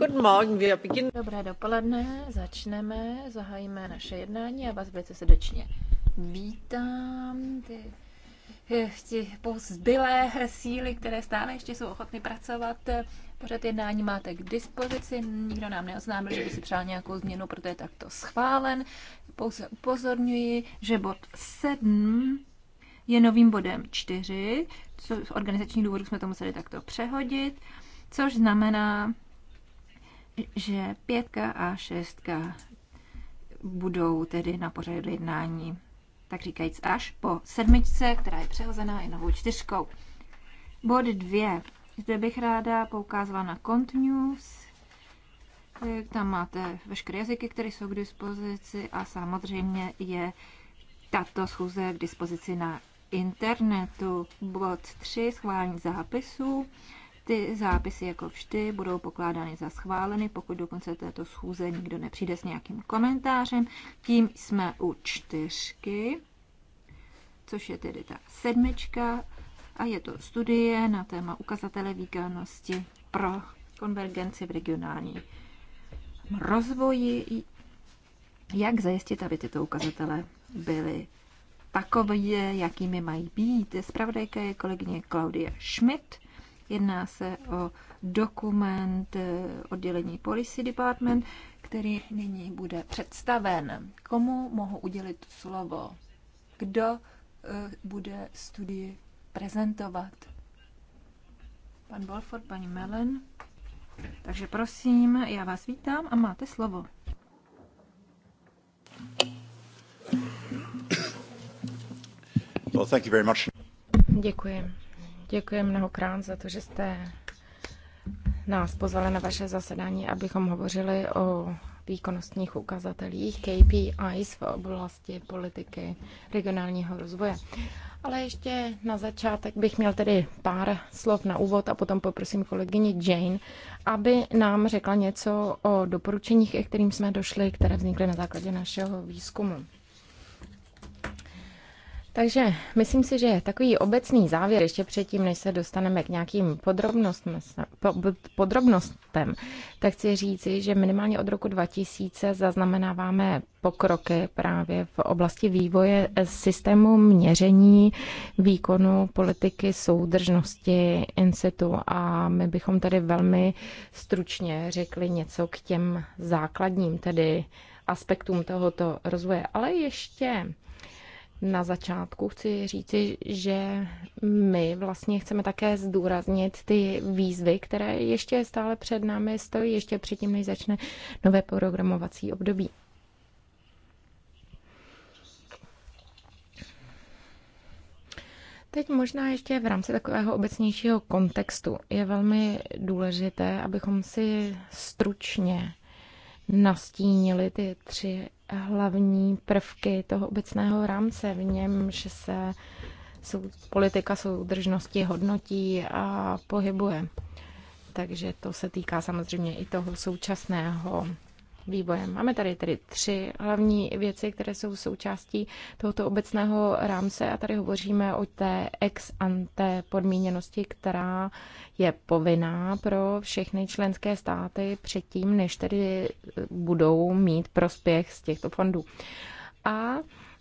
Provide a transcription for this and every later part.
Guten Morgen, wir Dobré dopoledne, začneme, zahájíme naše jednání a vás velice srdečně vítám. Ty eh, ty zbylé síly, které stále ještě jsou ochotny pracovat. Eh, Pořád jednání máte k dispozici, nikdo nám neoznámil, že by si přál nějakou změnu, proto je takto schválen. Pouze upozorňuji, že bod 7 je novým bodem 4, co z organizačních důvodů jsme to museli takto přehodit, což znamená, že pětka a šestka budou tedy na pořadu jednání, tak říkajíc až po sedmičce, která je přehozená i novou čtyřkou. Bod dvě. Zde bych ráda poukázala na Continues. Tam máte veškeré jazyky, které jsou k dispozici a samozřejmě je tato schůze k dispozici na internetu. Bod 3. Schválení zápisů. Ty zápisy, jako vždy, budou pokládány za schváleny, pokud do konce této schůze nikdo nepřijde s nějakým komentářem. Tím jsme u čtyřky, což je tedy ta sedmička, a je to studie na téma ukazatele výkonnosti pro konvergenci v regionální rozvoji. Jak zajistit, aby tyto ukazatele byly takové, jakými mají být? Spravodajka je kolegyně Claudia Schmidt Jedná se o dokument eh, oddělení Policy Department, který nyní bude představen. Komu mohu udělit slovo? Kdo eh, bude studii prezentovat? Pan Bolford, paní Melen. Takže prosím, já vás vítám a máte slovo. Well, thank you very much. Děkuji. Děkuji mnohokrát za to, že jste nás pozvali na vaše zasedání, abychom hovořili o výkonnostních ukazatelích KPIs v oblasti politiky regionálního rozvoje. Ale ještě na začátek bych měl tedy pár slov na úvod a potom poprosím kolegyni Jane, aby nám řekla něco o doporučeních, kterým jsme došli, které vznikly na základě našeho výzkumu. Takže myslím si, že takový obecný závěr, ještě předtím, než se dostaneme k nějakým podrobnostem, podrobnostem tak chci říci, že minimálně od roku 2000 zaznamenáváme pokroky právě v oblasti vývoje systému měření výkonu politiky soudržnosti situ. a my bychom tady velmi stručně řekli něco k těm základním tedy aspektům tohoto rozvoje. Ale ještě na začátku chci říci, že my vlastně chceme také zdůraznit ty výzvy, které ještě stále před námi stojí, ještě předtím, než začne nové programovací období. Teď možná ještě v rámci takového obecnějšího kontextu je velmi důležité, abychom si stručně nastínili ty tři hlavní prvky toho obecného rámce, v němž se politika soudržnosti hodnotí a pohybuje. Takže to se týká samozřejmě i toho současného vývojem. Máme tady tedy tři hlavní věci, které jsou součástí tohoto obecného rámce a tady hovoříme o té ex ante podmíněnosti, která je povinná pro všechny členské státy předtím, než tedy budou mít prospěch z těchto fondů. A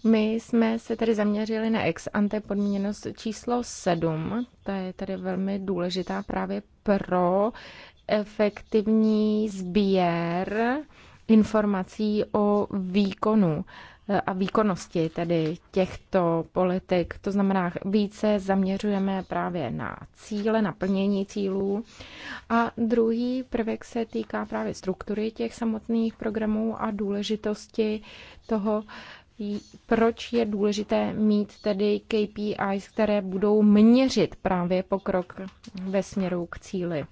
my jsme se tedy zaměřili na ex ante podmíněnost číslo 7. To je tedy velmi důležitá právě pro efektivní sběr informací o výkonu eh, a výkonnosti tedy těchto politik. To znamená, více zaměřujeme právě na cíle, na plnění cílů. A druhý prvek se týká právě struktury těch samotných programů a důležitosti toho, proč je důležité mít tedy KPIs, které budou měřit právě pokrok ve směru k cíli.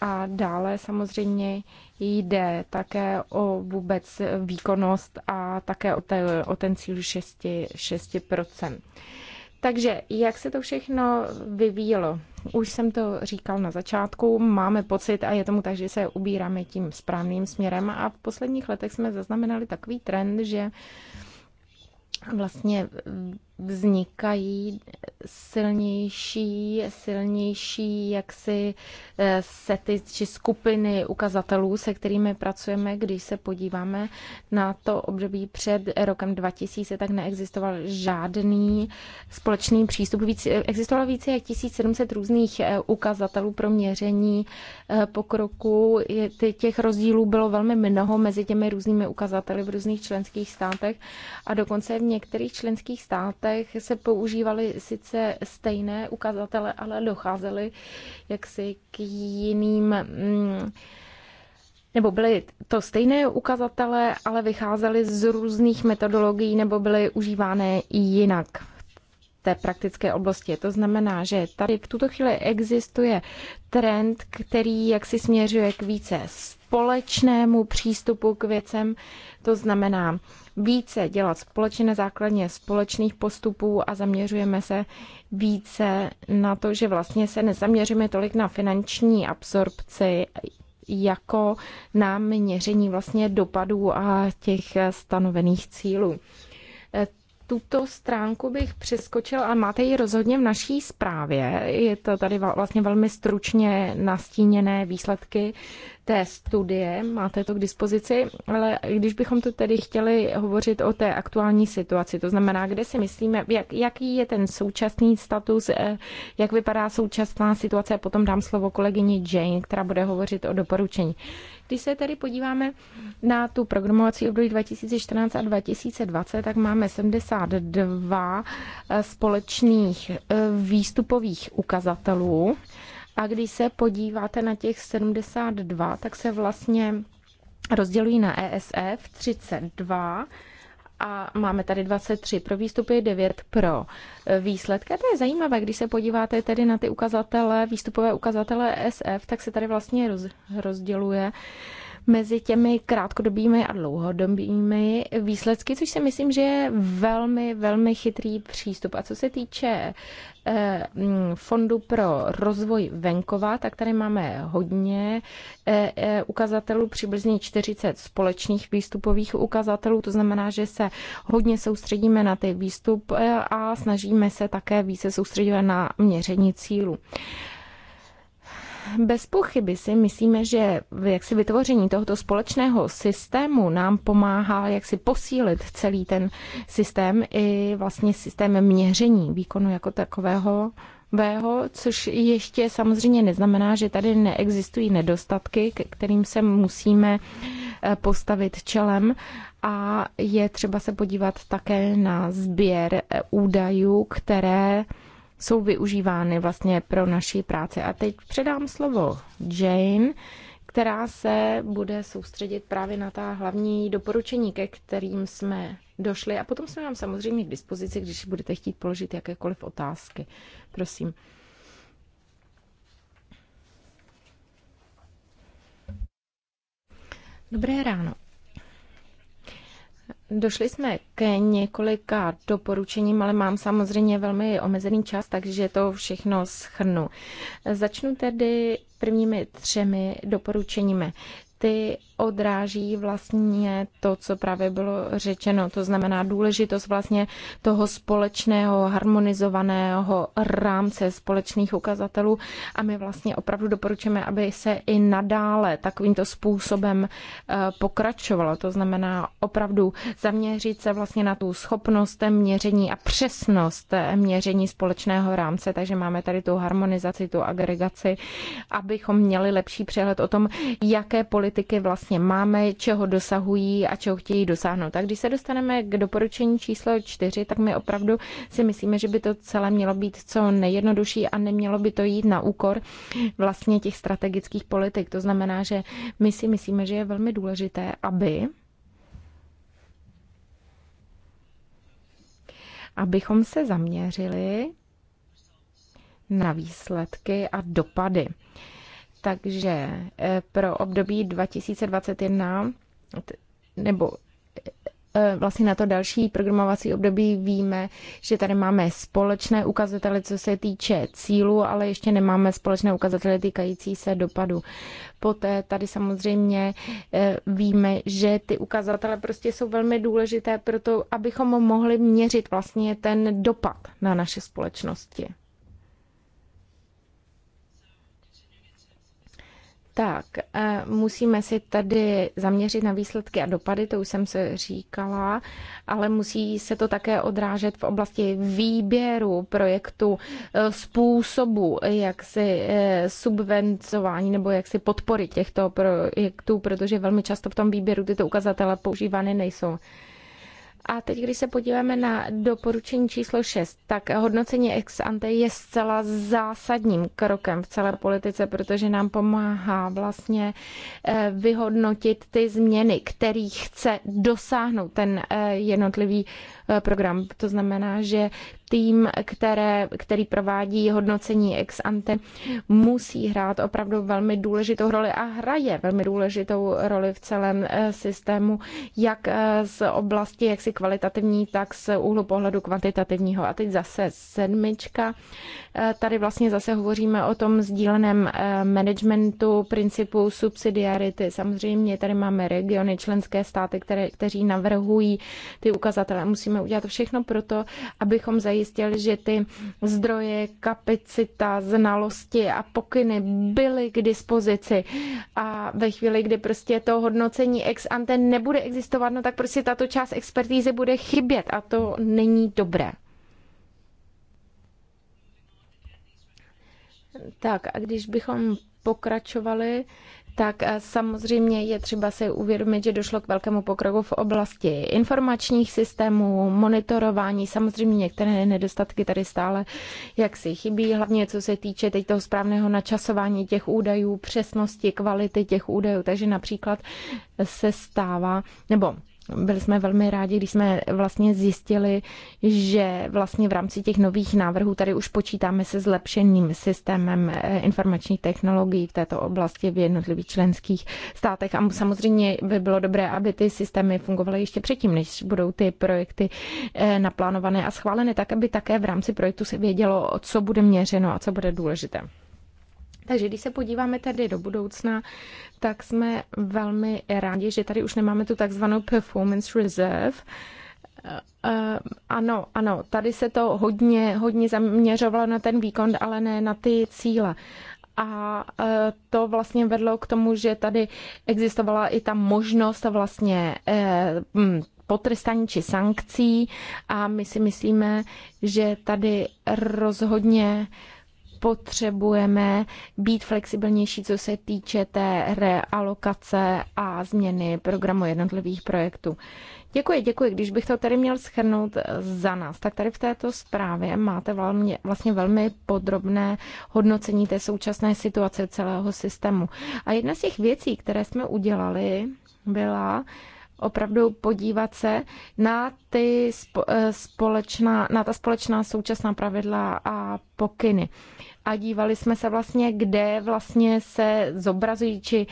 A dále samozřejmě jde také o vůbec výkonnost a také o, te, o ten cíl 6%. 6%. Takže jak se to všechno vyvíjelo? Už jsem to říkal na začátku, máme pocit a je tomu tak, že se ubíráme tím správným směrem a v posledních letech jsme zaznamenali takový trend, že vlastně vznikají silnější, silnější jaksi eh, sety či skupiny ukazatelů, se kterými pracujeme, když se podíváme na to období před rokem 2000, tak neexistoval žádný společný přístup. Víc, eh, existovalo více jak 1700 různých eh, ukazatelů pro měření pokroku. Těch rozdílů bylo velmi mnoho mezi těmi různými ukazateli v různých členských státech a dokonce v některých členských státech letech se používaly sice stejné ukazatele, ale docházely jaksi k jiným mm, nebo byly to stejné ukazatele, ale vycházely z různých metodologií nebo byly užívány jinak té praktické oblasti. To znamená, že tady v tuto chvíli existuje trend, který jak si směřuje k více společnému přístupu k věcem. To znamená, více dělat společně na společných postupů a zaměřujeme se více na to, že vlastně se nezaměříme tolik na finanční absorpci, jako na měření vlastně dopadů a těch stanovených cílů tuto stránku bych přeskočil a máte ji rozhodně v naší zprávě. Je to tady vlastně velmi stručně nastíněné výsledky té studie, máte to k dispozici, ale když bychom to tedy chtěli hovořit o té aktuální situaci, to znamená, kde si myslíme, jak, jaký je ten současný status, eh, jak vypadá současná situace a potom dám slovo kolegyni Jane, která bude hovořit o doporučení. Když se tedy podíváme na tu programovací období 2014 a 2020, tak máme 72 eh, společných eh, výstupových ukazatelů. A když se podíváte na těch 72, tak se vlastně rozdělují na ESF 32, a máme tady 23 pro výstupy, 9 pro e, výsledky. to je zajímavé, když se podíváte tedy na ty ukazatele, výstupové ukazatele SF, tak se tady vlastně roz, rozděluje mezi těmi krátkodobými a dlouhodobými výsledky, což si myslím, že je velmi, velmi chytrý přístup. A co se týče eh, mm, Fondu pro rozvoj venkova, tak tady máme hodně eh, eh, ukazatelů, přibližně 40 společných výstupových ukazatelů, to znamená, že se hodně soustředíme na ty výstup a snažíme se také více soustředit na měření cílu bez pochyby si myslíme, že jak si vytvoření tohoto společného systému nám pomáhá jak si posílit celý ten systém i vlastně systém měření výkonu jako takového Vého, což ještě samozřejmě neznamená, že tady neexistují nedostatky, k kterým se musíme eh, postavit čelem a je třeba se podívat také na sběr eh, údajů, které jsou využívány vlastně pro naší práci. A teď předám slovo Jane, která se bude soustředit právě na ta hlavní doporučení, ke kterým jsme došli. A potom jsme vám samozřejmě k dispozici, když budete chtít položit jakékoliv otázky. Prosím. Dobré ráno. Došli jsme k několika doporučením, ale mám samozřejmě velmi omezený čas, takže to všechno schrnu. Začnu tedy prvními třemi doporučeními. Ty odráží vlastně to, co právě bylo řečeno. To znamená důležitost vlastně toho společného harmonizovaného rámce společných ukazatelů a my vlastně opravdu doporučujeme, aby se i nadále takovýmto způsobem eh, pokračovalo. To znamená opravdu zaměřit se vlastně na tu schopnost měření a přesnost eh, měření společného rámce, takže máme tady tu harmonizaci, tu agregaci, abychom měli lepší přehled o tom, jaké politiky vlastně vlastně máme, čeho dosahují a čeho chtějí dosáhnout. Tak když se dostaneme k doporučení číslo čtyři, tak my opravdu si myslíme, že by to celé mělo být co nejjednodušší a nemělo by to jít na úkor vlastně těch strategických politik. To znamená, že my si myslíme, že je velmi důležité, aby abychom se zaměřili na výsledky a dopady. Takže eh, pro období 2021 nebo eh, eh, vlastně na to další programovací období víme, že tady máme společné ukazatele, co se týče cílu, ale ještě nemáme společné ukazatele týkající se dopadu. Poté tady samozřejmě víme, že ty ukazatele prostě jsou velmi důležité pro to, abychom mohli měřit vlastně ten dopad na naše společnosti. tak e, musíme si tady zaměřit na výsledky a dopady, to už jsem se říkala, ale musí se to také odrážet v oblasti výběru projektu, e, způsobu, jak si e, subvencování nebo jak si podpory těchto projektů, protože velmi často v tom výběru tyto ukazatele používány nejsou. A teď, když se podíváme na doporučení číslo 6, tak hodnocení ex ante je zcela zásadním krokem v celé politice, protože nám pomáhá vlastně eh, vyhodnotit ty změny, kterých chce dosáhnout ten eh, jednotlivý eh, program. To znamená, že tým, které, který provádí hodnocení ex ante, musí hrát opravdu velmi důležitou roli a hraje velmi důležitou roli v celém eh, systému, jak eh, z oblasti jaksi kvalitativní, tak z úhlu pohledu kvantitativního. A teď zase sedmička. Eh, tady vlastně zase hovoříme o tom sdíleném managementu principu subsidiarity. Samozřejmě tady máme regiony, členské státy, které, kteří navrhují ty ukazatele. Musíme udělat všechno pro to, abychom zajistili zajistil, že ty zdroje, kapacita, znalosti a pokyny byly k dispozici. A ve chvíli, kdy prostě to hodnocení ex ante nebude existovat, no tak prostě tato část expertízy bude chybět a to není dobré. Tak a když bychom pokračovali, tak eh, samozřejmě je třeba si uvědomit, že došlo k velkému pokroku v oblasti informačních systémů, monitorování. Samozřejmě některé nedostatky tady stále jak si chybí, hlavně co se týče teď toho správného načasování těch údajů, přesnosti, kvality těch údajů. Takže například se stává, nebo byli jsme velmi rádi, když jsme vlastně zjistili, že vlastně v rámci těch nových návrhů tady už počítáme se zlepšeným systémem eh, informačních technologií v této oblasti v jednotlivých členských státech. A samozřejmě by bylo dobré, aby ty systémy fungovaly ještě předtím, než budou ty projekty eh, naplánované a schváleny, tak aby také v rámci projektu se vědělo, co bude měřeno a co bude důležité. Takže když se podíváme tady do budoucna, tak jsme velmi rádi, že tady už nemáme tu takzvanou performance reserve, eh, eh, ano, ano, tady se to hodně, hodně zaměřovalo na ten výkon, ale ne na ty cíle. A eh, to vlastně vedlo k tomu, že tady existovala i ta možnost vlastně mm, potrestání či sankcí a my si myslíme, že tady rozhodně potřebujeme být flexibilnější, co se týče té realokace a změny programu jednotlivých projektů. Děkuji, děkuji. Když bych to tady měl schrnout za nás, tak tady v této zprávě máte vlastně velmi podrobné hodnocení té současné situace celého systému. A jedna z těch věcí, které jsme udělali, byla, opravdu podívat se na, ty eh, společná, na ta společná současná pravidla a pokyny. A dívali jsme se vlastně, kde vlastně se zobrazují či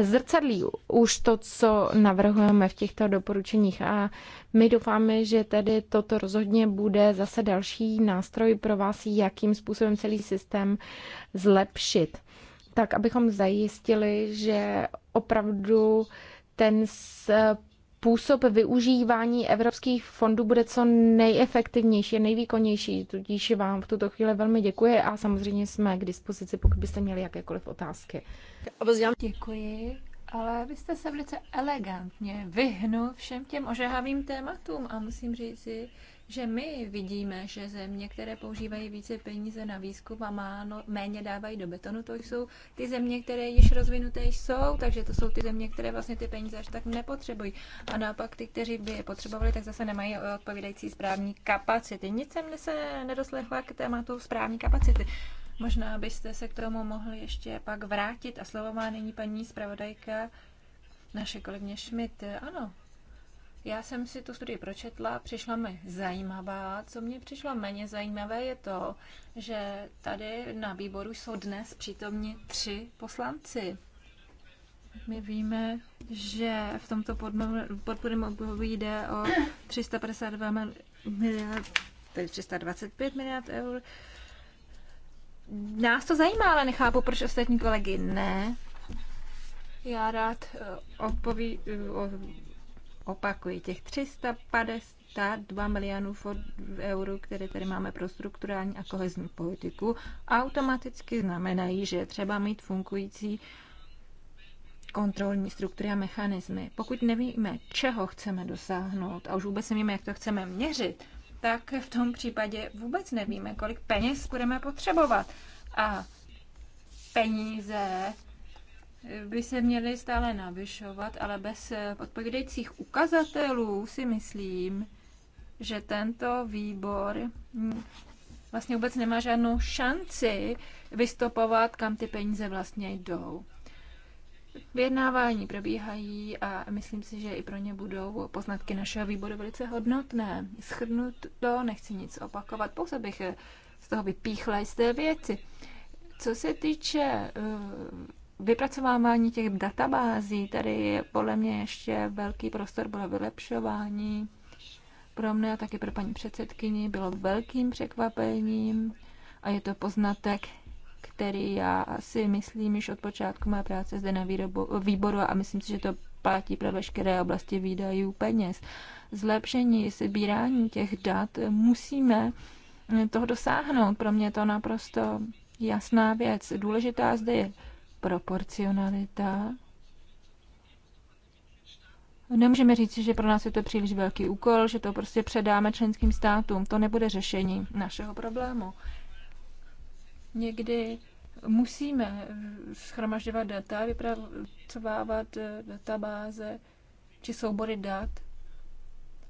zrcadlí už to, co navrhujeme v těchto doporučeních. A my doufáme, že tedy toto rozhodně bude zase další nástroj pro vás, jakým způsobem celý systém zlepšit. Tak, abychom zajistili, že opravdu ten způsob využívání evropských fondů bude co nejefektivnější, nejvýkonnější. Tudíž vám v tuto chvíli velmi děkuji a samozřejmě jsme k dispozici, pokud byste měli jakékoliv otázky. Děkuji, ale vy jste se velice elegantně vyhnul všem těm ožehavým tématům a musím říct si, že my vidíme, že země, které používají více peníze na výzkum a málo, no, méně dávají do betonu, to jsou ty země, které již rozvinuté jsou, takže to jsou ty země, které vlastně ty peníze až tak nepotřebují. A naopak ty, kteří by je potřebovali, tak zase nemají odpovídající správní kapacity. Nic jsem se nedoslechla k tématu správní kapacity. Možná byste se k tomu mohli ještě pak vrátit. A slovo má nyní paní zpravodajka, naše kolegyně Schmidt. Ano, já jsem si tu studii pročetla, přišla mi zajímavá. Co mě přišlo méně zajímavé je to, že tady na výboru jsou dnes přítomni tři poslanci. My víme, že v tomto podporném období jde o 352 miliard, tedy 325 miliard eur. Nás to zajímá, ale nechápu, proč ostatní kolegy ne. Já rád eh, odpoví, eh, opakuji, těch 352 milionů eurů, které tady máme pro strukturální a kohezní politiku, automaticky znamenají, že je třeba mít fungující kontrolní struktury a mechanismy. Pokud nevíme, čeho chceme dosáhnout a už vůbec nevíme, jak to chceme měřit, tak v tom případě vůbec nevíme, kolik peněz budeme potřebovat. A peníze by se měly stále navyšovat, ale bez eh, odpovědejících ukazatelů si myslím, že tento výbor hm, vlastně vůbec nemá žádnou šanci vystopovat, kam ty peníze vlastně jdou. Vyjednávání probíhají a myslím si, že i pro ně budou poznatky našeho výboru velice hodnotné. Schrnout to, nechci nic opakovat, pouze bych eh, z toho vypíchla jisté věci. Co se týče eh, vypracovávání těch databází, tady je podle mě ještě velký prostor pro vylepšování. Pro mě a taky pro paní předsedkyni bylo velkým překvapením a je to poznatek, který já si myslím již od počátku mé práce zde na výrobu, výboru a myslím si, že to platí pro veškeré oblasti výdajů peněz. Zlepšení sbírání těch dat musíme toho dosáhnout. Pro mě je to naprosto jasná věc. Důležitá zde je proporcionalita. Nemůžeme říct, že pro nás je to příliš velký úkol, že to prostě předáme členským státům. To nebude řešení našeho problému. Někdy musíme schromažďovat data, vypracovávat eh, databáze či soubory dat,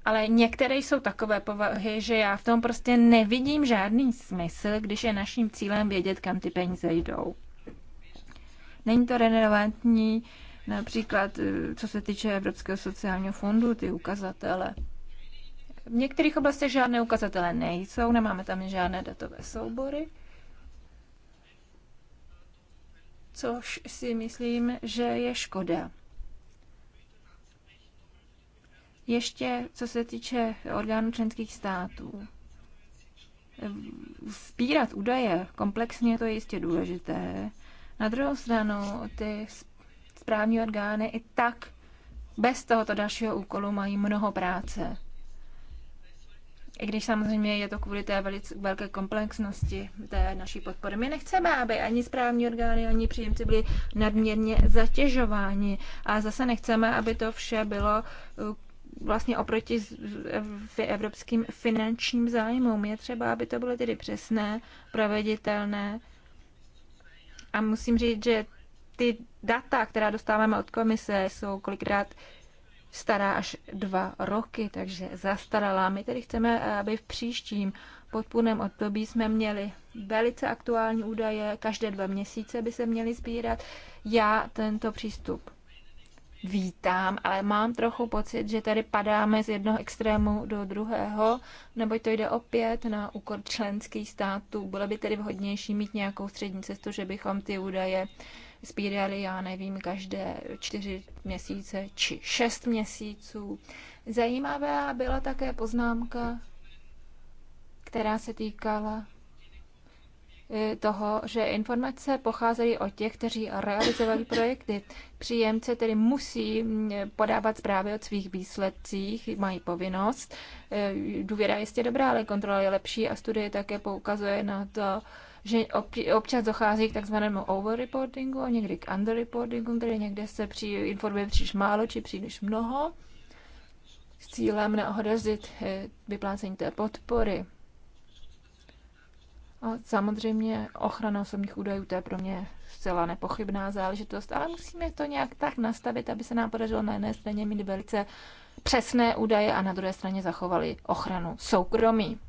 ale některé jsou takové povahy, že já v tom prostě nevidím žádný smysl, když je naším cílem vědět, kam ty peníze jdou. Není to relevantní například, eh, co se týče Evropského sociálního fondu, ty ukazatele. V některých oblastech žádné ukazatele nejsou, nemáme tam žádné datové soubory, což si myslím, že je škoda. Ještě co se týče orgánů členských států. Eh, Spírat údaje komplexně to je jistě důležité, na druhou stranu ty správní orgány i tak bez tohoto dalšího úkolu mají mnoho práce. I když samozřejmě je to kvůli té velké komplexnosti té naší podpory. My nechceme, aby ani správní orgány, ani příjemci byli nadměrně zatěžováni. A zase nechceme, aby to vše bylo uh, vlastně oproti evropským finančním zájmům. Je třeba, aby to bylo tedy přesné, proveditelné a musím říct, že ty data, která dostáváme od komise, jsou kolikrát stará až dva roky, takže zastaralá. My tedy chceme, aby v příštím podpůrném období jsme měli velice aktuální údaje, každé dva měsíce by se měly sbírat. Já tento přístup vítám, ale mám trochu pocit, že tady padáme z jednoho extrému do druhého, neboť to jde opět na úkor členských států. Bylo by tedy vhodnější mít nějakou střední cestu, že bychom ty údaje spírali, já nevím, každé čtyři měsíce či šest měsíců. Zajímavá byla také poznámka, která se týkala toho, že informace pocházely od těch, kteří realizovali projekty. Příjemce tedy musí mm, podávat zprávy o svých výsledcích, mají povinnost. E, důvěra je jistě dobrá, ale kontrola je lepší a studie také poukazuje na to, že občas dochází k takzvanému overreportingu a někdy k underreportingu, kde někde se při, informuje příliš málo či příliš mnoho s cílem neohrozit e, vyplácení té podpory. A samozřejmě ochrana osobních údajů, to je pro mě zcela nepochybná záležitost, ale musíme to nějak tak nastavit, aby se nám podařilo na jedné straně mít velice přesné údaje a na druhé straně zachovali ochranu soukromí.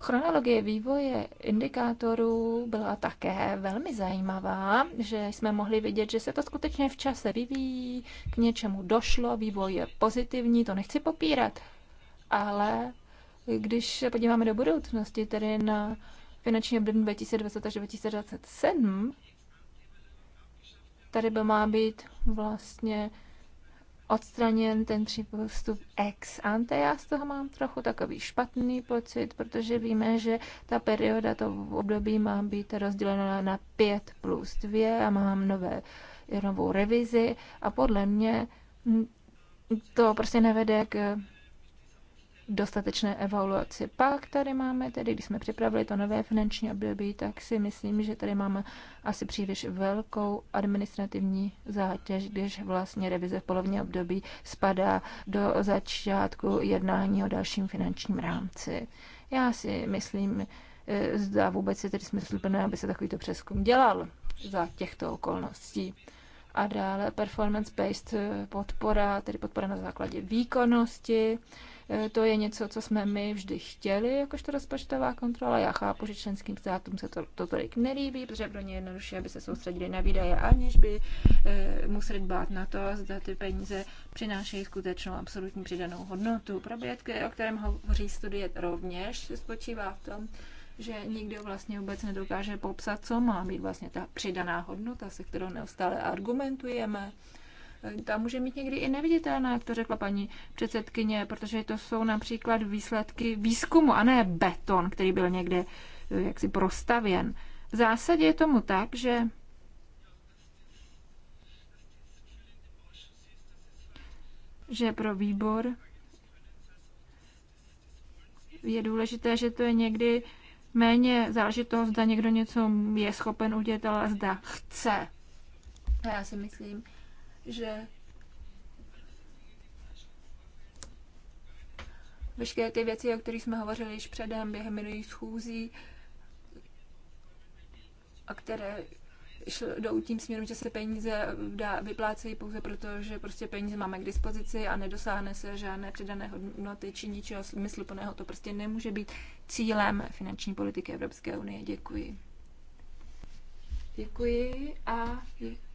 Chronologie vývoje indikátorů byla také velmi zajímavá, že jsme mohli vidět, že se to skutečně v čase vyvíjí, k něčemu došlo, vývoj je pozitivní, to nechci popírat, ale když se podíváme do budoucnosti, tedy na finanční období 2020 až 2027, tady by má být vlastně odstraněn ten přístup ex ante. Já z toho mám trochu takový špatný pocit, protože víme, že ta perioda, to období má být rozdělena na 5 plus 2 a mám nové, novou revizi a podle mě to prostě nevede k dostatečné evaluaci. Pak tady máme, tedy když jsme připravili to nové finanční období, tak si myslím, že tady máme asi příliš velkou administrativní zátěž, když vlastně revize v polovině období spadá do začátku jednání o dalším finančním rámci. Já si myslím, eh, zda vůbec je tedy smysluplné, aby se takovýto přeskum dělal za těchto okolností. A dále performance-based eh, podpora, tedy podpora na základě výkonnosti. Eh, to je něco, co jsme my vždy chtěli, jakožto rozpočtová kontrola. Já chápu, že členským státům se to, to tolik nelíbí, protože pro ně jednoduše, aby se soustředili na výdaje, aniž by e, museli dbát na to, zda ty peníze přinášejí skutečnou absolutní přidanou hodnotu. Probětky, o kterém hovoří studie rovněž, spočívá v tom, že nikdo vlastně vůbec nedokáže popsat, co má být vlastně ta přidaná hodnota, se kterou neustále argumentujeme ta může mít někdy i neviditelná, jak to řekla paní předsedkyně, protože to jsou například výsledky výzkumu a ne beton, který byl někde eh, jaksi prostavěn. V zásadě je tomu tak, že že pro výbor je důležité, že to je někdy méně záleží toho, zda někdo něco je schopen udělat, ale zda chce. A já si myslím, že veškeré ty věci, o kterých jsme hovořili již předem během minulých schůzí, a které jdou tím směrem, že se peníze dá, vyplácejí pouze proto, že prostě peníze máme k dispozici a nedosáhne se žádné přidané hodnoty či ničeho smysluplného. To prostě nemůže být cílem finanční politiky Evropské unie. Děkuji. Děkuji a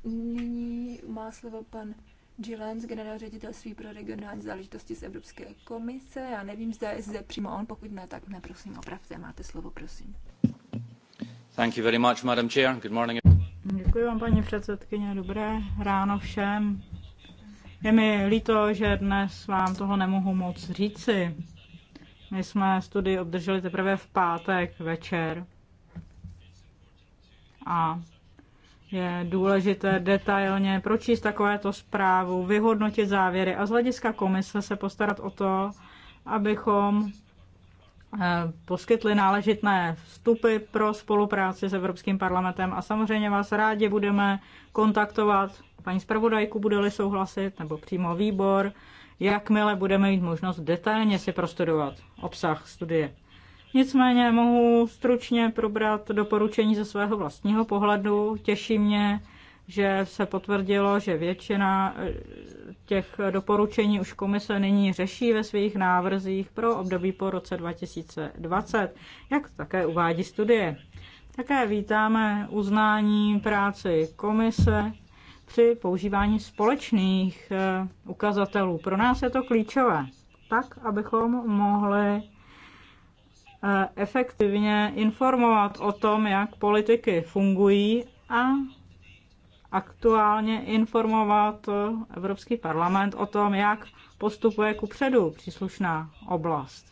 nyní má slovo pan Gillens, generál ředitelství pro regionální záležitosti z Evropské komise. Já nevím, zda je zde přímo on, pokud ne, tak ne, prosím, máte slovo, prosím. Thank you very much, Madam Chair. Good morning. Děkuji vám, paní předsedkyně. Dobré ráno všem. Je mi líto, že dnes vám toho nemohu moc říci. My jsme studii obdrželi teprve v pátek večer a je důležité detailně pročíst takovéto zprávu, vyhodnotit závěry a z hlediska komise se postarat o to, abychom eh, poskytli náležitné vstupy pro spolupráci s Evropským parlamentem a samozřejmě vás rádi budeme kontaktovat. Paní zpravodajku bude-li souhlasit, nebo přímo výbor, jakmile budeme mít možnost detailně si prostudovat obsah studie. Nicméně mohu stručně probrat doporučení ze svého vlastního pohledu. Těší mě, že se potvrdilo, že většina eh, těch doporučení už komise nyní řeší ve svých návrzích pro období po roce 2020, jak také uvádí studie. Také vítáme uznání práci komise při používání společných eh, ukazatelů. Pro nás je to klíčové, tak abychom mohli efektivně informovat o tom, jak politiky fungují a aktuálně informovat Evropský parlament o tom, jak postupuje ku předu příslušná oblast.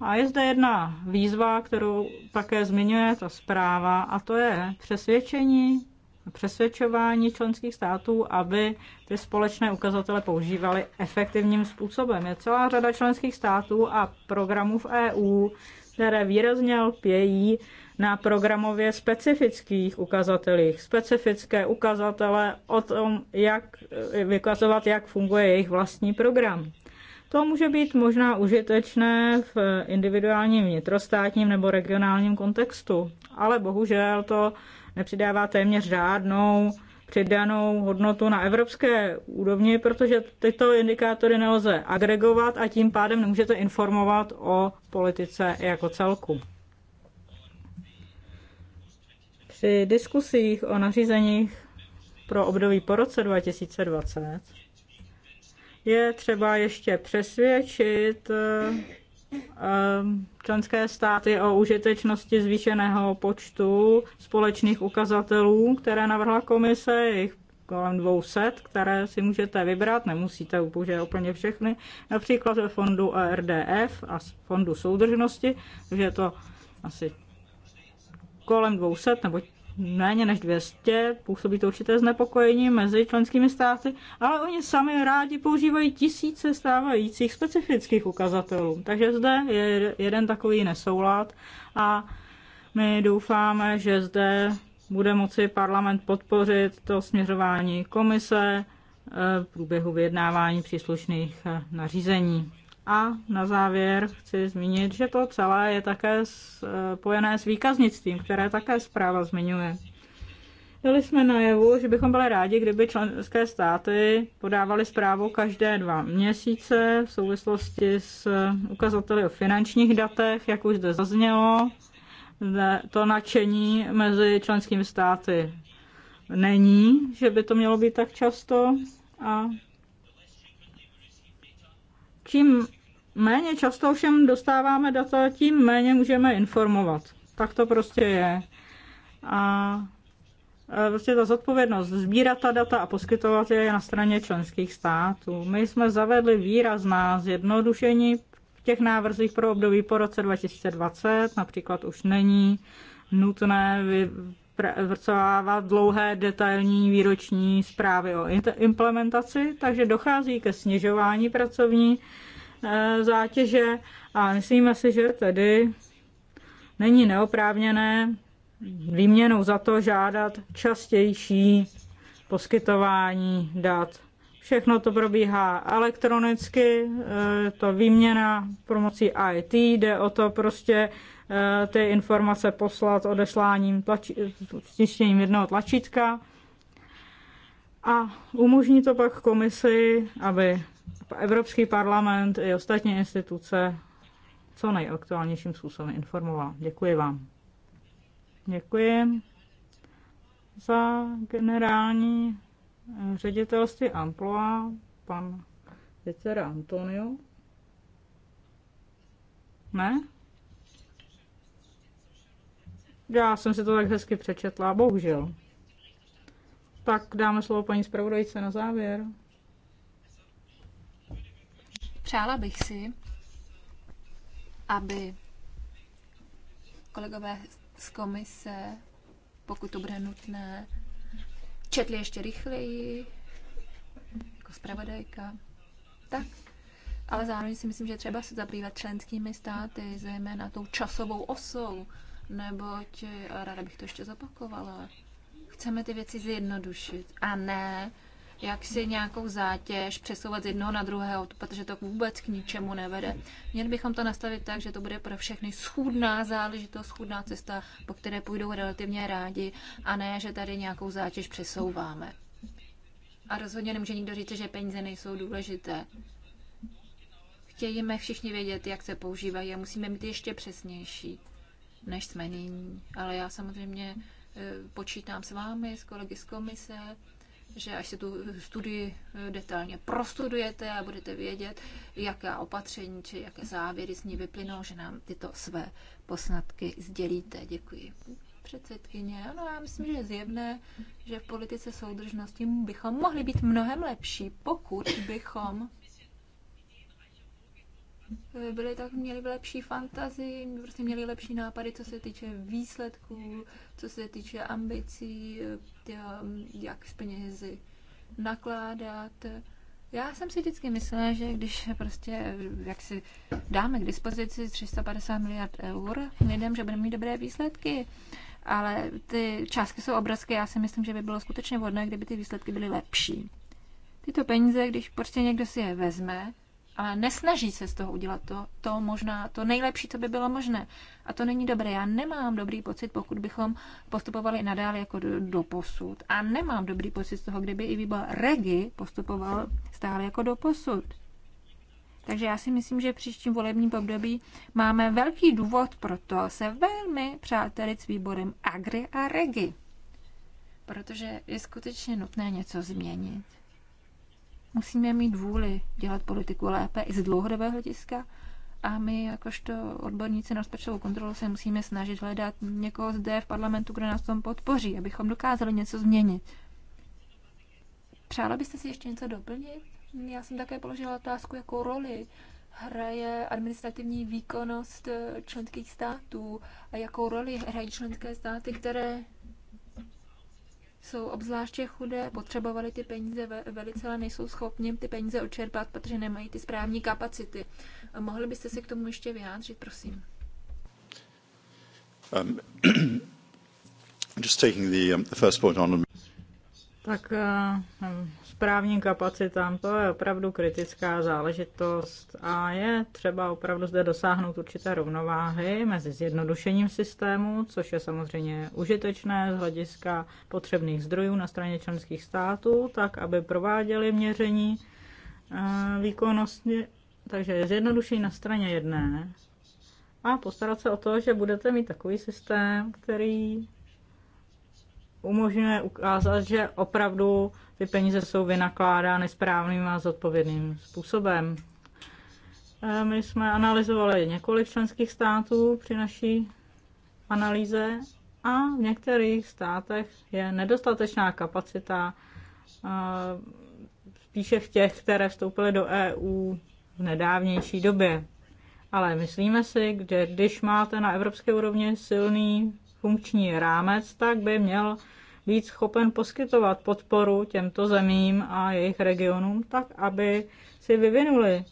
A je zde jedna výzva, kterou také zmiňuje ta zpráva, a to je přesvědčení přesvědčování členských států, aby ty společné ukazatele používaly efektivním způsobem. Je celá řada členských států a programů v EU, které výrazně lpějí na programově specifických ukazatelích. Specifické ukazatele o tom, jak vykazovat, jak funguje jejich vlastní program. To může být možná užitečné v individuálním vnitrostátním nebo regionálním kontextu, ale bohužel to nepřidává téměř žádnou přidanou hodnotu na evropské úrovni, protože tyto indikátory nelze agregovat a tím pádem nemůžete informovat o politice jako celku. Při diskusích o nařízeních pro období po roce 2020 je třeba ještě přesvědčit eh, Ehm, členské státy o užitečnosti zvýšeného počtu společných ukazatelů, které navrhla komise, jejich kolem 200, které si můžete vybrat, nemusíte použít úplně všechny, například ve fondu ARDF e a fondu soudržnosti, takže je to asi kolem 200 nebo méně než 200, působí to určité znepokojení mezi členskými státy, ale oni sami rádi používají tisíce stávajících specifických ukazatelů. Takže zde je jeden takový nesoulad a my doufáme, že zde bude moci parlament podpořit to směřování komise eh, v průběhu vyjednávání příslušných eh, nařízení. A na závěr chci zmínit, že to celé je také spojené eh, s výkaznictvím, které také zpráva zmiňuje. Dali jsme najevu, že bychom byli rádi, kdyby členské státy podávaly zprávu každé dva měsíce v souvislosti s ukazateli o finančních datech, jak už zde zaznělo. To nadšení mezi členskými státy není, že by to mělo být tak často a Čím méně často všem dostáváme data, tím méně můžeme informovat. Tak to prostě je. A prostě ta zodpovědnost sbírat ta data a poskytovat je je na straně členských států. My jsme zavedli výrazná zjednodušení v těch návrzích pro období po roce 2020. Například už není nutné vypracovávat dlouhé detailní výroční zprávy o implementaci, takže dochází ke snižování pracovní e, zátěže a myslíme si, že tedy není neoprávněné výměnou za to žádat častější poskytování dat. Všechno to probíhá elektronicky, e, to výměna pomocí IT, jde o to prostě Eh, ty informace poslat odesláním tlači, jednoho tlačítka a umožní to pak komisi, aby Evropský parlament i ostatní instituce co nejaktuálnějším způsobem informoval. Děkuji vám. Děkuji za generální eh, ředitelství Amploa, pan Vicera Antonio. Ne? Já jsem si to tak hezky přečetla, bohužel. Tak dáme slovo paní zpravodajce na závěr. Přála bych si, aby kolegové z komise, pokud to bude nutné, četli ještě rychleji, jako zpravodajka. Tak, ale zároveň si myslím, že třeba se zabývat členskými státy, zejména tou časovou osou, neboť, a eh, ráda bych to ještě zopakovala, chceme ty věci zjednodušit a ne jak si nějakou zátěž přesouvat z jednoho na druhého, protože to vůbec k ničemu nevede. Měli bychom to nastavit tak, že to bude pro všechny schůdná záležitost, schůdná cesta, po které půjdou relativně rádi, a ne, že tady nějakou zátěž přesouváme. A rozhodně nemůže nikdo říct, že peníze nejsou důležité. Chtějíme všichni vědět, jak se používají a musíme být ještě přesnější než jsme nyní. Ale já samozřejmě e, počítám s vámi, s kolegy z komise, že až si tu studii e, detailně prostudujete a budete vědět, jaká opatření či jaké závěry z ní vyplynou, že nám tyto své posnatky sdělíte. Děkuji. Předsedkyně, ano, já myslím, že je zjevné, že v politice soudržnosti bychom mohli být mnohem lepší, pokud bychom byli tak, měli lepší fantazii, prostě měli lepší nápady, co se týče výsledků, co se týče ambicí, jak s penězi nakládat. Já jsem si vždycky myslela, že když prostě, jak si dáme k dispozici 350 miliard eur lidem, že budeme mít dobré výsledky, ale ty částky jsou obrovské. Já si myslím, že by bylo skutečně vhodné, kdyby ty výsledky byly lepší. Tyto peníze, když prostě někdo si je vezme, a nesnaží se z toho udělat to, to možná, to nejlepší, co by bylo možné. A to není dobré. Já nemám dobrý pocit, pokud bychom postupovali nadále jako do, do posud. A nemám dobrý pocit z toho, kdyby i výbor Regi postupoval stále jako do posud. Takže já si myslím, že v příštím volebním období máme velký důvod pro to se velmi přátelit s výborem Agri a Regi. Protože je skutečně nutné něco změnit. Musíme mít vůli dělat politiku lépe i z dlouhodobého hlediska a my, jakožto odborníci na rozpočtovou kontrolu, se musíme snažit hledat někoho zde v parlamentu, kdo nás tom podpoří, abychom dokázali něco změnit. Přála byste si ještě něco doplnit? Já jsem také položila otázku, jakou roli hraje administrativní výkonnost eh, členských států a jakou roli hrají členské státy, které jsou obzvláště chudé, potřebovali ty peníze velice, ale nejsou schopni ty peníze očerpat, protože nemají ty správní kapacity. Mohli byste se k tomu ještě vyjádřit, prosím? Um, just taking the, um, the first point on tak eh, hm, správním kapacitám to je opravdu kritická záležitost a je třeba opravdu zde dosáhnout určité rovnováhy mezi zjednodušením systému, což je samozřejmě užitečné z hlediska potřebných zdrojů na straně členských států, tak aby prováděli měření eh, výkonnosti. Takže je zjednodušení na straně jedné a postarat se o to, že budete mít takový systém, který umožňuje ukázat, že opravdu ty peníze jsou vynakládány správným a zodpovědným způsobem. E, my jsme analyzovali několik členských států při naší analýze a v některých státech je nedostatečná kapacita, e, spíše v těch, které vstoupily do EU v nedávnější době. Ale myslíme si, že když máte na evropské úrovni silný funkční rámec, tak by měl být schopen poskytovat podporu těmto zemím a jejich regionům, tak aby si vyvinuli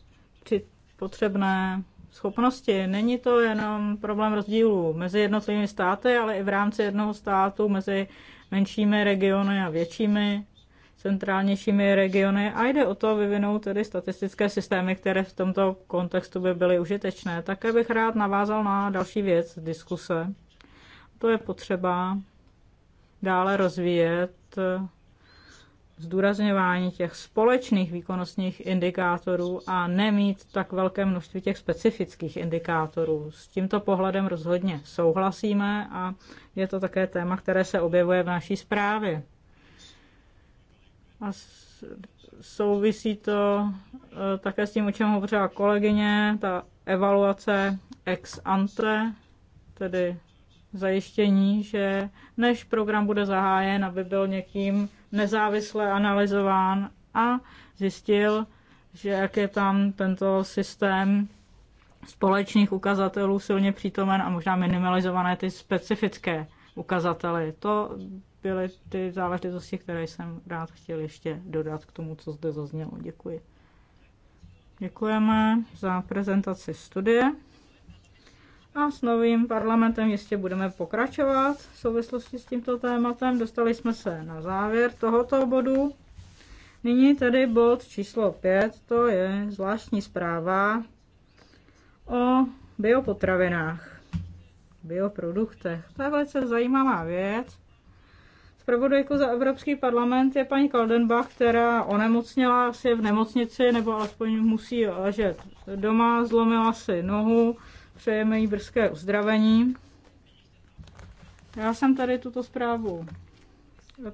při potřebné schopnosti. Není to jenom problém rozdílů mezi jednotlivými státy, ale i v rámci jednoho státu, mezi menšími regiony a většími centrálnějšími regiony a jde o to vyvinout tedy statistické systémy, které v tomto kontextu by byly užitečné. Také bych rád navázal na další věc diskuse, to je potřeba dále rozvíjet zdůrazňování těch společných výkonnostních indikátorů a nemít tak velké množství těch specifických indikátorů. S tímto pohledem rozhodně souhlasíme a je to také téma, které se objevuje v naší zprávě. A souvisí to e, také s tím, o čem hovořila kolegyně, ta evaluace ex ante, tedy zajištění, že než program bude zahájen, aby byl někým nezávisle analyzován a zjistil, že jak je tam tento systém společných ukazatelů silně přítomen a možná minimalizované ty specifické ukazatele. To byly ty záležitosti, které jsem rád chtěl ještě dodat k tomu, co zde zaznělo. Děkuji. Děkujeme za prezentaci studie. A s novým parlamentem jistě budeme pokračovat v souvislosti s tímto tématem. Dostali jsme se na závěr tohoto bodu. Nyní tedy bod číslo 5, to je zvláštní zpráva o biopotravinách, bioproduktech. To je velice zajímavá věc. Zpravodajkou za Evropský parlament je paní Kaldenbach, která onemocněla asi v nemocnici, nebo alespoň musí ležet doma, zlomila si nohu přejeme jí brzké uzdravení. Já jsem tady tuto zprávu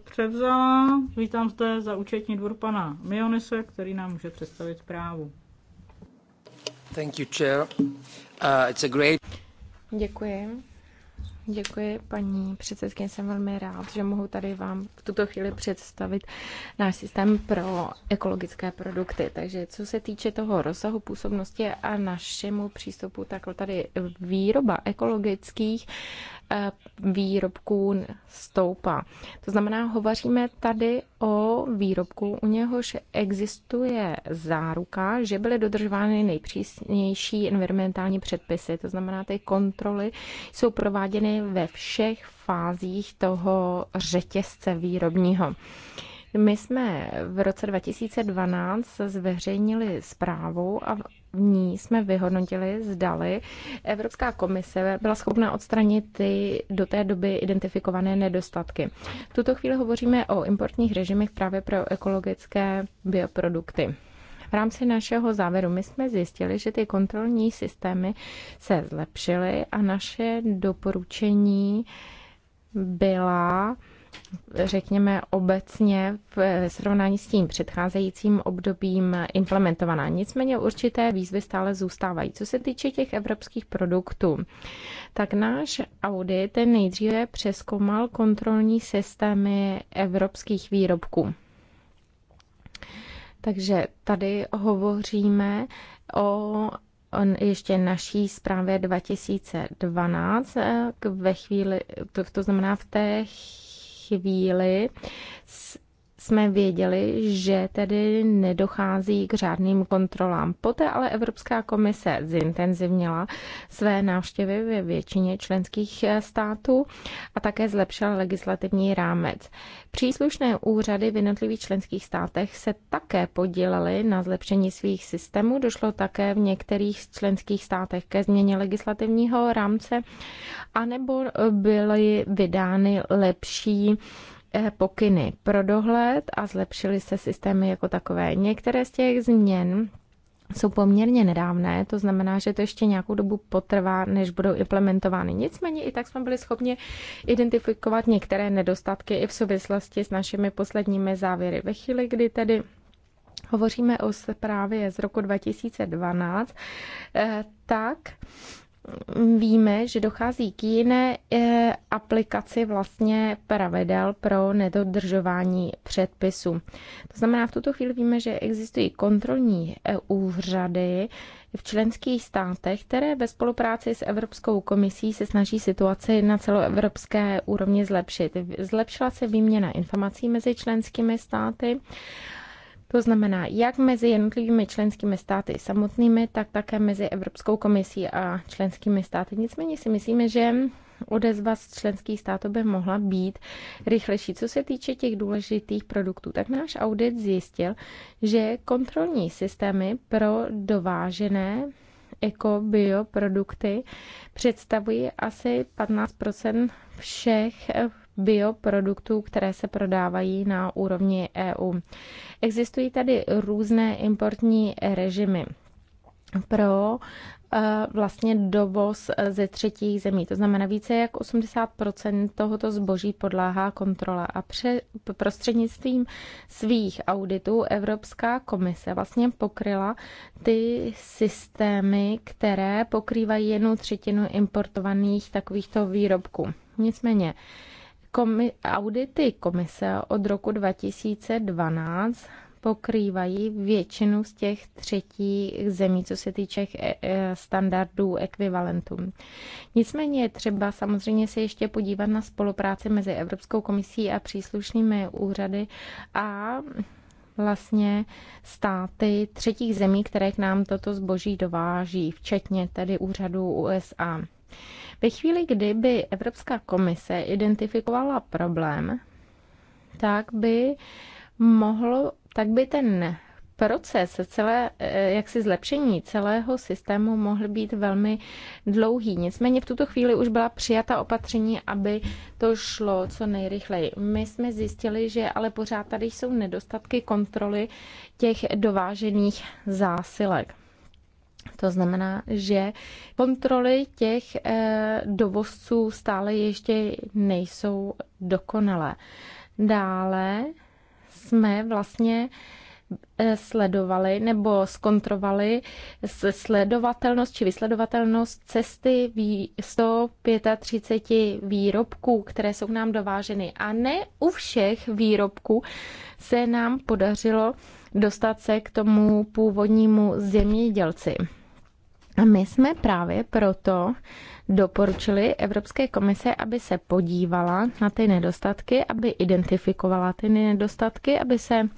převzala. Vítám zde za účetní dvůr pana Mionise, který nám může představit zprávu. Thank you, chair. Uh, it's a great... Děkuji. Děkuji, paní předsedkyně. Jsem velmi rád, že mohu tady vám v tuto chvíli představit náš systém pro ekologické produkty. Takže co se týče toho rozsahu působnosti a našemu přístupu, tak tady výroba ekologických Eh, výrobků stoupá. To znamená, hovoříme tady o výrobku, u něhož existuje záruka, že byly dodržovány nejpřísnější environmentální předpisy, to znamená, ty kontroly jsou prováděny ve všech fázích toho řetězce výrobního. My jsme v roce 2012 zveřejnili zprávu a v ní jsme vyhodnotili, zdali Evropská komise byla schopna odstranit ty do té doby identifikované nedostatky. V tuto chvíli hovoříme o importních režimech právě pro ekologické bioprodukty. V rámci našeho závěru my jsme zjistili, že ty kontrolní systémy se zlepšily a naše doporučení byla řekněme, obecně v srovnání s tím předcházejícím obdobím implementovaná. Nicméně určité výzvy stále zůstávají. Co se týče těch evropských produktů, tak náš audit nejdříve přeskoumal kontrolní systémy evropských výrobků. Takže tady hovoříme o ještě naší zprávě 2012, eh, ve chvíli, to, to znamená v té chvíli jsme věděli, že tedy nedochází k řádným kontrolám. Poté ale Evropská komise zintenzivnila své návštěvy ve většině členských států a také zlepšila legislativní rámec. Příslušné úřady v jednotlivých členských státech se také podílely na zlepšení svých systémů. Došlo také v některých členských státech ke změně legislativního rámce, anebo byly vydány lepší pokyny pro dohled a zlepšily se systémy jako takové. Některé z těch změn jsou poměrně nedávné, to znamená, že to ještě nějakou dobu potrvá, než budou implementovány. Nicméně i tak jsme byli schopni identifikovat některé nedostatky i v souvislosti s našimi posledními závěry. Ve chvíli, kdy tedy hovoříme o zprávě z roku 2012, eh, tak víme, že dochází k jiné eh, aplikaci vlastně pravidel pro nedodržování předpisu. To znamená, v tuto chvíli víme, že existují kontrolní eh, úřady v členských státech, které ve spolupráci s Evropskou komisí se snaží situaci na celoevropské úrovni zlepšit. Zlepšila se výměna informací mezi členskými státy to znamená, jak mezi jednotlivými členskými státy samotnými, tak také mezi Evropskou komisí a členskými státy. Nicméně si myslíme, že odezva z členských států by mohla být rychlejší. Co se týče těch důležitých produktů, tak náš audit zjistil, že kontrolní systémy pro dovážené ekobioprodukty představují asi 15 všech bioproduktů, které se prodávají na úrovni EU. Existují tady různé importní režimy pro eh, vlastně dovoz ze třetích zemí. To znamená, více jak 80% tohoto zboží podláhá kontrola a pře, prostřednictvím svých auditů Evropská komise vlastně pokryla ty systémy, které pokrývají jednu třetinu importovaných takovýchto výrobků. Nicméně, Komi- audity komise od roku 2012 pokrývají většinu z těch třetích zemí, co se týče e, e, standardů ekvivalentů. Nicméně je třeba samozřejmě se ještě podívat na spolupráci mezi Evropskou komisí a příslušnými úřady a vlastně státy třetích zemí, které k nám toto zboží dováží, včetně tedy úřadu USA. Ve chvíli, kdyby Evropská komise identifikovala problém, tak by mohlo, tak by ten proces celé, eh, jaksi zlepšení celého systému mohl být velmi dlouhý. Nicméně v tuto chvíli už byla přijata opatření, aby to šlo co nejrychleji. My jsme zjistili, že ale pořád tady jsou nedostatky kontroly těch dovážených zásilek. To znamená, že kontroly těch eh, dovozců stále ještě nejsou dokonalé. Dále jsme vlastně eh, sledovali nebo zkontrovali sledovatelnost či vysledovatelnost cesty 135 výrobků, které jsou nám dováženy. A ne u všech výrobků se nám podařilo dostat se k tomu původnímu zemědělci. A My jsme právě proto doporučili Evropské komise, aby se podívala na ty nedostatky, aby identifikovala ty nedostatky, aby se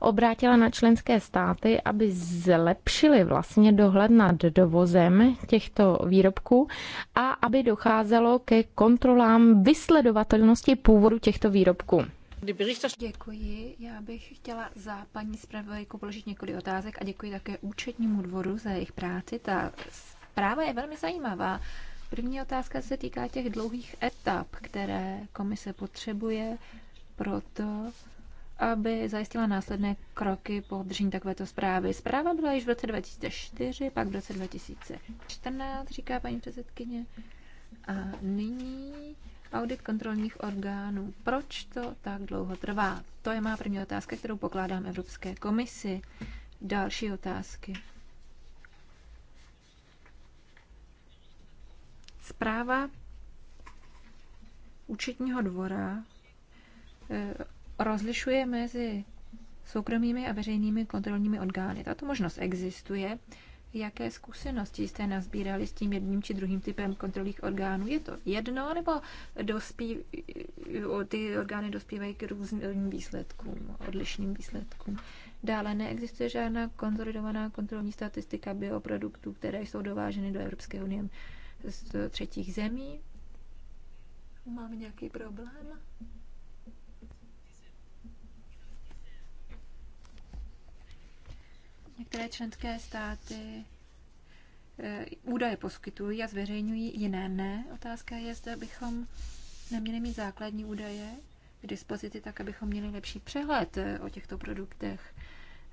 obrátila na členské státy, aby zlepšili vlastně dohled nad dovozem těchto výrobků a aby docházelo ke kontrolám vysledovatelnosti původu těchto výrobků. Děkuji. Já bych chtěla za paní zpravodajku položit několik otázek a děkuji také účetnímu dvoru za jejich práci. Ta zpráva je velmi zajímavá. První otázka se týká těch dlouhých etap, které komise potřebuje pro to, aby zajistila následné kroky po obdržení takovéto zprávy. Zpráva byla již v roce 2004, pak v roce 2014, říká paní předsedkyně. A nyní audit kontrolních orgánů. Proč to tak dlouho trvá? To je má první otázka, kterou pokládám Evropské komisi. Další otázky. Zpráva účetního dvora eh, rozlišuje mezi soukromými a veřejnými kontrolními orgány. Tato možnost existuje, jaké zkušenosti jste nazbírali s tím jedním či druhým typem kontrolních orgánů. Je to jedno, nebo dospí, ty orgány dospívají k různým výsledkům, odlišným výsledkům? Dále neexistuje žádná konzolidovaná kontrolní statistika bioproduktů, které jsou dováženy do Evropské unie z třetích zemí. Máme nějaký problém? Některé členské státy eh, údaje poskytují a zveřejňují, jiné ne. Otázka je, zda bychom neměli mít základní údaje k dispozici, tak abychom měli lepší přehled eh, o těchto produktech.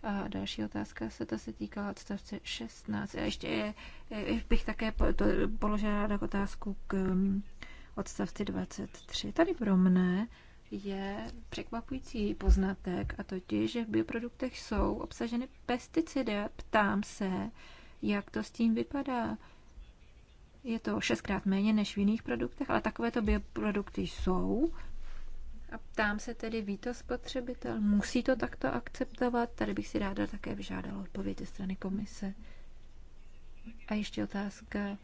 A další otázka se ta se týká odstavce 16. A ještě je, eh, bych také položila ráda otázku k mm, odstavci 23. Tady pro mne je překvapující poznatek, a totiž, že v bioproduktech jsou obsaženy pesticidy. Ptám se, jak to s tím vypadá. Je to šestkrát méně než v jiných produktech, ale takovéto bioprodukty jsou. A ptám se tedy, ví to spotřebitel? Musí to takto akceptovat? Tady bych si ráda také vyžádala odpověď ze strany komise. A ještě otázka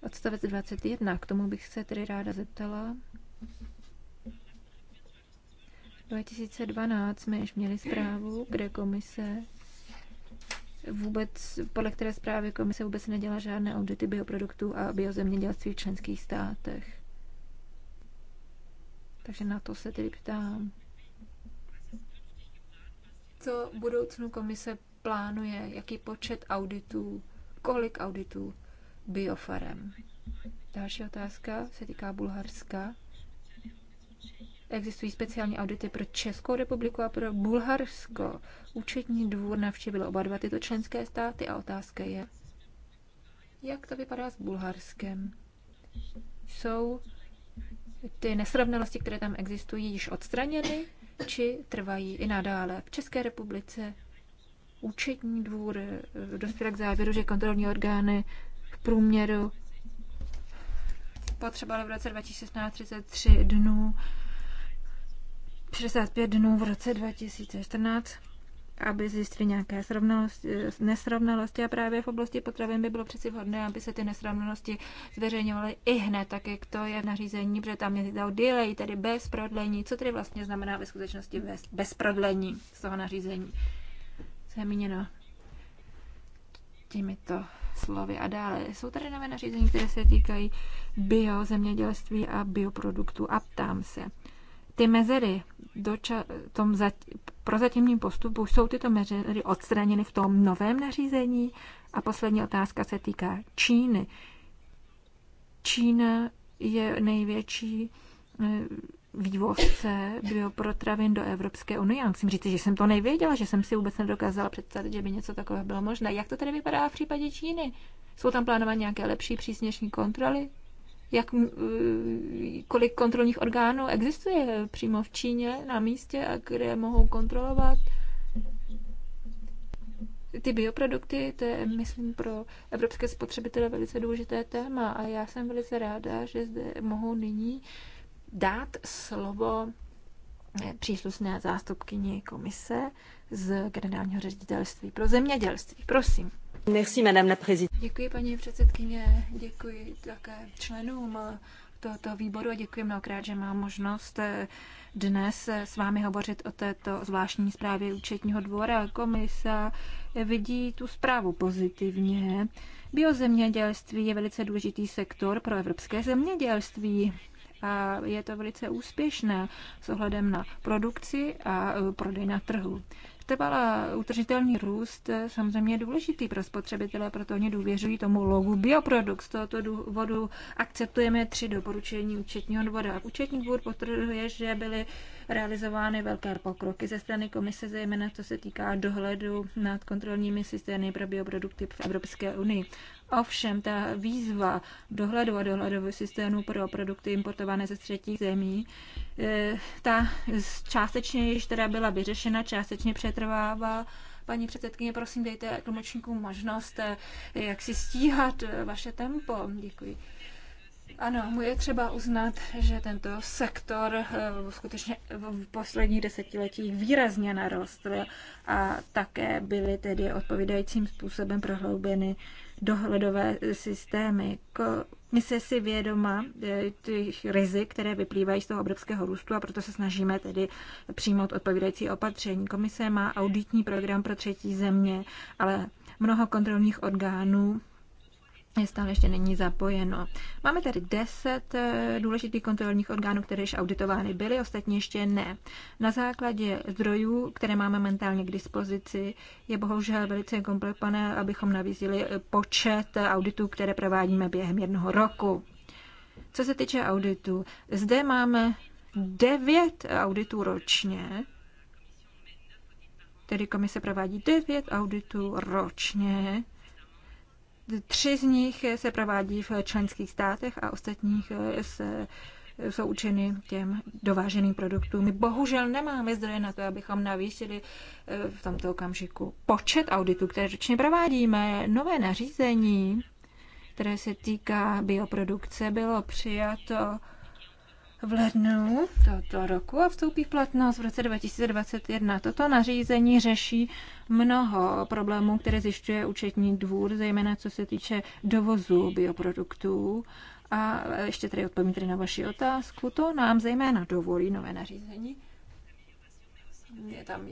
odstavec 21. K tomu bych se tedy ráda zeptala. 2012 jsme již měli zprávu, kde komise vůbec, podle které zprávy komise vůbec nedělá žádné audity bioproduktů a biozemědělství v členských státech. Takže na to se tedy ptám. Co budoucnu komise plánuje? Jaký počet auditů? Kolik auditů biofarem? Další otázka se týká Bulharska. Existují speciální audity pro Českou republiku a pro Bulharsko. Účetní dvůr navštívil oba dva tyto členské státy a otázka je, jak to vypadá s Bulharskem. Jsou ty nesrovnalosti, které tam existují, již odstraněny, či trvají i nadále. V České republice účetní dvůr eh, dospěl k závěru, že kontrolní orgány v průměru potřebovaly v roce 2016 33 dnů 65 dnů v roce 2014, aby zjistili nějaké nesrovnalosti a právě v oblasti potravin by bylo přeci vhodné, aby se ty nesrovnalosti zveřejňovaly i hned, tak jak to je v nařízení, protože tam je to delay, tedy bez prodlení. Co tedy vlastně znamená ve skutečnosti bez, bez prodlení z toho nařízení? Co je míněno těmito slovy a dále. Jsou tady nové nařízení, které se týkají biozemědělství a bioproduktů a ptám se, ty mezery ča- tom za- prozatímním postupu, jsou tyto mezery odstraněny v tom novém nařízení? A poslední otázka se týká Číny. Čína je největší eh, vývozce biopotravin do Evropské unie. Já musím říct, že jsem to nevěděla, že jsem si vůbec nedokázala představit, že by něco takového bylo možné. Jak to tedy vypadá v případě Číny? Jsou tam plánovány nějaké lepší, přísnější kontroly? jak, eh, kolik kontrolních orgánů existuje přímo v Číně na místě a kde mohou kontrolovat ty bioprodukty, to je, myslím, pro evropské spotřebitele velice důležité téma a já jsem velice ráda, že zde mohou nyní dát slovo eh, příslušné zástupkyni komise z generálního ředitelství pro zemědělství. Prosím. Merci, madame la Děkuji, paní předsedkyně, děkuji také členům tohoto výboru a děkuji mnohokrát, že mám možnost eh, dnes eh, s vámi hovořit o této zvláštní zprávě účetního dvora. Komisa vidí tu zprávu pozitivně. Biozemědělství je velice důležitý sektor pro evropské zemědělství a je to velice úspěšné s ohledem na produkci a eh, prodej na trhu. Trvalá utržitelný růst eh, samozřejmě je důležitý pro spotřebitele, proto oni důvěřují tomu logu bioprodukt. Z tohoto důvodu akceptujeme tři doporučení účetního dvora. Účetní dvůr potvrduje, že byly realizovány velké pokroky ze strany komise, zejména co se týká dohledu nad kontrolními systémy pro bioprodukty v Evropské unii. Ovšem ta výzva dohledu a dohledového systému pro produkty importované ze třetích zemí, eh, ta částečně již teda byla vyřešena, částečně přetrvává. Paní předsedkyně, prosím, dejte tlumočníkům možnost, eh, jak si stíhat eh, vaše tempo. Děkuji. Ano, mu je třeba uznat, že tento sektor skutečně v posledních desetiletích výrazně narostl a také byly tedy odpovídajícím způsobem prohloubeny dohledové systémy. Komise si vědoma eh, těch rizik, které vyplývají z toho obrovského růstu a proto se snažíme tedy přijmout odpovídající opatření. Komise má auditní program pro třetí země, ale mnoho kontrolních orgánů stále ještě není zapojeno. Máme tedy 10 eh, důležitých kontrolních orgánů, které již auditovány byly, Ostatně ještě ne. Na základě zdrojů, které máme mentálně k dispozici, je bohužel velice komplikované, abychom navízili eh, počet auditů, které provádíme během jednoho roku. Co se týče auditů, zde máme 9 auditů ročně, tedy komise provádí 9 auditů ročně, Tři z nich se provádí v členských státech a ostatních se jsou učeny těm dováženým produktům. My bohužel nemáme zdroje na to, abychom navýšili eh, v tomto okamžiku počet auditů, které ročně provádíme. Nové nařízení, které se týká bioprodukce, bylo přijato v lednu tohoto roku a vstoupí v platnost v roce 2021. Toto nařízení řeší mnoho problémů, které zjišťuje účetní dvůr, zejména co se týče dovozu bioproduktů. A ještě tady odpovím tady na vaši otázku. To nám zejména dovolí nové nařízení. Je tam,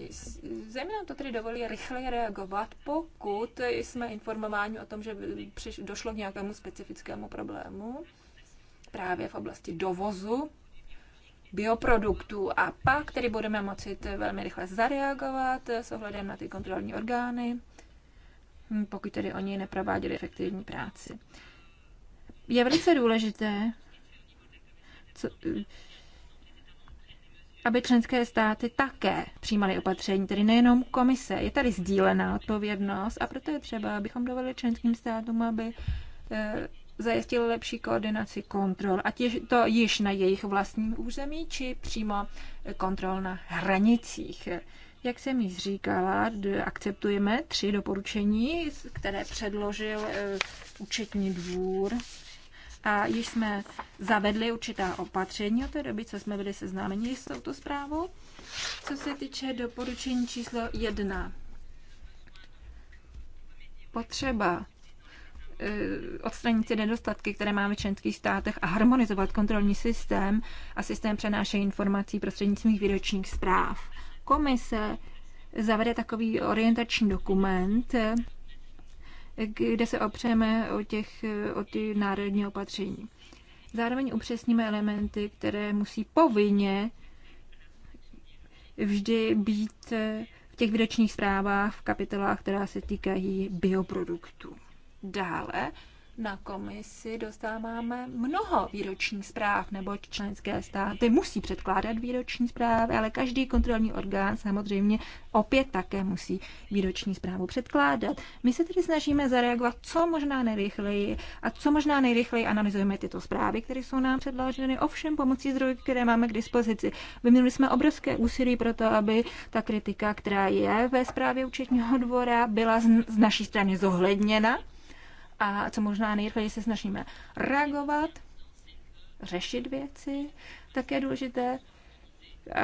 zejména to tedy dovolí rychleji reagovat, pokud jsme informováni o tom, že došlo k nějakému specifickému problému právě v oblasti dovozu bioproduktů. A pak tedy budeme moci velmi rychle zareagovat eh, s ohledem na ty kontrolní orgány, hm, pokud tedy oni neprováděli efektivní práci. Je velice důležité, co, eh, aby členské státy také přijímaly opatření, tedy nejenom komise. Je tady sdílená odpovědnost a proto je třeba, abychom dovolili členským státům, aby eh, zajistil lepší koordinaci kontrol, ať je to již na jejich vlastním území, či přímo kontrol na hranicích. Jak jsem již říkala, akceptujeme tři doporučení, které předložil e, účetní dvůr a již jsme zavedli určitá opatření od té doby, co jsme byli seznámeni s touto zprávou. Co se týče doporučení číslo jedna, potřeba Eh, odstranit ty nedostatky, které máme v členských státech a harmonizovat kontrolní systém a systém přenášení informací prostřednictvím výročních zpráv. Komise zavede takový orientační dokument, eh, kde se opřeme o, těch, eh, o ty národní opatření. Zároveň upřesníme elementy, které musí povinně vždy být v těch výročních zprávách v kapitolách, která se týkají bioproduktů. Dále na komisi dostáváme mnoho výročních zpráv, neboť členské státy musí předkládat výroční zprávy, ale každý kontrolní orgán samozřejmě opět také musí výroční zprávu předkládat. My se tedy snažíme zareagovat co možná nejrychleji a co možná nejrychleji analyzujeme tyto zprávy, které jsou nám předloženy, ovšem pomocí zdrojů, které máme k dispozici. Vyměnili jsme obrovské úsilí pro to, aby ta kritika, která je ve zprávě účetního dvora, byla z naší strany zohledněna a co možná nejrychleji se snažíme reagovat, řešit věci, tak je důležité,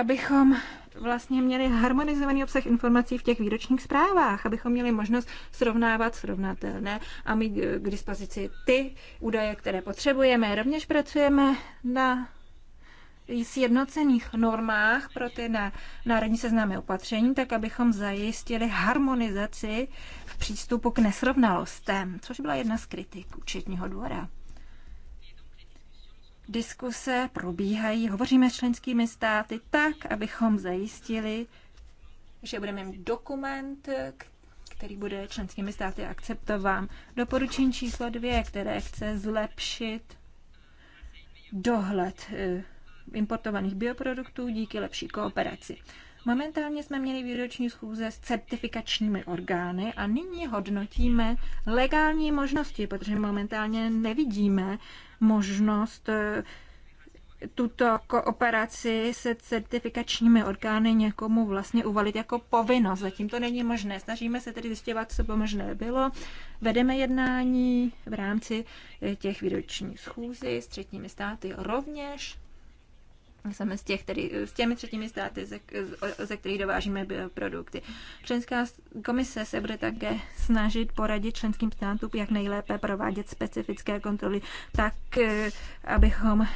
abychom vlastně měli harmonizovaný obsah informací v těch výročních zprávách, abychom měli možnost srovnávat srovnatelné a mít k dispozici ty údaje, které potřebujeme. Rovněž pracujeme na sjednocených normách pro ty na národní seznamy opatření, tak abychom zajistili harmonizaci v přístupu k nesrovnalostem, což byla jedna z kritik účetního dvora. Diskuse probíhají, hovoříme s členskými státy tak, abychom zajistili, že budeme mít dokument, který bude členskými státy akceptován. Doporučení číslo dvě, které chce zlepšit dohled eh, importovaných bioproduktů díky lepší kooperaci. Momentálně jsme měli výroční schůze s certifikačními orgány a nyní hodnotíme legální možnosti, protože momentálně nevidíme možnost eh, tuto kooperaci se certifikačními orgány někomu vlastně uvalit jako povinnost. Zatím to není možné. Snažíme se tedy zjistěvat, co by možné bylo. Vedeme jednání v rámci eh, těch výročních schůzí s třetími státy rovněž jsme z těch, který, s těmi třetími státy, ze, ze kterých dovážíme produkty. Členská komise se bude také snažit poradit členským státům, jak nejlépe provádět specifické kontroly, tak, e, abychom, e,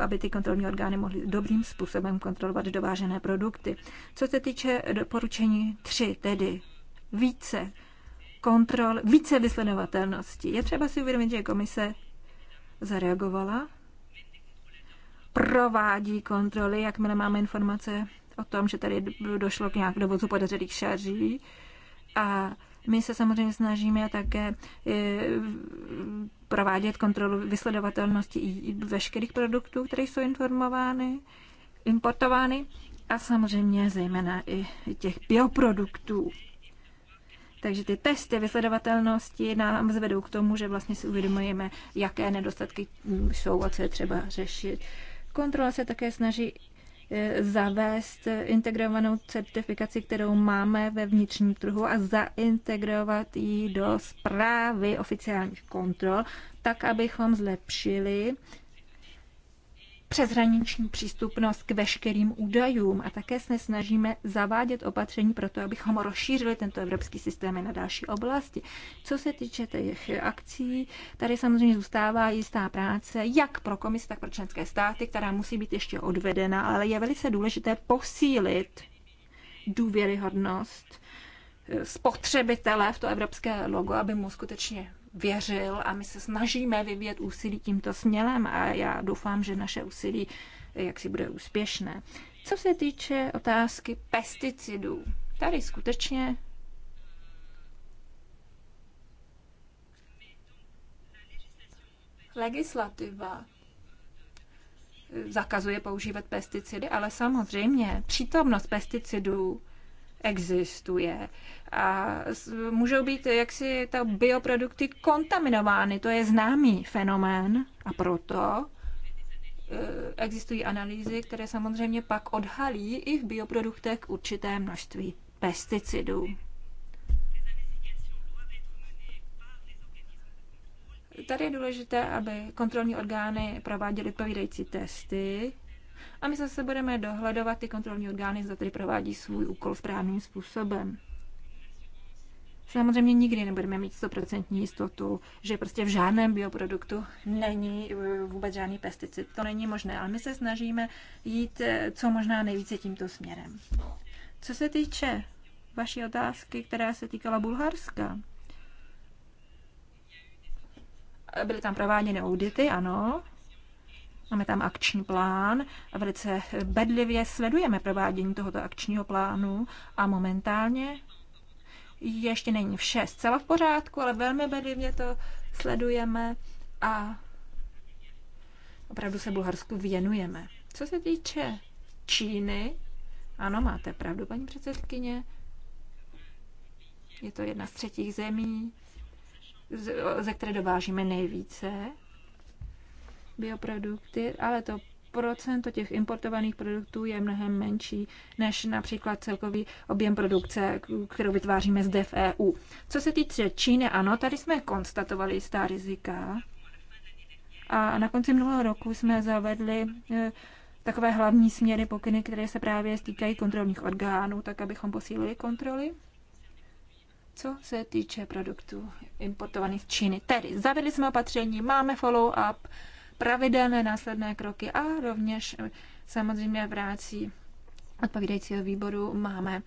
aby ty kontrolní orgány mohly dobrým způsobem kontrolovat dovážené produkty. Co se týče doporučení 3, tedy více kontrol, více vysledovatelnosti, je třeba si uvědomit, že komise zareagovala provádí kontroly, jakmile máme informace o tom, že tady došlo k nějak dovozu podezřelých šaří. A my se samozřejmě snažíme také eh, provádět kontrolu vysledovatelnosti i veškerých produktů, které jsou informovány, importovány a samozřejmě zejména i těch bioproduktů. Takže ty testy vysledovatelnosti nám zvedou k tomu, že vlastně si uvědomujeme, jaké nedostatky jsou a co je třeba řešit. Kontrola se také snaží eh, zavést eh, integrovanou certifikaci, kterou máme ve vnitřním trhu a zaintegrovat ji do zprávy oficiálních kontrol, tak abychom zlepšili přeshraniční přístupnost k veškerým údajům a také se snažíme zavádět opatření pro to, abychom rozšířili tento evropský systém na další oblasti. Co se týče těch akcí, tady samozřejmě zůstává jistá práce, jak pro komisi, tak pro členské státy, která musí být ještě odvedena, ale je velice důležité posílit důvěryhodnost eh, spotřebitele v to evropské logo, aby mu skutečně věřil a my se snažíme vyvíjet úsilí tímto směrem a já doufám, že naše úsilí jak si bude úspěšné. Co se týče otázky pesticidů, tady skutečně legislativa zakazuje používat pesticidy, ale samozřejmě přítomnost pesticidů existuje. A můžou být jaksi ta bioprodukty kontaminovány, to je známý fenomén a proto e, existují analýzy, které samozřejmě pak odhalí i v bioproduktech určité množství pesticidů. Tady je důležité, aby kontrolní orgány prováděly odpovídající testy a my zase budeme dohledovat ty kontrolní orgány, zda tedy provádí svůj úkol správným způsobem. Samozřejmě nikdy nebudeme mít 100% jistotu, že prostě v žádném bioproduktu není eh, vůbec žádný pesticid. To není možné, ale my se snažíme jít eh, co možná nejvíce tímto směrem. Co se týče vaší otázky, která se týkala Bulharska, byly tam prováděny audity, ano, Máme tam akční plán a velice bedlivě sledujeme provádění tohoto akčního plánu a momentálně ještě není vše zcela v pořádku, ale velmi bedlivě to sledujeme a opravdu se Bulharsku věnujeme. Co se týče Číny, ano, máte pravdu, paní předsedkyně, je to jedna z třetích zemí, ze které dovážíme nejvíce bioprodukty, ale to procento těch importovaných produktů je mnohem menší než například celkový objem produkce, kterou vytváříme zde v EU. Co se týče Číny, ano, tady jsme konstatovali jistá rizika. A na konci minulého roku jsme zavedli e, takové hlavní směry pokyny, které se právě týkají kontrolních orgánů, tak abychom posílili kontroly. Co se týče produktů importovaných z Číny, tedy zavedli jsme opatření, máme follow-up, pravidelné následné kroky a rovněž eh, samozřejmě v rámci odpovídajícího výboru máme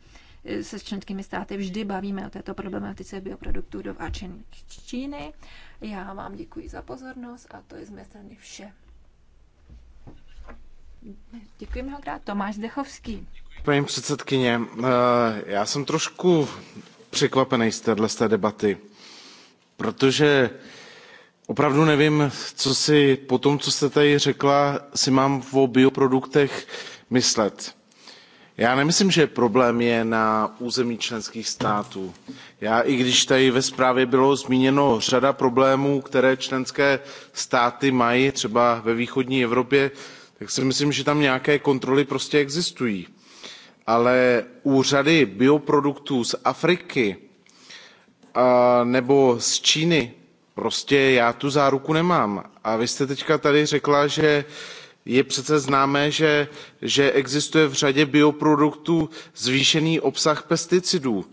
eh, se členskými státy vždy bavíme o této problematice bioproduktů do váčení Číny. Já vám děkuji za pozornost a to je z mé strany vše. Děkuji mnohokrát. Tomáš Zdechovský. Paní předsedkyně, eh, já jsem trošku překvapený z téhle debaty, protože Opravdu nevím, co si po tom, co jste tady řekla, si mám o bioproduktech myslet. Já nemyslím, že problém je na území členských států. Já, i když tady ve zprávě bylo zmíněno řada problémů, které členské státy mají, třeba ve východní Evropě, tak si myslím, že tam nějaké kontroly prostě existují. Ale u řady bioproduktů z Afriky a, nebo z Číny prostě já tu záruku nemám. A vy jste teďka tady řekla, že je přece známé, že, že existuje v řadě bioproduktů zvýšený obsah pesticidů.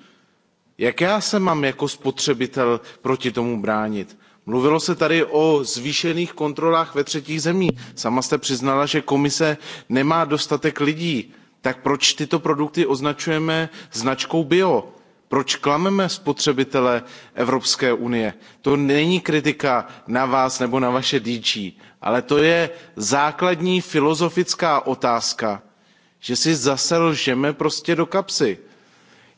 Jak já se mám jako spotřebitel proti tomu bránit? Mluvilo se tady o zvýšených kontrolách ve třetích zemích. Sama jste přiznala, že komise nemá dostatek lidí. Tak proč tyto produkty označujeme značkou bio? proč klameme spotřebitele evropské unie? to není kritika na vás nebo na vaše dg ale to je základní filozofická otázka že si zase lžeme prostě do kapsy.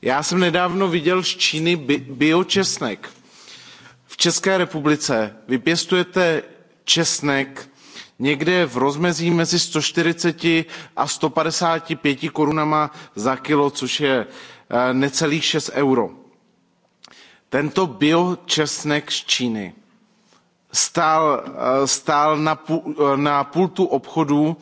já jsem nedávno viděl z číny biočesnek. v české republice vypěstujete česnek někde v rozmezí mezi 140 a 155 korunama za kilo, což je Eh, necelých 6 euro. Tento biočesnek z Číny stál, eh, stál na, eh, na pultu obchodu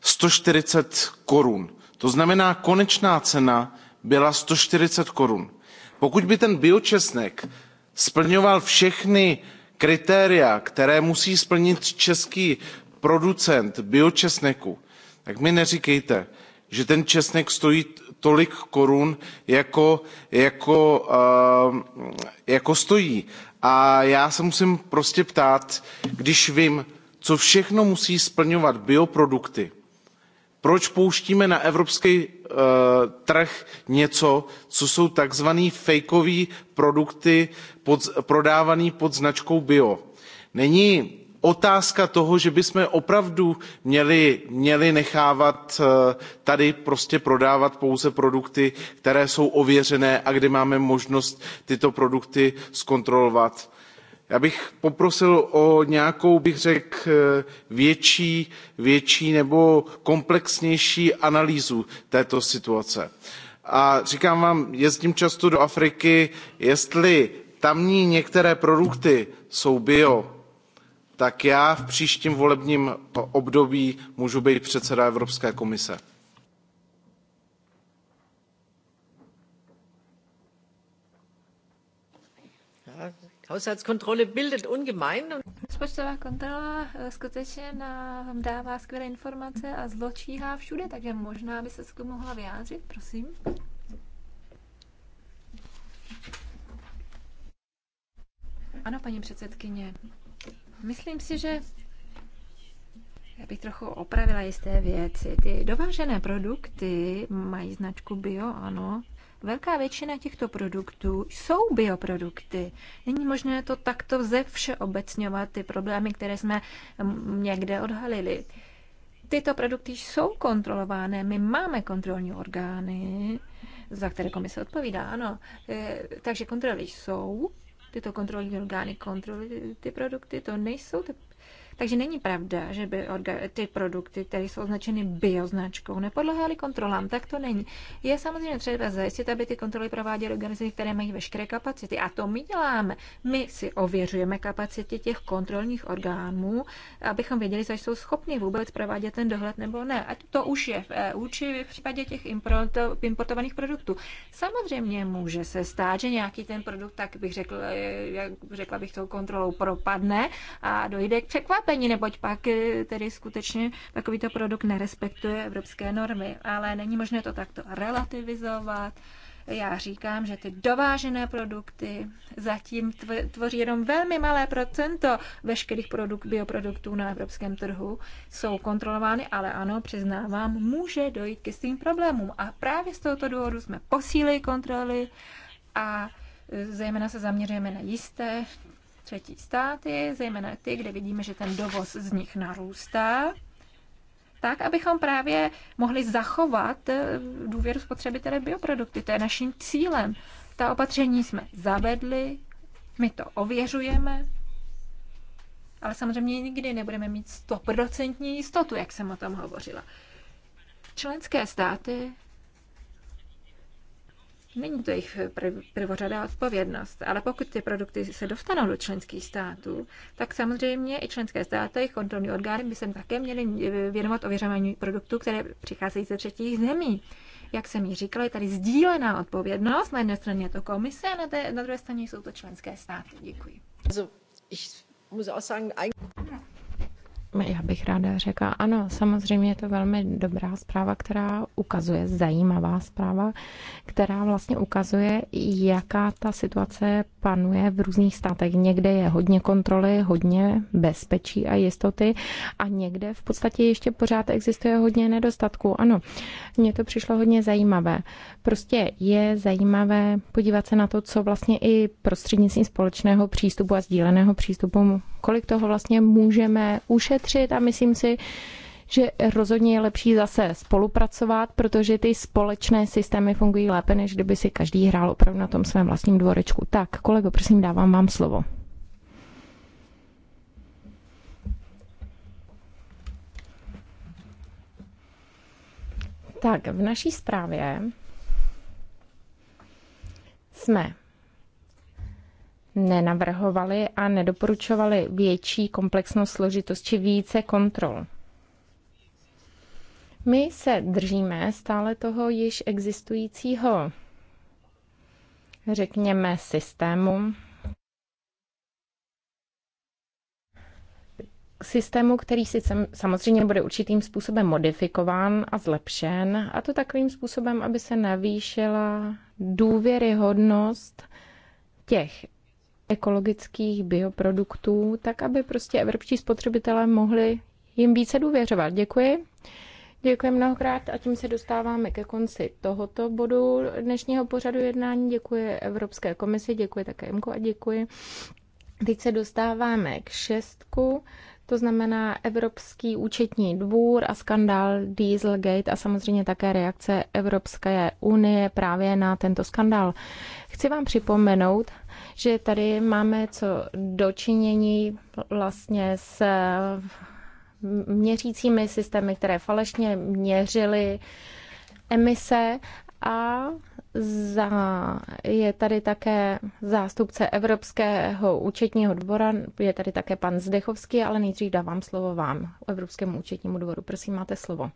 140 korun. To znamená, konečná cena byla 140 korun. Pokud by ten biočesnek splňoval všechny kritéria, které musí splnit český producent biočesneku, tak mi neříkejte, že ten česnek stojí tolik korun, jako, jako, uh, jako stojí. A já se musím prostě ptát, když vím, co všechno musí splňovat bioprodukty, proč pouštíme na evropský uh, trh něco, co jsou takzvané fejkové produkty pod, prodávané pod značkou bio. Není otázka toho že bychom opravdu měli, měli nechávat eh, tady prostě prodávat pouze produkty které jsou ověřené a kde máme možnost tyto produkty zkontrolovat. já bych poprosil o nějakou bych řekl eh, větší, větší nebo komplexnější analýzu této situace. a říkám vám jezdím často do afriky jestli tamní některé produkty jsou bio tak já v příštím volebním období můžu být předseda Evropské komise. Haushaltskontrolle bildet ungemein. Rozpočtová kontrola eh, skutečně nám dává skvělé informace a zločíhá všude, takže možná by se k tomu mohla vyjádřit, prosím. Ano, paní předsedkyně, Myslím si, že já bych trochu opravila jisté věci. Ty dovážené produkty mají značku bio, ano. Velká většina těchto produktů jsou bioprodukty. Není možné to takto ze všeobecňovat, ty problémy, které jsme někde odhalili. Tyto produkty jsou kontrolované, my máme kontrolní orgány, za které komise odpovídá, ano. E, takže kontroly jsou, tyto kontrolní orgány kontrolují ty produkty. To nejsou ty takže není pravda, že by ty produkty, které jsou označeny bioznačkou, nepodléhaly kontrolám. Tak to není. Je samozřejmě třeba zajistit, aby ty kontroly prováděly organizace, které mají veškeré kapacity. A to my děláme. My si ověřujeme kapacity těch kontrolních orgánů, abychom věděli, zda jsou schopni vůbec provádět ten dohled nebo ne. A to už je v EU či v případě těch importovaných produktů. Samozřejmě může se stát, že nějaký ten produkt, tak bych řekl, eh, jak řekla bych tou kontrolou, propadne a dojde k překvapení překvapení, neboť pak eh, tedy skutečně takovýto produkt nerespektuje evropské normy. Ale není možné to takto relativizovat. Já říkám, že ty dovážené produkty zatím tvoří jenom velmi malé procento veškerých produkt, bioproduktů na evropském trhu. Jsou kontrolovány, ale ano, přiznávám, může dojít k svým problémům. A právě z tohoto důvodu jsme posílili kontroly a eh, zejména se zaměřujeme na jisté třetí státy, zejména ty, kde vidíme, že ten dovoz z nich narůstá, tak, abychom právě mohli zachovat eh, důvěru spotřebitele bioprodukty. To je naším cílem. Ta opatření jsme zavedli, my to ověřujeme, ale samozřejmě nikdy nebudeme mít stoprocentní jistotu, jak jsem o tom hovořila. Členské státy Není to jejich prvořadá odpovědnost, ale pokud ty produkty se dostanou do členských států, tak samozřejmě i členské státy, jejich kontrolní orgány by se také měly eh, věnovat ověřování produktů, které přicházejí ze třetích zemí. Jak jsem ji říkala, je tady sdílená odpovědnost. Na jedné straně je to komise a na, té, na druhé straně jsou to členské státy. Děkuji. Also, ich muss auch sagen, já bych ráda řekla, ano, samozřejmě je to velmi dobrá zpráva, která ukazuje, zajímavá zpráva, která vlastně ukazuje, jaká ta situace panuje v různých státech. Někde je hodně kontroly, hodně bezpečí a jistoty a někde v podstatě ještě pořád existuje hodně nedostatků. Ano, mně to přišlo hodně zajímavé. Prostě je zajímavé podívat se na to, co vlastně i prostřednictvím společného přístupu a sdíleného přístupu, kolik toho vlastně můžeme ušetřit šetřit a myslím si, že rozhodně je lepší zase spolupracovat, protože ty společné systémy fungují lépe, než kdyby si každý hrál opravdu na tom svém vlastním dvorečku. Tak, kolego, prosím, dávám vám slovo. Tak, v naší zprávě jsme nenavrhovali a nedoporučovali větší komplexnost, složitost či více kontrol. My se držíme stále toho již existujícího, řekněme, systému, systému, který si samozřejmě bude určitým způsobem modifikován a zlepšen, a to takovým způsobem, aby se navýšila důvěryhodnost těch ekologických bioproduktů, tak aby prostě evropští spotřebitelé mohli jim více důvěřovat. Děkuji. Děkuji mnohokrát a tím se dostáváme ke konci tohoto bodu dnešního pořadu jednání. Děkuji Evropské komisi, děkuji také MKO a děkuji. Teď se dostáváme k šestku, to znamená Evropský účetní dvůr a skandál Dieselgate a samozřejmě také reakce Evropské unie právě na tento skandál. Chci vám připomenout, že tady máme co dočinění vlastně s měřícími systémy, které falešně měřily emise a za, je tady také zástupce Evropského účetního dvora, je tady také pan Zdechovský, ale nejdřív dávám slovo vám, Evropskému účetnímu dvoru. Prosím, máte slovo.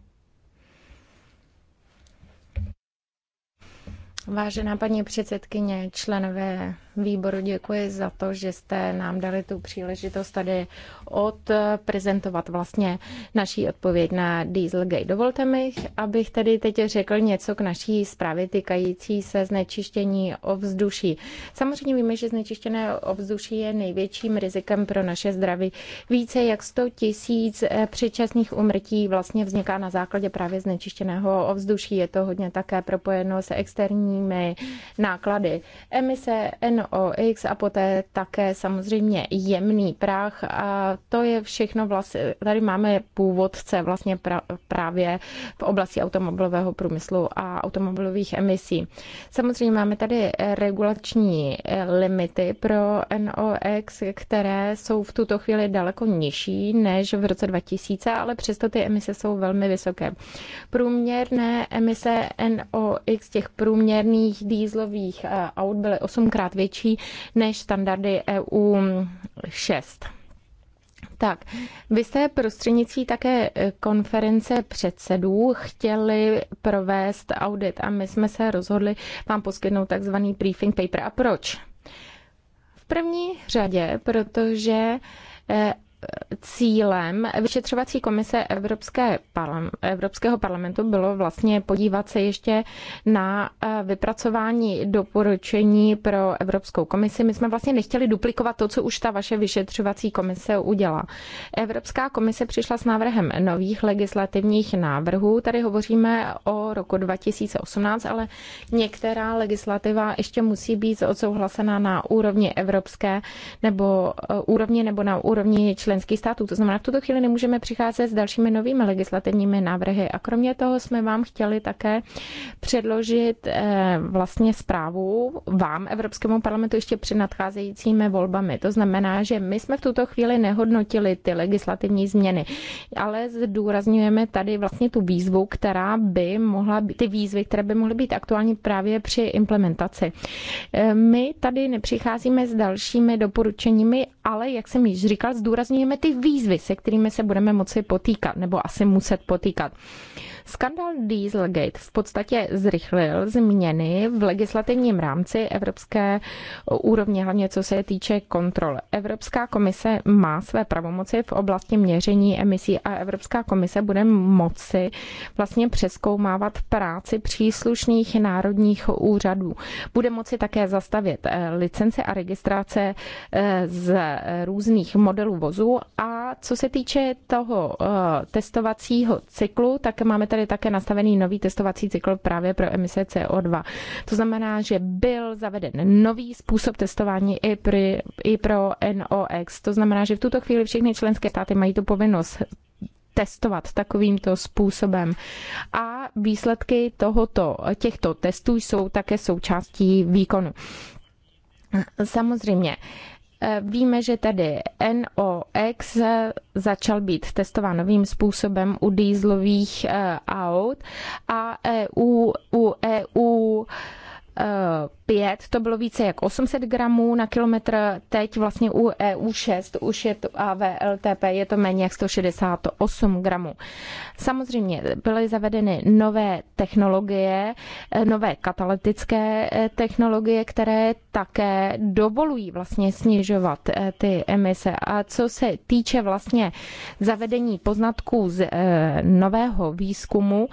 Vážená paní předsedkyně, členové výboru, děkuji za to, že jste nám dali tu příležitost tady odprezentovat vlastně naší odpověď na Dieselgate. Dovolte mi, abych tady teď řekl něco k naší zprávě týkající se znečištění ovzduší. Samozřejmě víme, že znečištěné ovzduší je největším rizikem pro naše zdraví. Více jak 100 tisíc předčasných umrtí vlastně vzniká na základě právě znečištěného ovzduší. Je to hodně také propojeno se externí emisními náklady. Emise NOx a poté také samozřejmě jemný prach a to je všechno vlastně, tady máme původce vlastně pra, právě v oblasti automobilového průmyslu a automobilových emisí. Samozřejmě máme tady regulační eh, limity pro NOx, které jsou v tuto chvíli daleko nižší než v roce 2000, ale přesto ty emise jsou velmi vysoké. Průměrné emise NOx těch průměr průměrných dýzlových eh, aut byly osmkrát větší než standardy EU 6. Tak, vy jste prostřednicí také eh, konference předsedů chtěli provést audit a my jsme se rozhodli vám poskytnout takzvaný briefing paper. A proč? V první řadě, protože eh, cílem vyšetřovací komise Evropské parlam, Evropského parlamentu bylo vlastně podívat se ještě na eh, vypracování doporučení pro Evropskou komisi. My jsme vlastně nechtěli duplikovat to, co už ta vaše vyšetřovací komise udělá. Evropská komise přišla s návrhem nových legislativních návrhů. Tady hovoříme o roku 2018, ale některá legislativa ještě musí být odsouhlasená na úrovni evropské nebo eh, úrovni nebo na úrovni členů členských států. To znamená, v tuto chvíli nemůžeme přicházet s dalšími novými legislativními návrhy. A kromě toho jsme vám chtěli také předložit eh, vlastně zprávu vám, Evropskému parlamentu, ještě před nadcházejícími volbami. To znamená, že my jsme v tuto chvíli nehodnotili ty legislativní změny, ale zdůrazňujeme tady vlastně tu výzvu, která by mohla být, ty výzvy, které by mohly být aktuální právě při implementaci. Eh, my tady nepřicházíme s dalšími doporučeními, ale jak jsem již říkal, zdůrazňujeme řekněme, ty výzvy, se kterými se budeme moci potýkat, nebo asi muset potýkat. Skandal Dieselgate v podstatě zrychlil změny v legislativním rámci evropské úrovně, hlavně co se týče kontrol. Evropská komise má své pravomoci v oblasti měření emisí a Evropská komise bude moci vlastně přeskoumávat práci příslušných národních úřadů. Bude moci také zastavit eh, licence a registrace eh, z různých modelů vozů a co se týče toho eh, testovacího cyklu, tak máme tady také nastavený nový testovací cykl právě pro emise CO2. To znamená, že byl zaveden nový způsob testování i, pri, i pro NOx. To znamená, že v tuto chvíli všechny členské státy mají tu povinnost testovat takovýmto způsobem. A výsledky tohoto, těchto testů jsou také součástí výkonu. Samozřejmě, Eh, víme, že tady NOx začal být testován novým způsobem u dýzlových eh, aut a EU, u EU e 5 eh, to bylo více jak 800 gramů na kilometr, teď vlastně u EU6 už je to AVLTP, je to méně jak 168 gramů. Samozřejmě byly zavedeny nové technologie, eh, nové katalytické eh, technologie, které také dovolují vlastně snižovat ty emise. A co se týče vlastně zavedení poznatků z nového výzkumu,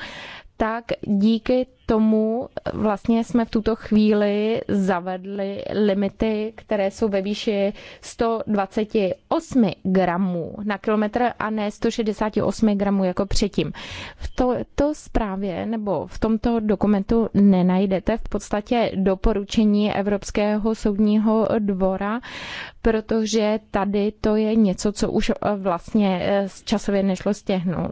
tak díky tomu eh, vlastně jsme v tuto chvíli zavedli limity, které jsou ve výši 128 gramů na kilometr a ne 168 gramů jako předtím. V to zprávě nebo v tomto dokumentu nenajdete v podstatě doporučení Evropského soudního dvora, protože tady to je něco, co už eh, vlastně eh, časově nešlo stěhnout.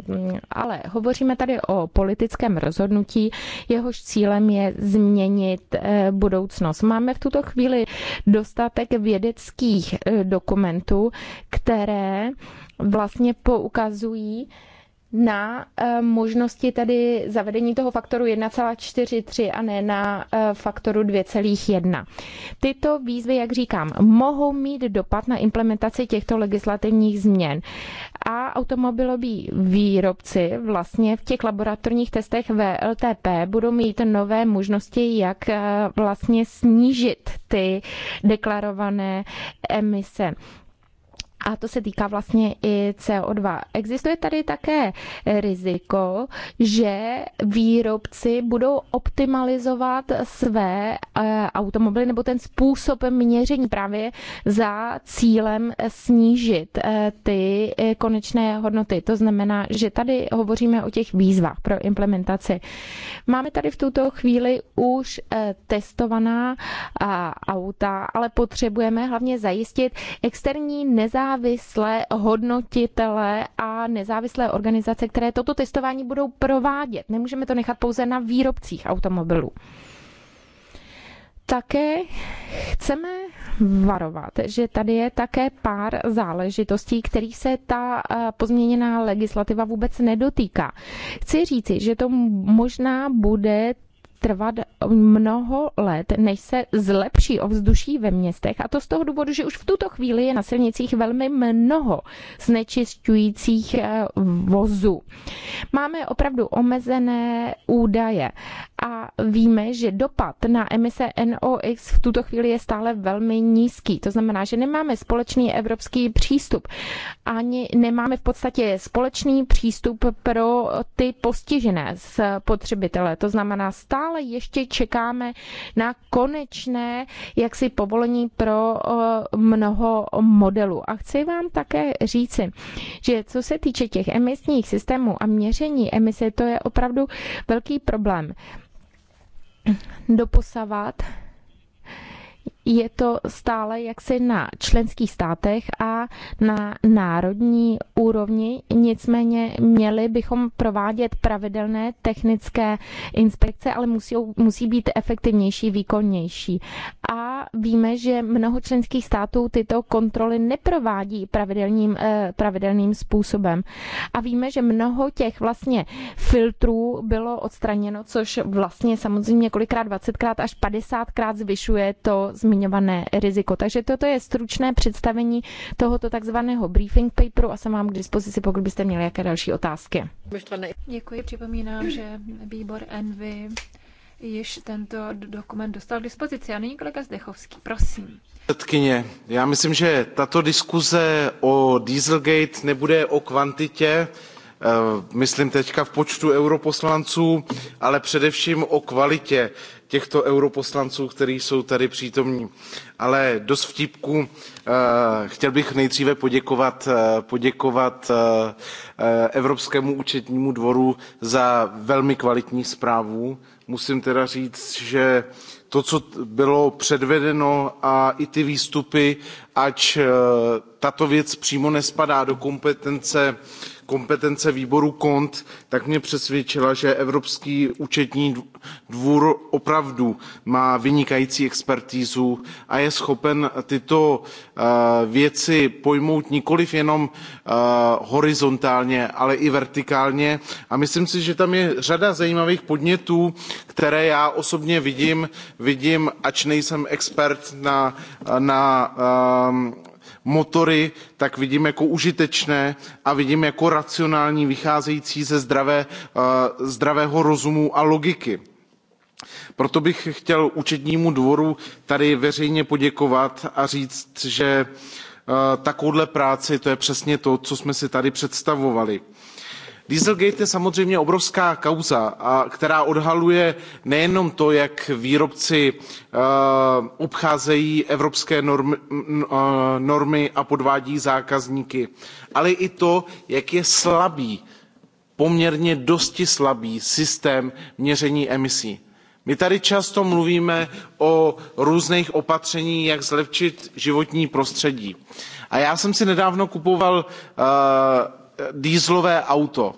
Ale hovoříme tady o politickém rozhodnutí, jeho jehož cílem je změnit eh, budoucnost. Máme v tuto chvíli dostatek vědeckých eh, dokumentů, které vlastně poukazují, na eh, možnosti tedy zavedení toho faktoru 1,43 a ne na eh, faktoru 2,1. Tyto výzvy, jak říkám, mohou mít dopad na implementaci těchto legislativních změn. A automobiloví výrobci vlastně v těch laboratorních testech VLTP budou mít nové možnosti, jak eh, vlastně snížit ty deklarované emise a to se týká vlastně i CO2. Existuje tady také eh, riziko, že výrobci budou optimalizovat své eh, automobily nebo ten způsob měření právě za cílem eh, snížit ty konečné hodnoty. To znamená, že tady hovoříme o těch výzvách pro implementaci. Máme tady v tuto chvíli už testovaná auta, ale potřebujeme hlavně zajistit externí nezávislost nezávislé hodnotitele a nezávislé organizace, které toto testování budou provádět. Nemůžeme to nechat pouze na výrobcích automobilů. Také chceme varovat, že tady je také pár záležitostí, kterých se ta eh, pozměněná legislativa vůbec nedotýká. Chci říci, že to možná bude trvat mnoho let, než se zlepší ovzduší ve městech a to z toho důvodu, že už v tuto chvíli je na silnicích velmi mnoho znečišťujících eh, vozů. Máme opravdu omezené údaje a víme, že dopad na emise NOx v tuto chvíli je stále velmi nízký. To znamená, že nemáme společný evropský přístup ani nemáme v podstatě společný přístup pro ty postižené spotřebitele. To znamená stále stále ještě čekáme na konečné jaksi povolení pro eh, mnoho modelů. A chci vám také říci, že co se týče těch emisních systémů a měření emise, to je opravdu velký problém. Doposavat je to stále jaksi na členských státech a na národní úrovni. Nicméně měli bychom provádět pravidelné technické inspekce, ale musí, musí být efektivnější, výkonnější. A víme, že mnoho členských států tyto kontroly neprovádí pravidelným, eh, pravidelným způsobem. A víme, že mnoho těch vlastně filtrů bylo odstraněno, což vlastně samozřejmě několikrát 20krát až 50krát zvyšuje to zmíněné zmiňované riziko. Takže toto je stručné představení tohoto takzvaného briefing paperu a jsem vám k dispozici, pokud byste měli jaké další otázky. Děkuji, připomínám, že výbor Envy již tento dokument dostal k dispozici. A nyní kolega Zdechovský, prosím. Předkyně, já myslím, že tato diskuze o Dieselgate nebude o kvantitě, eh, myslím teďka v počtu europoslanců, ale především o kvalitě těchto europoslanců, kteří jsou tady přítomní. Ale dost vtipků. Eh, chtěl bych nejdříve poděkovat, eh, poděkovat eh, Evropskému účetnímu dvoru za velmi kvalitní zprávu. Musím teda říct, že to, co bylo předvedeno a i ty výstupy, ač tato věc přímo nespadá do kompetence kompetence výboru KONT, tak mě přesvědčila, že Evropský účetní dvůr opravdu má vynikající expertízu a je schopen tyto eh, věci pojmout nikoliv jenom eh, horizontálně, ale i vertikálně. A myslím si, že tam je řada zajímavých podnětů, které já osobně vidím, vidím ač nejsem expert na, na eh, motory tak vidím jako užitečné a vidím jako racionální vycházející ze zdravé, eh, zdravého rozumu a logiky proto bych chtěl účetnímu dvoru tady veřejně poděkovat a říct že eh, takovouhle práci to je přesně to co jsme si tady představovali dieselgate je samozřejmě obrovská kauza která odhaluje nejenom to jak výrobci eh, obcházejí evropské eh, normy a podvádí zákazníky ale i to jak je slabý poměrně dosti slabý systém měření emisí. my tady často mluvíme o různých opatřeních jak zlepšit životní prostředí a já jsem si nedávno kupoval uh, dieselové auto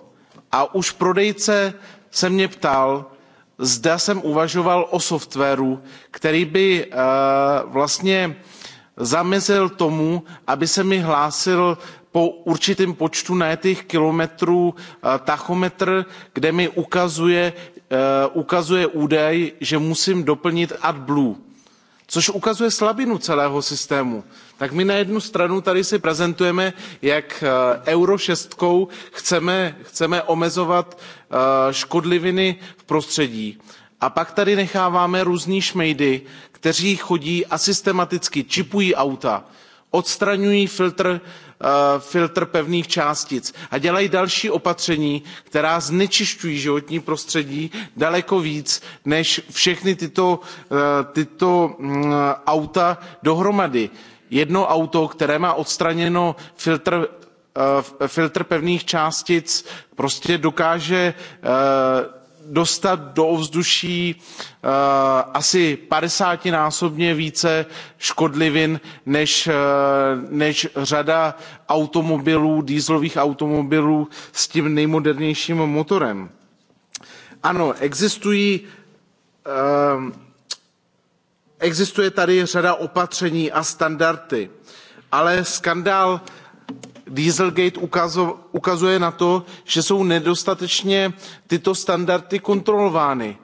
a už prodejce se mě ptal zda jsem uvažoval o softwaru který by eh, vlastně zamezil tomu aby se mi hlásil po určitém počtu najetých kilometrů eh, tachometr kde mi ukazuje, eh, ukazuje údaj že musím doplnit adblue což ukazuje slabinu celého systému. Tak my na jednu stranu tady si prezentujeme, jak eh, euro šestkou chceme, chceme omezovat eh, škodliviny v prostředí. A pak tady necháváme různý šmejdy, kteří chodí a systematicky čipují auta, odstraňují filtr Eh, filtr pevných částic a dělají další opatření která znečišťují životní prostředí daleko více než všechna tato eh, mm, auta dohromady. jedno auto které má odstraněn eh, filtr, pevných částic prostě dokáže dostat do ovzduší eh, asi padesátinásobně více škodlivin než, eh, než řada automobilů dieselových automobilů s tím nejmodernějším motorem. ano existují eh, existuje tady řada opatření a standardů ale skandál dieselgate ukazuje na to že jsou nedostatečně tyto standardy kontrolovány.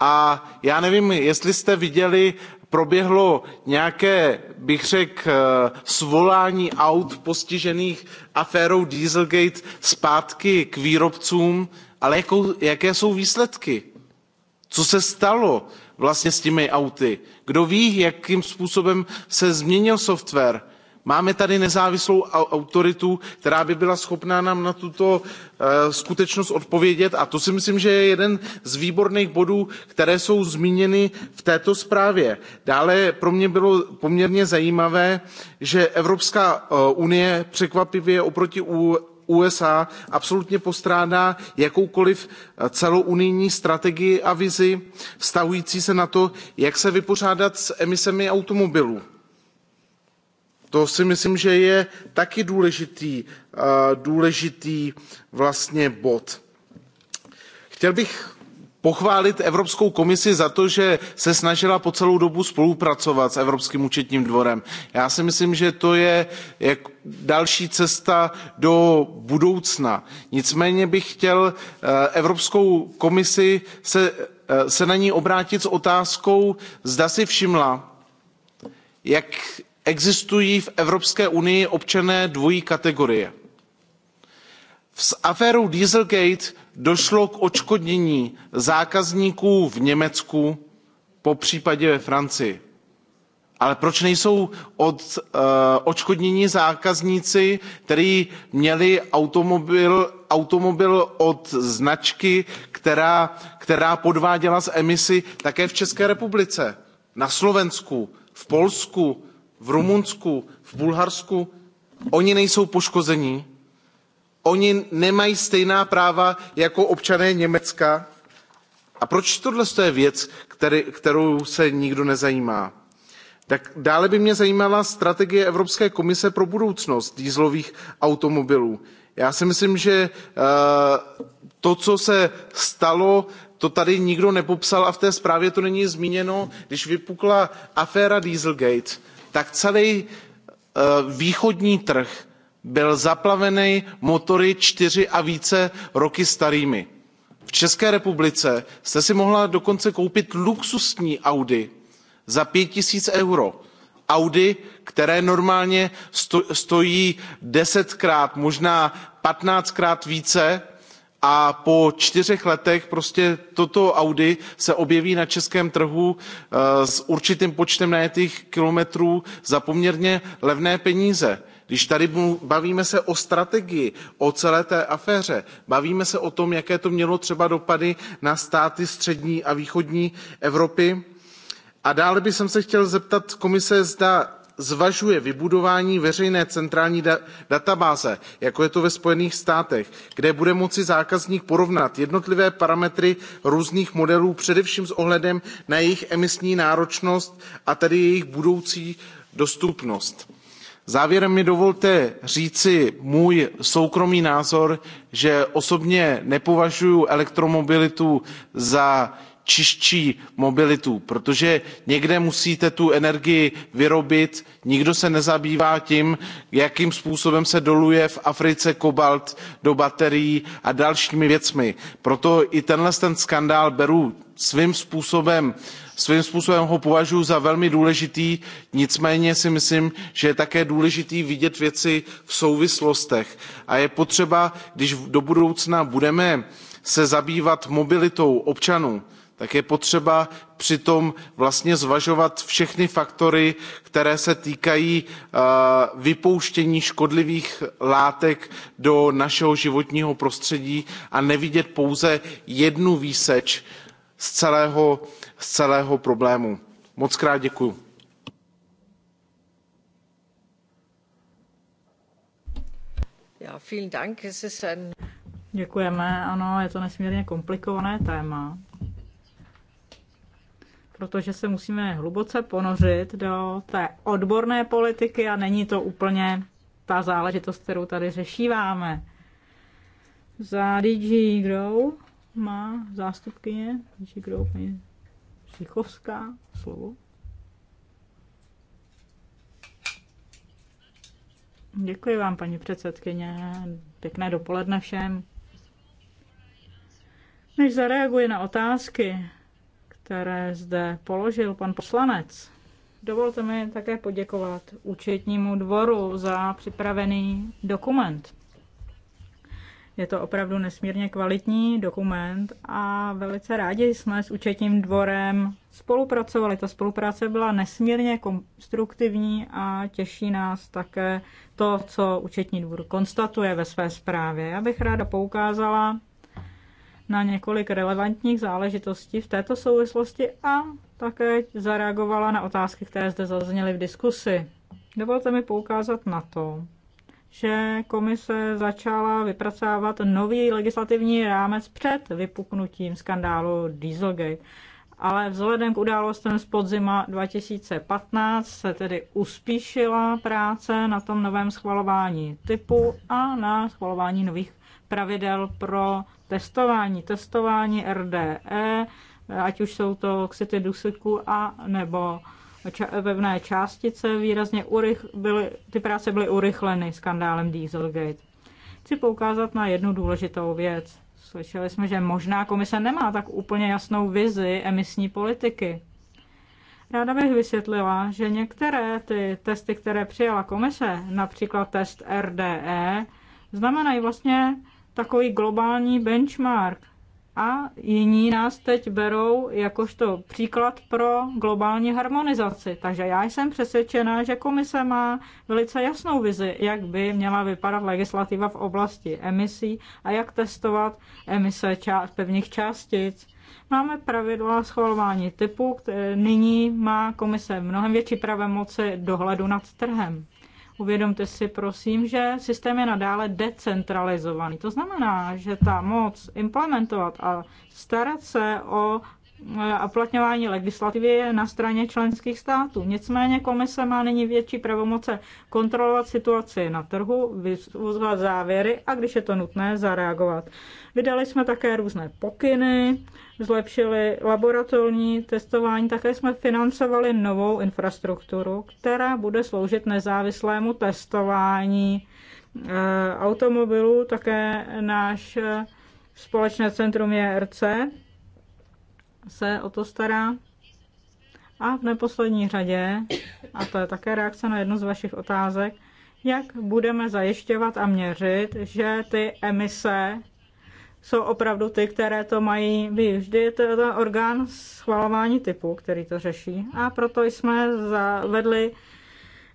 a já nevím jestli jste viděli proběhlo nějaké bych řekl eh, svolání aut postižených aférou dieselgate zpátky k výrobcům ale jakou, jaké jsou výsledky? co se stalo vlastně s těmi auty? kdo ví jakým způsobem se změnil software? máme tady nezávislou autoritu která by byla schopna nám na tuto eh, skutečnost odpovědět a to si myslím že je jeden z výborných bodů které jsou zmíněny v této zprávě. dále pro mě bylo poměrně zajímavé že evropská eh, unie překvapivě oproti usa absolutně postrádá jakoukoliv eh, celounijní strategii a vizi vztahující se na to jak se vypořádat s emisemi automobilů to si myslím, že je taky důležitý, důležitý vlastně bod. Chtěl bych pochválit Evropskou komisi za to, že se snažila po celou dobu spolupracovat s Evropským účetním dvorem. Já si myslím, že to je další cesta do budoucna. Nicméně bych chtěl e, Evropskou komisi se, e, se na ní obrátit s otázkou, zda si všimla, jak existují v evropské unii občané dvojí kategorie. s aférou dieselgate došlo k odškodnění zákazníků v německu popřípadě ve francii. ale proč nejsou od, eh, odškodněni zákazníci kteří měli automobil, automobil od značky která, která podváděla s emisemi také v české republice na slovensku v polsku v Rumunsku, v Bulharsku, oni nejsou poškození, oni nemají stejná práva jako občané Německa. A proč tohle je věc, který, kterou se nikdo nezajímá? Tak dále by mě zajímala strategie Evropské komise pro budoucnost dýzlových automobilů. Já si myslím, že eh, to, co se stalo, to tady nikdo nepopsal a v té zprávě to není zmíněno, když vypukla aféra Dieselgate tak celý eh, východní trh byl zaplavený motory čtyři a více roky starými. v české republice jste si mohla dokonce koupit luxusní audi za pět tisíc eur audi které normálně stojí desetkrát možná patnáctkrát více a po čtyřech letech prostě toto audi se objeví na českém trhu eh, s určitým počtem najetých kilometrů za poměrně levné peníze. když se tady bavíme o strategii o celé té aféře bavíme se o tom jaké to mělo třeba dopady na státy střední a východní evropy a dále bych se chtěl zeptat komise zda zvažuje vybudování veřejné centrální da databáze jako je to ve spojených státech kde bude moci zákazník porovnat jednotlivé parametry různých modelů především s ohledem na jejich emisní náročnost a tedy jejich budoucí dostupnost. závěrem mi dovolte říci můj soukromý názor že osobně nepovažuji elektromobilitu za čistší mobilitu protože někde musíte tu energii vyrobit nikdo se nezabývá tím jakým způsobem se doluje v africe kobalt do baterií a dalšími věcmi. proto i tenhle ten skandál beru svým způsobem svým způsobem ho považuji za velmi důležitý nicméně si myslím že je také důležité vidět věci v souvislostech a je potřeba když do budoucna budeme se zabývat mobilitou občanů tak je potřeba přitom vlastně zvažovat všechny faktory které se týkají eh, vypouštění škodlivých látek do našeho životního prostředí a nevidět pouze jednu výseč z celého, z celého problému. mockrát děkuju. Děkujeme, ano, je to nesmírně komplikované téma protože se musíme hluboce ponořit do té odborné politiky a není to úplně ta záležitost, kterou tady řešíváme. Za DG Grow má zástupkyně DG Grow paní Šichovská slovo. Děkuji vám, paní předsedkyně. Pěkné dopoledne všem. Než zareaguji na otázky, které zde položil pan poslanec. Dovolte mi také poděkovat účetnímu dvoru za připravený dokument. Je to opravdu nesmírně kvalitní dokument a velice rádi jsme s účetním dvorem spolupracovali. Ta spolupráce byla nesmírně konstruktivní a těší nás také to, co účetní dvůr konstatuje ve své zprávě. Já bych ráda poukázala na několik relevantních záležitostí v této souvislosti a také zareagovala na otázky, které zde zazněly v diskusi. Dovolte mi poukázat na to, že komise začala vypracovat nový legislativní rámec před vypuknutím skandálu Dieselgate. Ale vzhledem k událostem z podzima 2015 se tedy uspíšila práce na tom novém schvalování typu a na schvalování nových pravidel pro testování. Testování RDE, ať už jsou to oxidy dusiku a nebo ča- pevné částice, výrazně urych- byly, ty práce byly urychleny skandálem Dieselgate. Chci poukázat na jednu důležitou věc. Slyšeli jsme, že možná komise nemá tak úplně jasnou vizi emisní politiky. Ráda bych vysvětlila, že některé ty testy, které přijala komise, například test RDE, znamenají vlastně takový globální benchmark. A jiní nás teď berou jakožto příklad pro globální harmonizaci. Takže já jsem přesvědčena, že komise má velice jasnou vizi, jak by měla vypadat legislativa v oblasti emisí a jak testovat emise část, pevných částic. Máme pravidla schvalování typu, které nyní má komise mnohem větší moci dohledu nad trhem. Uvědomte si prosím, že systém je nadále decentralizovaný. To znamená, že ta moc implementovat a starat se o uplatňování legislativy je na straně členských států. Nicméně komise má nyní větší pravomoce kontrolovat situaci na trhu, vyzvat závěry a když je to nutné, zareagovat. Vydali jsme také různé pokyny, zlepšili laboratorní testování, také jsme financovali novou infrastrukturu, která bude sloužit nezávislému testování eh, automobilů, také náš eh, společné centrum je RC, se o to stará. A v neposlední řadě, a to je také reakce na jednu z vašich otázek, jak budeme zajišťovat a měřit, že ty emise jsou opravdu ty, které to mají být. Vždy je to ten orgán schvalování typu, který to řeší. A proto jsme zavedli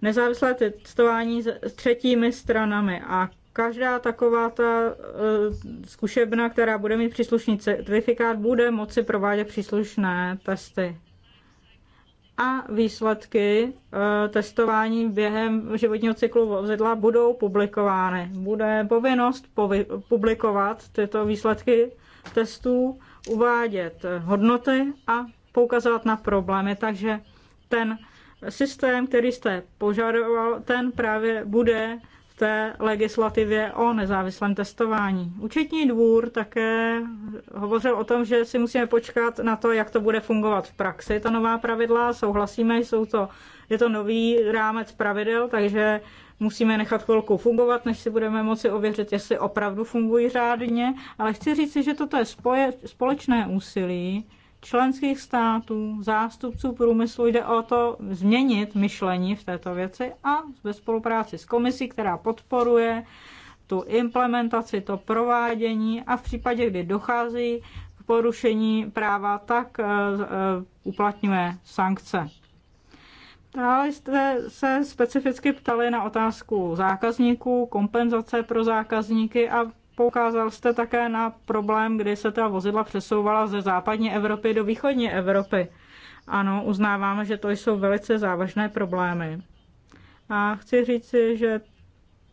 nezávislé testování s třetími stranami. A každá taková ta eh, zkušebna, která bude mít příslušný certifikát, bude moci provádět příslušné testy. A výsledky eh, testování během životního cyklu vozidla budou publikovány. Bude povinnost publikovat tyto výsledky testů, uvádět hodnoty a poukazovat na problémy. Takže ten systém, který jste požadoval, ten právě bude té legislativě o nezávislém testování. Účetní dvůr také hovořil o tom, že si musíme počkat na to, jak to bude fungovat v praxi, ta nová pravidla. Souhlasíme, jsou to, je to nový rámec pravidel, takže musíme nechat chvilku fungovat, než si budeme moci ověřit, jestli opravdu fungují řádně. Ale chci říct, že toto je spoje, společné úsilí členských států, zástupců průmyslu jde o to změnit myšlení v této věci a ve spolupráci s komisí, která podporuje tu implementaci, to provádění a v případě, kdy dochází k porušení práva, tak e, e, uplatňuje sankce. Dále jste se specificky ptali na otázku zákazníků, kompenzace pro zákazníky a Poukázal jste také na problém, kdy se ta vozidla přesouvala ze západní Evropy do východní Evropy. Ano, uznáváme, že to jsou velice závažné problémy. A chci říci, že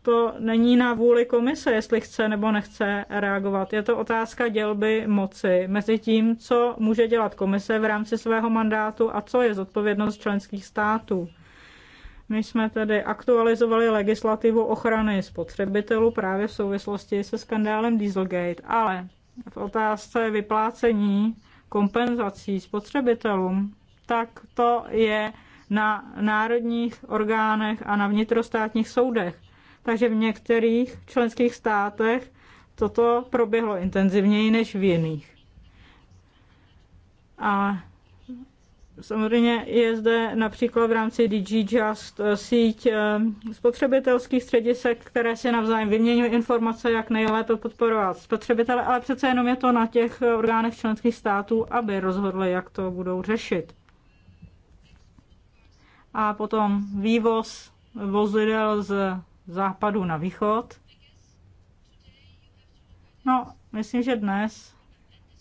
to není na vůli komise, jestli chce nebo nechce reagovat. Je to otázka dělby moci mezi tím, co může dělat komise v rámci svého mandátu a co je zodpovědnost členských států. My jsme tedy aktualizovali legislativu ochrany spotřebitelů právě v souvislosti se skandálem Dieselgate, ale v otázce vyplácení kompenzací spotřebitelům, tak to je na národních orgánech a na vnitrostátních soudech. Takže v některých členských státech toto proběhlo intenzivněji než v jiných. A Samozřejmě je zde například v rámci DigiJust Just eh, síť eh, spotřebitelských středisek, které si navzájem vyměňují informace, jak nejlépe podporovat spotřebitele, ale přece jenom je to na těch eh, orgánech členských států, aby rozhodli, jak to budou řešit. A potom vývoz vozidel z západu na východ. No, myslím, že dnes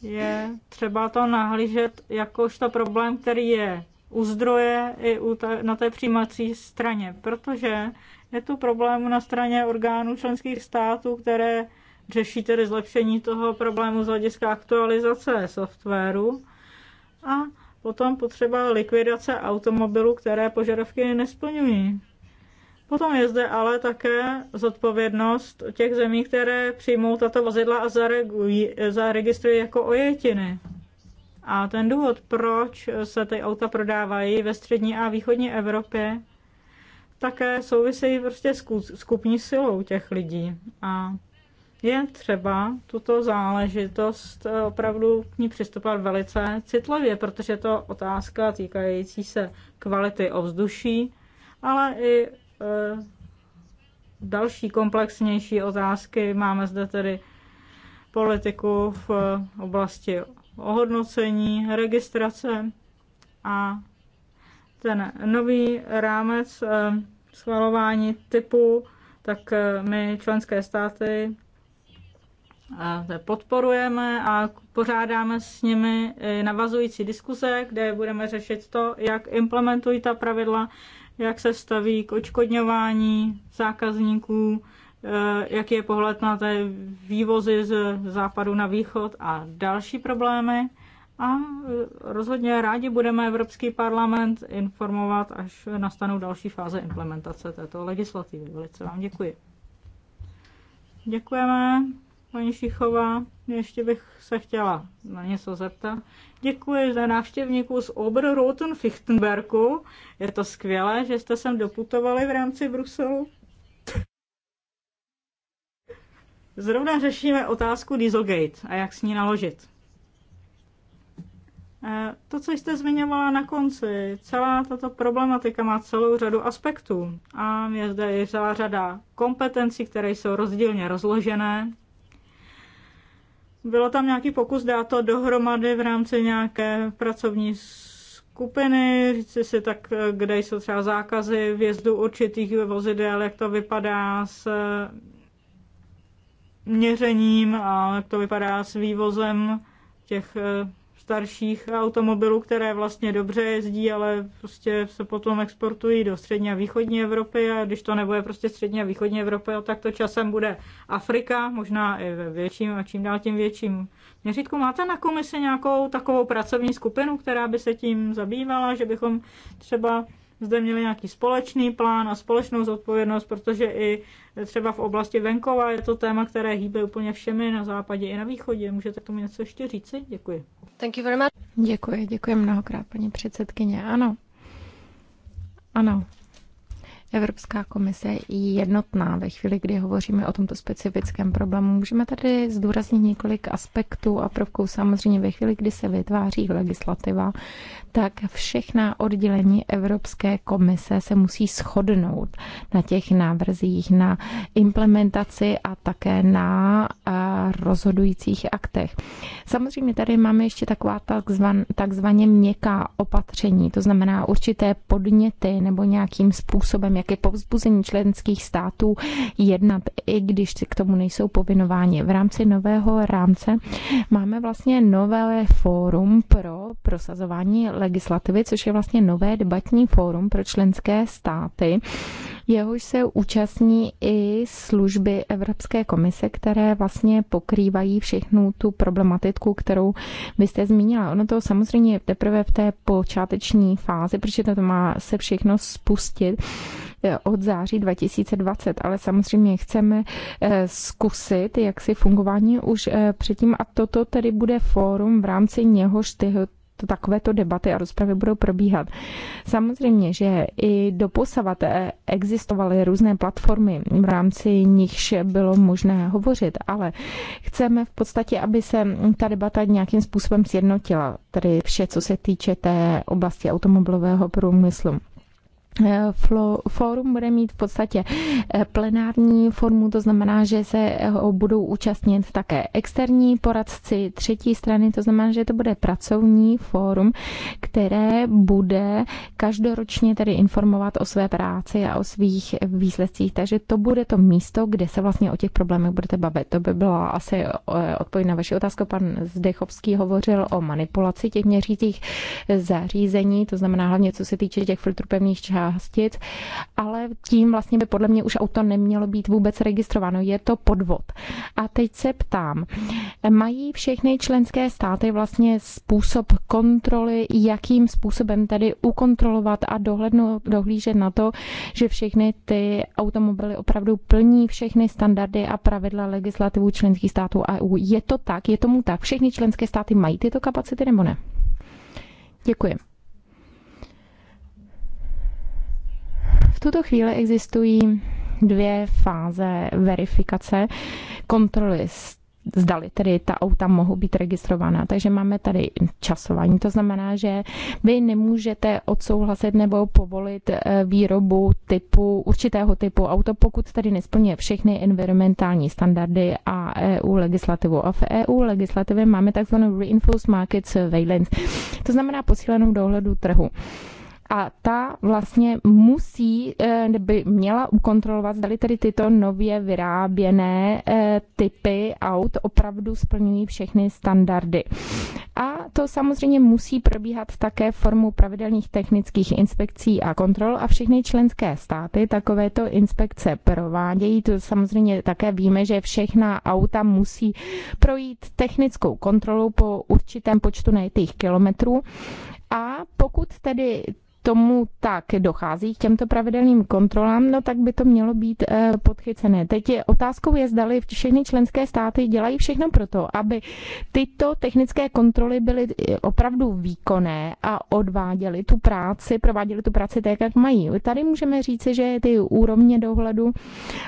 je třeba to nahlížet jakožto problém, který je u zdroje i u ta, na té přijímací straně, protože je tu problém na straně orgánů členských států, které řeší tedy zlepšení toho problému z hlediska aktualizace softwaru a potom potřeba likvidace automobilů, které požadavky nesplňují. Potom je zde ale také zodpovědnost těch zemí, které přijmou tato vozidla a zaregují, zaregistrují jako ojetiny. A ten důvod, proč se ty auta prodávají ve střední a východní Evropě, také souvisí prostě s skupní silou těch lidí. A je třeba tuto záležitost eh, opravdu k ní přistupovat velice citlivě, protože je to otázka týkající se kvality ovzduší, ale i Eh, další komplexnější otázky. Máme zde tedy politiku v oblasti ohodnocení, registrace a ten nový rámec eh, schvalování typu, tak eh, my členské státy podporujeme a pořádáme s nimi navazující diskuze, kde budeme řešit to, jak implementují ta pravidla, jak se staví k očkodňování zákazníků, eh, jaký je pohled na té vývozy z západu na východ a další problémy. A eh, rozhodně rádi budeme Evropský parlament informovat, až nastanou další fáze implementace této legislativy. Velice vám děkuji. Děkujeme paní Šichová. Ještě bych se chtěla na něco zeptat. Děkuji za návštěvníků z Oberroten Fichtenbergu. Je to skvělé, že jste sem doputovali v rámci Bruselu. Zrovna řešíme otázku Dieselgate a jak s ní naložit. Eh, to, co jste zmiňovala na konci, celá tato problematika má celou řadu aspektů a je zde i celá řada kompetencí, které jsou rozdílně rozložené bylo tam nějaký pokus dát to dohromady v rámci nějaké pracovní skupiny, říci si tak, kde jsou třeba zákazy vjezdu určitých vozidel, jak to vypadá s měřením a jak to vypadá s vývozem těch eh, starších automobilů, které vlastně dobře jezdí, ale prostě se potom exportují do střední a východní Evropy a když to nebude prostě střední a východní Evropy, tak to časem bude Afrika, možná i ve větším a čím dál tím větším měřítku. Máte na komisi nějakou takovou pracovní skupinu, která by se tím zabývala, že bychom třeba zde měli nějaký společný plán a společnou zodpovědnost, protože i třeba v oblasti venkova je to téma, které hýbe úplně všemi na západě i na východě. Můžete k tomu něco ještě říci? Děkuji. Thank you very much. Děkuji, děkuji mnohokrát, paní předsedkyně. Ano. Ano, Evropská komise je jednotná ve chvíli, kdy hovoříme o tomto specifickém problému. Můžeme tady zdůraznit několik aspektů a prvků. Samozřejmě ve chvíli, kdy se vytváří legislativa, tak všechna oddělení Evropské komise se musí shodnout na těch návrzích, na implementaci a také na rozhodujících aktech. Samozřejmě tady máme ještě taková takzvan, takzvaně měkká opatření, to znamená určité podněty nebo nějakým způsobem, jak je povzbuzení členských států jednat, i když k tomu nejsou povinováni. V rámci nového rámce máme vlastně nové fórum pro prosazování legislativy, což je vlastně nové debatní fórum pro členské státy, jehož se účastní i služby Evropské komise, které vlastně pokrývají všechnu tu problematiku, kterou vy jste zmínila. Ono to samozřejmě je teprve v té počáteční fázi, protože to má se všechno spustit. E, od září 2020, ale samozřejmě chceme e, zkusit, jak si fungování už e, předtím a toto tedy bude fórum v rámci něhož tyho, to, takovéto debaty a rozpravy budou probíhat. Samozřejmě, že i posavaté existovaly různé platformy, v rámci nichž bylo možné hovořit, ale chceme v podstatě, aby se ta debata nějakým způsobem sjednotila, tedy vše, co se týče té oblasti automobilového průmyslu. Eh, fórum bude mít v podstatě eh, plenární formu, to znamená, že se eh, budou účastnit také externí poradci třetí strany, to znamená, že to bude pracovní fórum, které bude každoročně tedy informovat o své práci a o svých výsledcích. Takže to bude to místo, kde se vlastně o těch problémech budete bavit. To by byla asi odpověď na vaši otázku. Pan Zdechovský hovořil o manipulaci těch měřících zařízení, to znamená hlavně co se týče těch filtrů pevných čas, částic, ale tím vlastně by podle mě už auto nemělo být vůbec registrováno. Je to podvod. A teď se ptám, mají všechny členské státy vlastně způsob kontroly, jakým způsobem tedy ukontrolovat a dohlednout, dohlížet na to, že všechny ty automobily opravdu plní všechny standardy a pravidla legislativu členských států a EU. Je to tak? Je tomu tak? Všechny členské státy mají tyto kapacity nebo ne? Děkuji. V tuto chvíli existují dvě fáze verifikace kontroly zdali tedy ta auta mohou být registrována. Takže máme tady časování, to znamená, že vy nemůžete odsouhlasit nebo povolit eh, výrobu typu, určitého typu auto, pokud tady nesplňuje všechny environmentální standardy a EU legislativu. A v EU legislativě máme takzvanou Reinforced Market Surveillance, to znamená posílenou dohledu trhu a ta vlastně musí, eh, by měla ukontrolovat, zda tedy tyto nově vyráběné eh, typy aut opravdu splňují všechny standardy. A to samozřejmě musí probíhat také formou pravidelných technických inspekcí a kontrol a všechny členské státy takovéto inspekce provádějí. To samozřejmě také víme, že všechna auta musí projít technickou kontrolu po určitém počtu nejtých kilometrů a pokud tedy tomu tak dochází k těmto pravidelným kontrolám, no tak by to mělo být eh, podchycené. Teď je otázkou je, zdali všechny členské státy dělají všechno pro to, aby tyto technické kontroly byly eh, opravdu výkonné a odváděly tu práci, prováděly tu práci tak, jak mají. Tady můžeme říci, že ty úrovně dohledu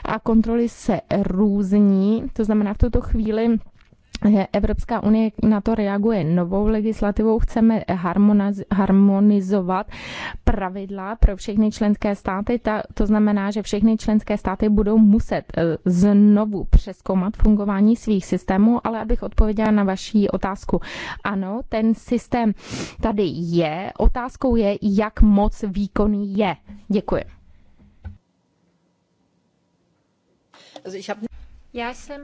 a kontroly se různí, to znamená v tuto chvíli Evropská unie na to reaguje novou legislativou. Chceme harmonizovat pravidla pro všechny členské státy. Ta, to znamená, že všechny členské státy budou muset e, znovu přeskoumat fungování svých systémů, ale abych odpověděla na vaši otázku. Ano, ten systém tady je. Otázkou je, jak moc výkonný je. Děkuji. Já jsem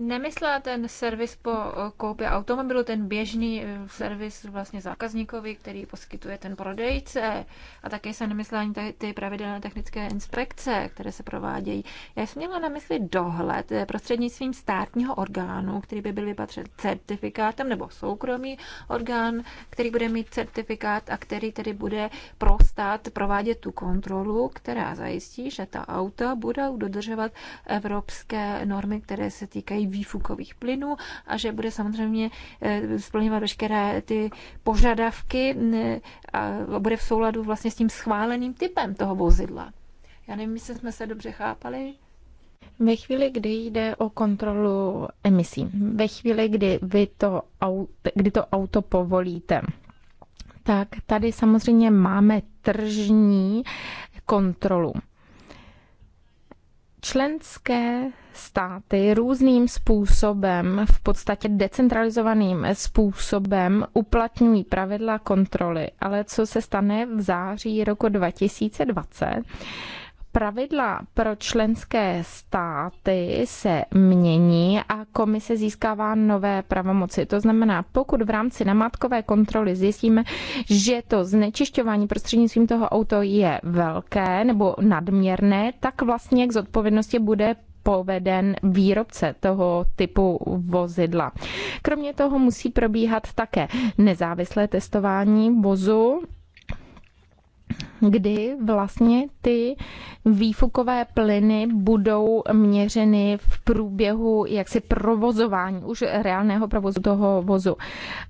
nemyslela ten servis po eh, koupě automobilu, ten běžný eh, servis vlastně zákazníkovi, který poskytuje ten prodejce a také se nemyslela ani ty pravidelné technické inspekce, které se provádějí. Já jsem měla na mysli dohled eh, prostřednictvím státního orgánu, který by byl vypatřen certifikátem nebo soukromý orgán, který bude mít certifikát a který tedy bude pro stát provádět tu kontrolu, která zajistí, že ta auta budou dodržovat evropské normy, které se týkají výfukových plynů a že bude samozřejmě eh, splňovat veškeré ty požadavky a bude v souladu vlastně s tím schváleným typem toho vozidla. Já nevím, jestli jsme se dobře chápali. Ve chvíli, kdy jde o kontrolu emisí, ve chvíli, kdy, vy to, kdy to auto povolíte, tak tady samozřejmě máme tržní kontrolu členské státy různým způsobem, v podstatě decentralizovaným způsobem uplatňují pravidla kontroly. Ale co se stane v září roku 2020? Pravidla pro členské státy se mění a komise získává nové pravomoci. To znamená, pokud v rámci namátkové kontroly zjistíme, že to znečišťování prostřednictvím toho auto je velké nebo nadměrné, tak vlastně k zodpovědnosti bude poveden výrobce toho typu vozidla. Kromě toho musí probíhat také nezávislé testování vozu kdy vlastně ty výfukové plyny budou měřeny v průběhu jaksi provozování, už reálného provozu toho vozu.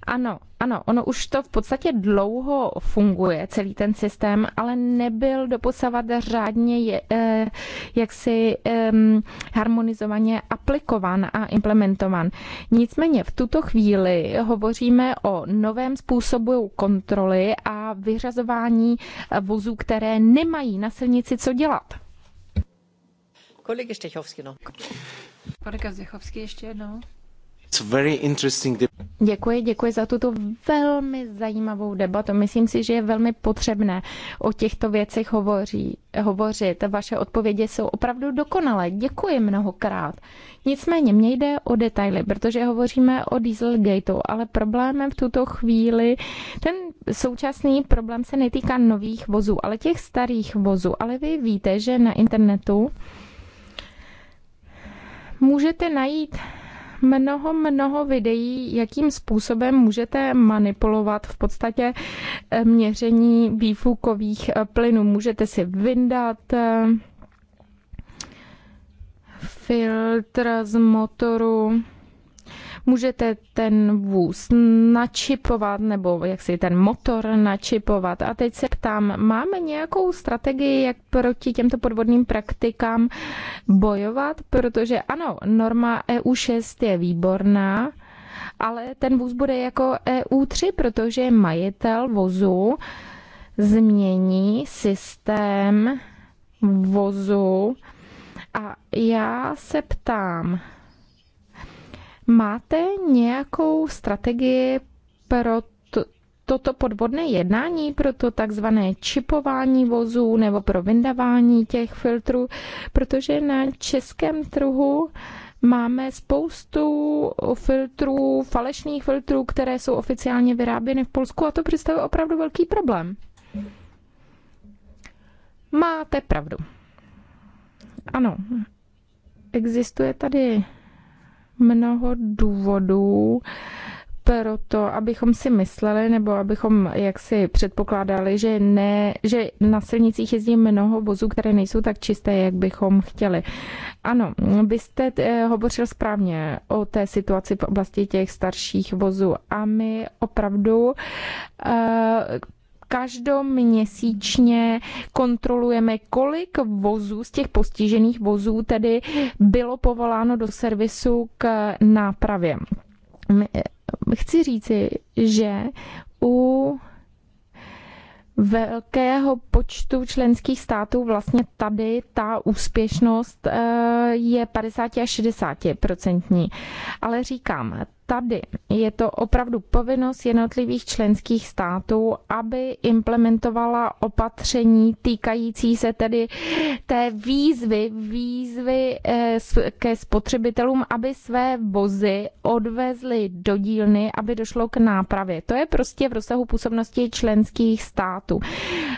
Ano, ano, ono už to v podstatě dlouho funguje, celý ten systém, ale nebyl doposavat řádně je, eh, jaksi eh, harmonizovaně aplikovan a implementovan. Nicméně v tuto chvíli hovoříme o novém způsobu kontroly a vyřazování vozů vozů, které nemají na silnici co dělat. Kolik ještě no. Kolega Zdechovský ještě jednou. Děkuji, děkuji za tuto velmi zajímavou debatu. Myslím si, že je velmi potřebné o těchto věcech hovoří, hovořit. Vaše odpovědi jsou opravdu dokonalé. Děkuji mnohokrát. Nicméně mě jde o detaily, protože hovoříme o Dieselgateu, ale problémem v tuto chvíli, ten současný problém se netýká nových vozů, ale těch starých vozů. Ale vy víte, že na internetu můžete najít mnoho, mnoho videí, jakým způsobem můžete manipulovat v podstatě eh, měření výfukových eh, plynů. Můžete si vyndat eh, filtr z motoru, můžete ten vůz načipovat nebo jak si ten motor načipovat. A teď se ptám, máme nějakou strategii, jak proti těmto podvodným praktikám bojovat? Protože ano, norma EU6 je výborná, ale ten vůz bude jako EU3, protože majitel vozu změní systém vozu. A já se ptám, Máte nějakou strategii pro to, toto podvodné jednání, pro to takzvané čipování vozů nebo pro vyndavání těch filtrů, protože na českém trhu máme spoustu filtrů, falešných filtrů, které jsou oficiálně vyráběny v Polsku a to představuje opravdu velký problém. Máte pravdu. Ano, existuje tady mnoho důvodů, pro to, abychom si mysleli nebo abychom jaksi předpokládali, že, ne, že na silnicích jezdí mnoho vozů, které nejsou tak čisté, jak bychom chtěli. Ano, byste eh, hovořil správně o té situaci v oblasti těch starších vozů a my opravdu eh, každoměsíčně kontrolujeme, kolik vozů z těch postižených vozů tedy bylo povoláno do servisu k nápravě. Eh, chci říci, že u velkého počtu členských států vlastně tady ta úspěšnost eh, je 50 až 60 procentní. Ale říkám, tady je to opravdu povinnost jednotlivých členských států, aby implementovala opatření týkající se tedy té výzvy, výzvy eh, ke spotřebitelům, aby své vozy odvezli do dílny, aby došlo k nápravě. To je prostě v rozsahu působnosti členských států.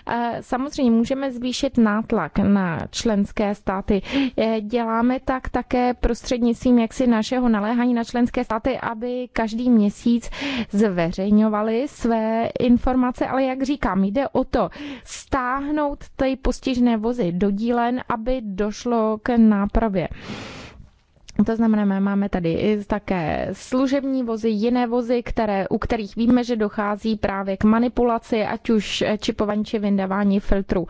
Eh, samozřejmě můžeme zvýšit nátlak na členské státy. Eh, děláme tak také prostřednictvím jaksi našeho naléhání na členské státy, aby aby každý měsíc zveřejňovali své informace, ale jak říkám, jde o to stáhnout ty postižné vozy do dílen, aby došlo k nápravě. To znamená, máme tady i také služební vozy, jiné vozy, které, u kterých víme, že dochází právě k manipulaci, ať už čipování či vyndávání filtrů.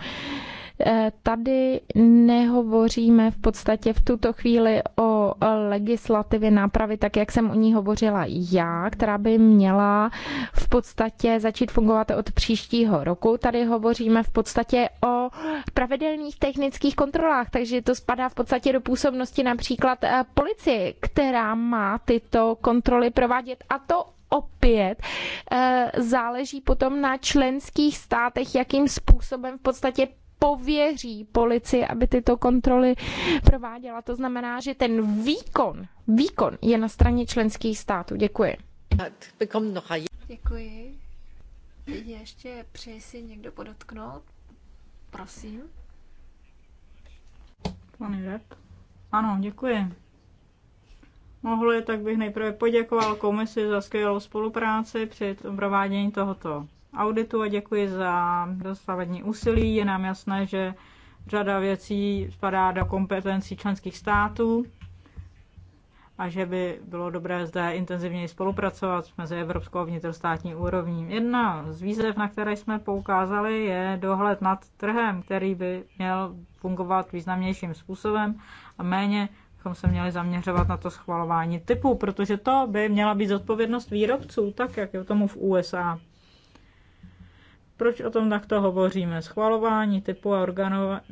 Eh, tady nehovoříme v podstatě v tuto chvíli o legislativě nápravy, tak jak jsem o ní hovořila já, která by měla v podstatě začít fungovat od příštího roku. Tady hovoříme v podstatě o pravidelných technických kontrolách, takže to spadá v podstatě do působnosti například eh, policie, která má tyto kontroly provádět a to opět eh, záleží potom na členských státech, jakým způsobem v podstatě pověří policii, aby tyto kontroly prováděla. To znamená, že ten výkon, výkon je na straně členských států. Děkuji. Děkuji. Ještě přeji si někdo podotknout? Prosím. Pane rep. Ano, děkuji. Mohli, tak bych nejprve poděkoval komisi za skvělou spolupráci při provádění tohoto auditu a děkuji za dostavení úsilí. Je nám jasné, že řada věcí spadá do kompetencí členských států a že by bylo dobré zde intenzivněji spolupracovat mezi evropskou a vnitrostátní úrovní. Jedna z výzev, na které jsme poukázali, je dohled nad trhem, který by měl fungovat významnějším způsobem a méně bychom se měli zaměřovat na to schvalování typu, protože to by měla být zodpovědnost výrobců, tak jak je tomu v USA. Proč o tom takto hovoříme? Schvalování typu a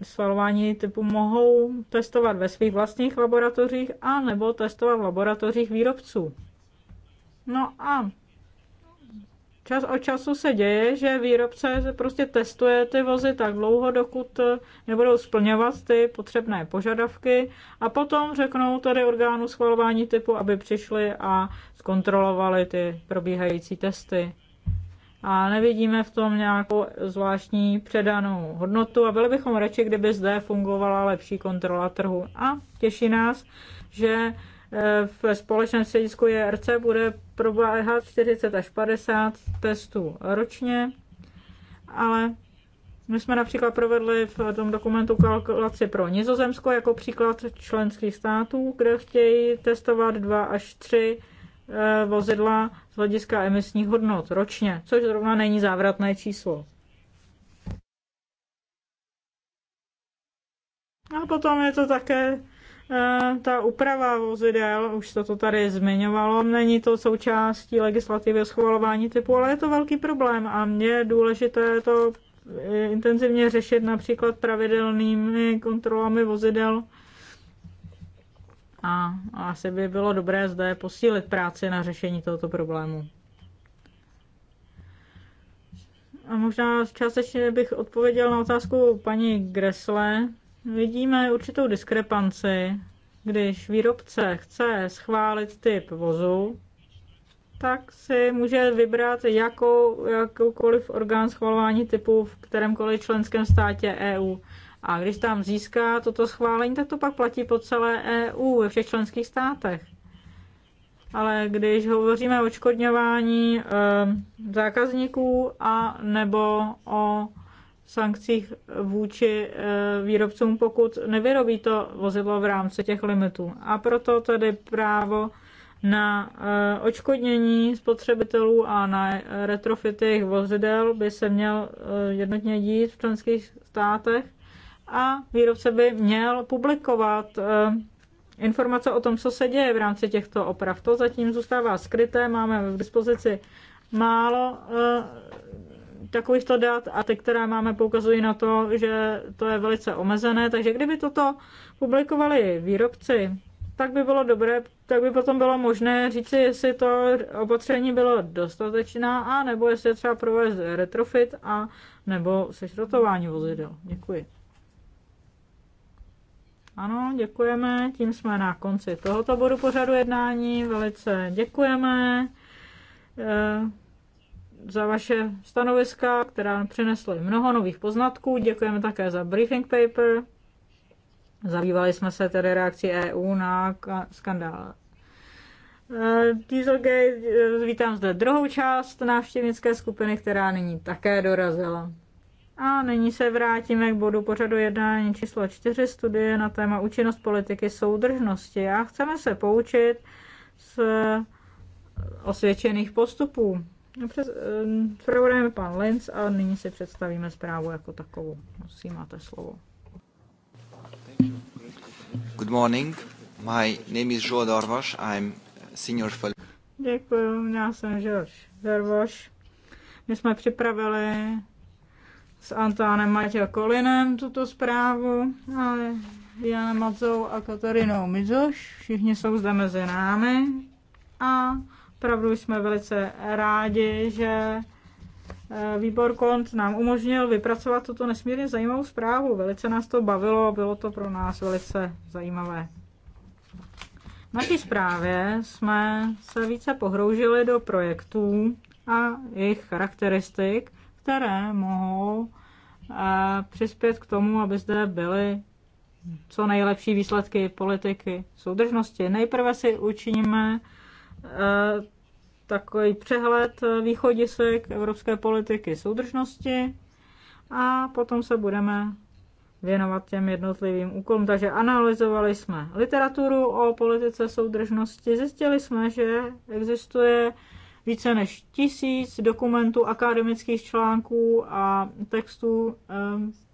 schvalování typu mohou testovat ve svých vlastních laboratořích a nebo testovat v laboratořích výrobců. No a čas od času se děje, že výrobce prostě testuje ty vozy tak dlouho, dokud nebudou splňovat ty potřebné požadavky a potom řeknou tady orgánu schvalování typu, aby přišli a zkontrolovali ty probíhající testy a nevidíme v tom nějakou zvláštní předanou hodnotu a byli bychom radši, kdyby zde fungovala lepší kontrola trhu. A těší nás, že e, v společném středisku JRC bude probáhat 40 až 50 testů ročně, ale my jsme například provedli v tom dokumentu kalkulaci pro Nizozemsko jako příklad členských států, kde chtějí testovat 2 až 3 Eh, vozidla z hlediska emisních hodnot ročně, což zrovna není závratné číslo. A potom je to také eh, ta úprava vozidel, už se to tady zmiňovalo, není to součástí legislativy o schvalování typu, ale je to velký problém a mě je důležité to eh, intenzivně řešit například pravidelnými kontrolami vozidel a asi by bylo dobré zde posílit práci na řešení tohoto problému. A možná částečně bych odpověděl na otázku paní Gresle. Vidíme určitou diskrepanci, když výrobce chce schválit typ vozu, tak si může vybrat jakou, jakoukoliv orgán schvalování typu v kterémkoliv členském státě EU. A když tam získá toto schválení, tak to pak platí po celé EU ve všech členských státech. Ale když hovoříme o očkodňování e, ehm, zákazníků a nebo o sankcích vůči eh, výrobcům, pokud nevyrobí to vozidlo v rámci těch limitů. A proto tedy právo na eh, očkodnění spotřebitelů a na retrofity vozidel by se měl eh, jednotně dít v členských státech a výrobce by měl publikovat eh, informace o tom, co se děje v rámci těchto oprav. To zatím zůstává skryté, máme v dispozici málo eh, takovýchto dat a ty, které máme, poukazují na to, že to je velice omezené, takže kdyby toto publikovali výrobci, tak by bylo dobré, tak by potom bylo možné říci, jestli to opatření bylo dostatečná a nebo jestli je třeba provést retrofit a nebo sešrotování vozidel. Děkuji. Ano, děkujeme. Tím jsme na konci tohoto bodu pořadu jednání. Velice děkujeme eh, za vaše stanoviska, která přinesly mnoho nových poznatků. Děkujeme také za briefing paper. Zabývali jsme se tedy reakcí EU na skandál eh, Dieselgate. Eh, vítám zde druhou část návštěvnické skupiny, která nyní také dorazila. A nyní se vrátíme k bodu pořadu jednání číslo 4 studie na téma účinnost politiky soudržnosti. A chceme se poučit z eh, osvědčených postupů. Eh, Provedeme pan Linz a nyní si představíme zprávu jako takovou. Musím máte slovo. Good morning. My name is Joe Darvaš. I'm senior fellow. Děkuji, já jsem George Darvaš. My jsme připravili s Antánem Matěl Kolinem tuto zprávu, ale Janem Macou a Katarinou Mizoš, všichni jsou zde mezi námi a pravdu jsme velice rádi, že eh, Výbor Kont nám umožnil vypracovat tuto nesmírně zajímavou zprávu. Velice nás to bavilo a bylo to pro nás velice zajímavé. V naší zprávě jsme se více pohroužili do projektů a jejich charakteristik které mohou eh, přispět k tomu, aby zde byly co nejlepší výsledky politiky soudržnosti. Nejprve si učiníme eh, takový přehled eh, východisek evropské politiky soudržnosti a potom se budeme věnovat těm jednotlivým úkolům. Takže analyzovali jsme literaturu o politice soudržnosti, zjistili jsme, že existuje více než tisíc dokumentů, akademických článků a textů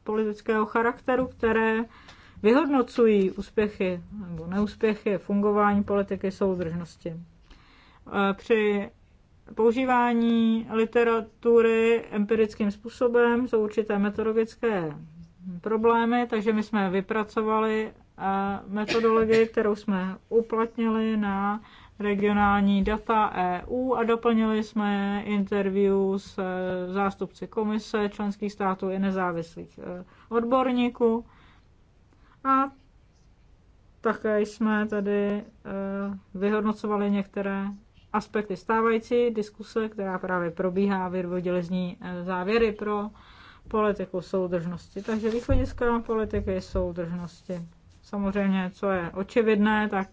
politického charakteru, které vyhodnocují úspěchy nebo neúspěchy fungování politiky soudržnosti. E, při používání literatury empirickým způsobem jsou určité metodologické problémy, takže my jsme vypracovali e, metodologii, kterou jsme uplatnili na regionální data EU a doplnili jsme interview s eh, zástupci komise, členských států i nezávislých eh, odborníků. A také jsme tady eh, vyhodnocovali některé aspekty stávající diskuse, která právě probíhá, vyvodili z ní závěry pro politiku soudržnosti. Takže východiska politiky soudržnosti. Samozřejmě, co je očividné, tak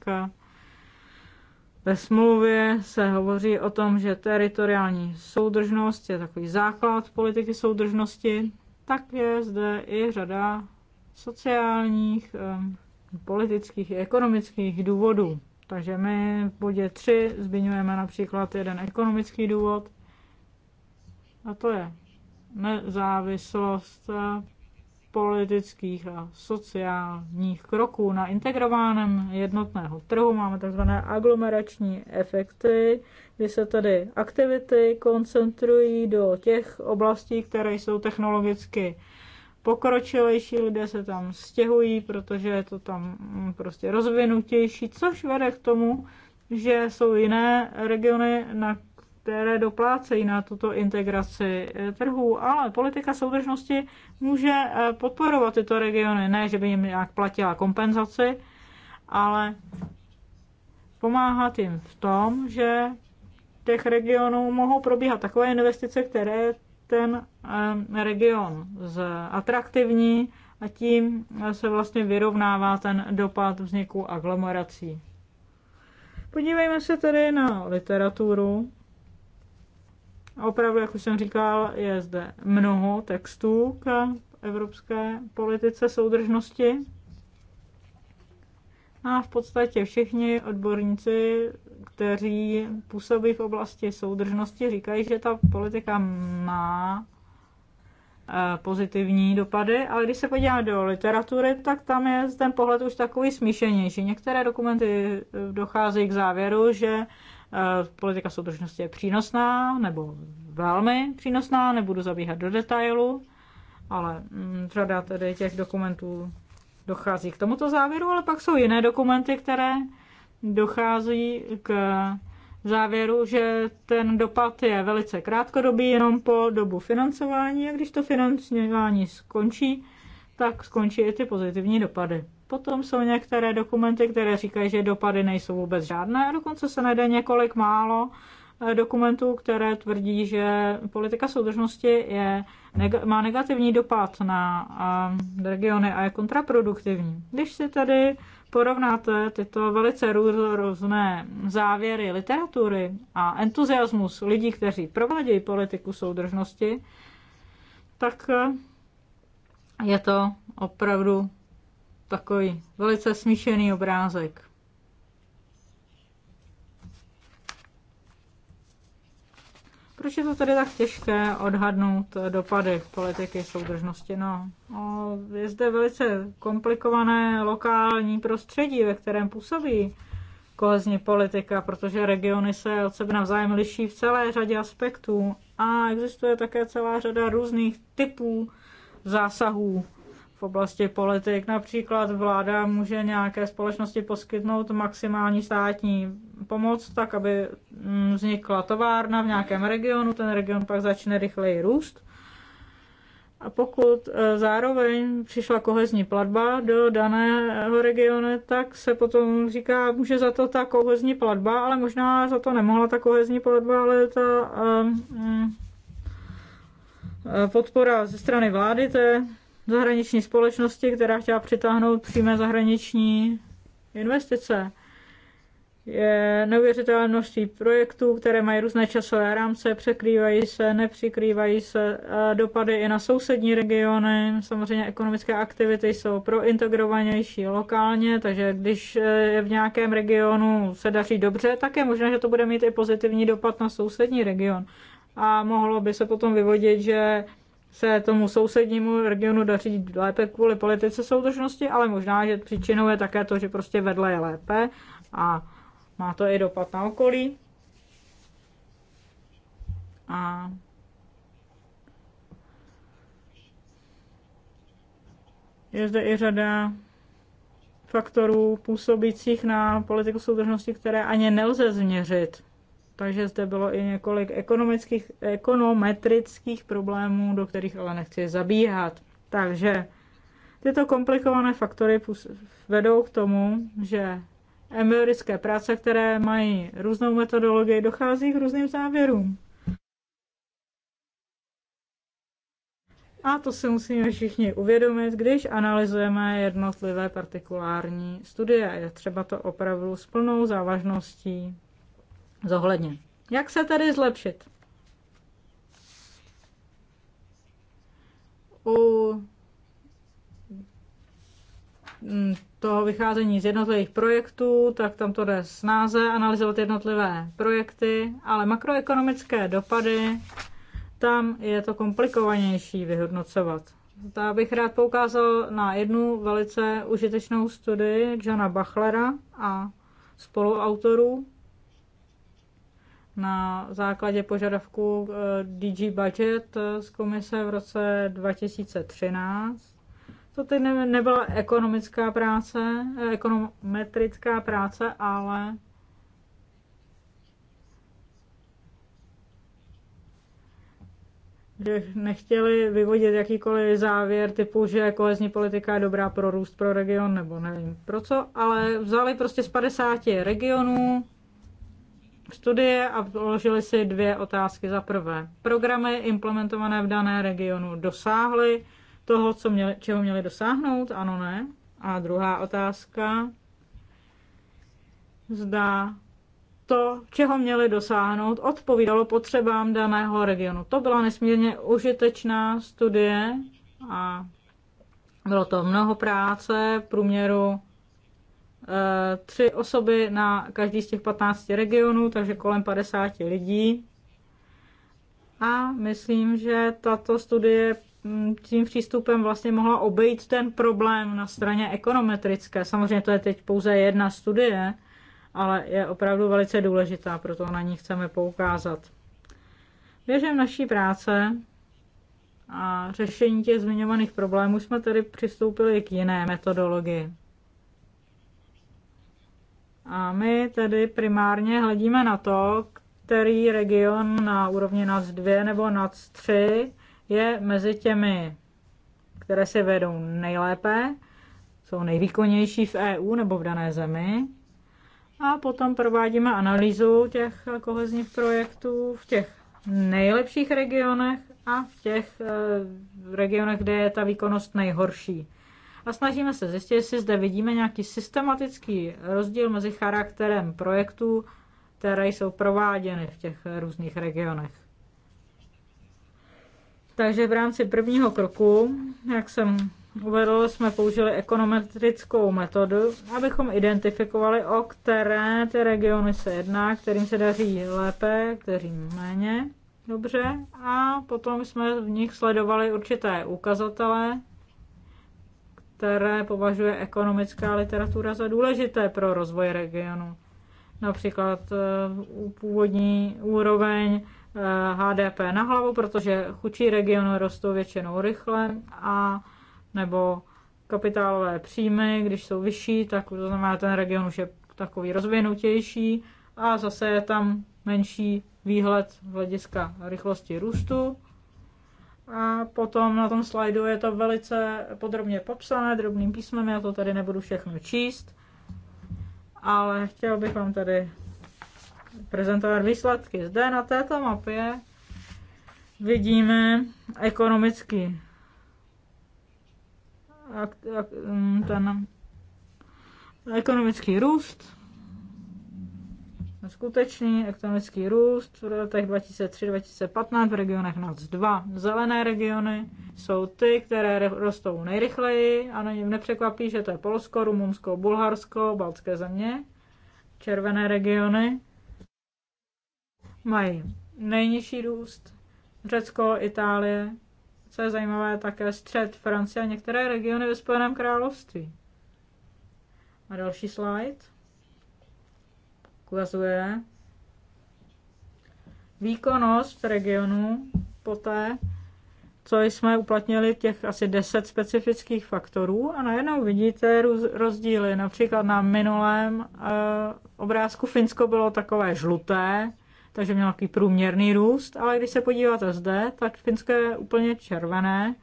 ve smlouvě se hovoří o tom, že teritoriální soudržnost je takový základ politiky soudržnosti, tak je zde i řada sociálních, politických i ekonomických důvodů. Takže my v bodě 3 zmiňujeme například jeden ekonomický důvod, a to je nezávislost politických a sociálních kroků na integrovaném jednotného trhu. Máme tzv. aglomerační efekty, kdy se tedy aktivity koncentrují do těch oblastí, které jsou technologicky pokročilejší, lidé se tam stěhují, protože je to tam mm, prostě rozvinutější, což vede k tomu, že jsou jiné regiony, na které doplácejí na tuto integraci eh, trhů, ale politika soudržnosti může eh, podporovat tyto regiony. Ne, že by jim nějak platila kompenzaci, ale pomáhat jim v tom, že těch regionů mohou probíhat takové investice, které ten eh, region zatraktivní a tím se vlastně vyrovnává ten dopad vzniku aglomerací. Podívejme se tedy na literaturu Opravdu, jak už jsem říkal, je zde mnoho textů k evropské politice soudržnosti. A v podstatě všichni odborníci, kteří působí v oblasti soudržnosti, říkají, že ta politika má eh, pozitivní dopady, ale když se podíváme do literatury, tak tam je ten pohled už takový smíšenější. Některé dokumenty eh, dochází k závěru, že Eh, politika soudržnosti je přínosná nebo velmi přínosná, nebudu zabíhat do detailu, ale mm, řada tedy těch dokumentů dochází k tomuto závěru, ale pak jsou jiné dokumenty, které dochází k závěru, že ten dopad je velice krátkodobý, jenom po dobu financování a když to financování skončí, tak skončí i ty pozitivní dopady. Potom jsou některé dokumenty, které říkají, že dopady nejsou vůbec žádné. Dokonce se najde několik málo eh, dokumentů, které tvrdí, že politika soudržnosti je, má negativní dopad na eh, regiony a je kontraproduktivní. Když si tady porovnáte tyto velice různé závěry literatury a entuziasmus lidí, kteří provádějí politiku soudržnosti, tak eh, je to opravdu takový velice smíšený obrázek. Proč je to tedy tak těžké odhadnout dopady politiky soudržnosti? No, je zde velice komplikované lokální prostředí, ve kterém působí kohezní politika, protože regiony se od sebe navzájem liší v celé řadě aspektů a existuje také celá řada různých typů zásahů oblasti politik. Například vláda může nějaké společnosti poskytnout maximální státní pomoc, tak aby mm, vznikla továrna v nějakém regionu, ten region pak začne rychleji růst. A pokud e, zároveň přišla kohezní platba do daného regionu, tak se potom říká, může za to ta kohezní platba, ale možná za to nemohla ta kohezní platba, ale ta um, podpora ze strany vlády je zahraniční společnosti, která chtěla přitáhnout přímé zahraniční investice. Je neuvěřitelné množství projektů, které mají různé časové rámce, překrývají se, nepřikrývají se, dopady i na sousední regiony. Samozřejmě ekonomické aktivity jsou prointegrovanější lokálně, takže když e, je v nějakém regionu se daří dobře, tak je možné, že to bude mít i pozitivní dopad na sousední region. A mohlo by se potom vyvodit, že se tomu sousednímu regionu daří lépe kvůli politice soudržnosti, ale možná, že příčinou je také to, že prostě vedle je lépe a má to i dopad na okolí. A je zde i řada faktorů působících na politiku soudržnosti, které ani nelze změřit. Takže zde bylo i několik ekonomických, ekonometrických problémů, do kterých ale nechci zabíhat. Takže tyto komplikované faktory vedou k tomu, že empirické práce, které mají různou metodologii, dochází k různým závěrům. A to si musíme všichni uvědomit, když analyzujeme jednotlivé partikulární studie. Je třeba to opravdu s plnou závažností zohlednit. Jak se tedy zlepšit? U mm, toho vycházení z jednotlivých projektů, tak tam to jde snáze analyzovat jednotlivé projekty, ale makroekonomické dopady, tam je to komplikovanější vyhodnocovat. Já bych rád poukázal na jednu velice užitečnou studii Johna Bachlera a spoluautorů, na základě požadavku eh, DG Budget eh, z komise v roce 2013. To tedy nebyla ekonomická práce, eh, ekonometrická práce, ale že nechtěli vyvodit jakýkoliv závěr typu, že kohezní politika je dobrá pro růst pro region, nebo nevím pro co, ale vzali prostě z 50 regionů studie a položili si dvě otázky. Za prvé, programy implementované v dané regionu dosáhly toho, co měli, čeho měli dosáhnout? Ano, ne. A druhá otázka, zda to, čeho měli dosáhnout, odpovídalo potřebám daného regionu. To byla nesmírně užitečná studie a bylo to mnoho práce, průměru Eh, tři osoby na každý z těch 15 regionů, takže kolem 50 lidí. A myslím, že tato studie mm, tím přístupem vlastně mohla obejít ten problém na straně ekonometrické. Samozřejmě to je teď pouze jedna studie, ale je opravdu velice důležitá, proto na ní chceme poukázat. Věřím naší práce a řešení těch zmiňovaných problémů jsme tedy přistoupili k jiné metodologii. A my tedy primárně hledíme na to, který region na úrovni NAC 2 nebo NAC 3 je mezi těmi, které se vedou nejlépe, jsou nejvýkonnější v EU nebo v dané zemi. A potom provádíme analýzu těch kohezních projektů v těch nejlepších regionech a v těch eh, regionech, kde je ta výkonnost nejhorší a snažíme se zjistit, jestli zde vidíme nějaký systematický rozdíl mezi charakterem projektů, které jsou prováděny v těch různých regionech. Takže v rámci prvního kroku, jak jsem uvedl, jsme použili ekonometrickou metodu, abychom identifikovali, o které ty regiony se jedná, kterým se daří lépe, kterým méně dobře. A potom jsme v nich sledovali určité ukazatele, které považuje ekonomická literatura za důležité pro rozvoj regionu. Například eh, původní úroveň HDP eh, na hlavu, protože chudší regiony rostou většinou rychle a nebo kapitálové příjmy, když jsou vyšší, tak to znamená, ten region už je takový rozvinutější a zase je tam menší výhled hlediska rychlosti růstu a potom na tom slajdu je to velice podrobně popsané drobným písmem, já to tady nebudu všechno číst, ale chtěl bych vám tady prezentovat výsledky. Zde na této mapě vidíme ekonomický ten ekonomický růst Skutečný ekonomický růst v letech 2003-2015 v regionech NAC 2. Zelené regiony jsou ty, které rostou nejrychleji a nepřekvapí, že to je Polsko, Rumunsko, Bulharsko, Baltské země. Červené regiony mají nejnižší růst. Řecko, Itálie. Co je zajímavé, také střed Francie a některé regiony ve Spojeném království. A další slide ukazuje výkonnost regionu poté, co jsme uplatnili těch asi 10 specifických faktorů a najednou vidíte rozdíly. Například na minulém eh, obrázku Finsko bylo takové žluté, takže mělo takový průměrný růst, ale když se podíváte zde, tak Finsko je úplně červené.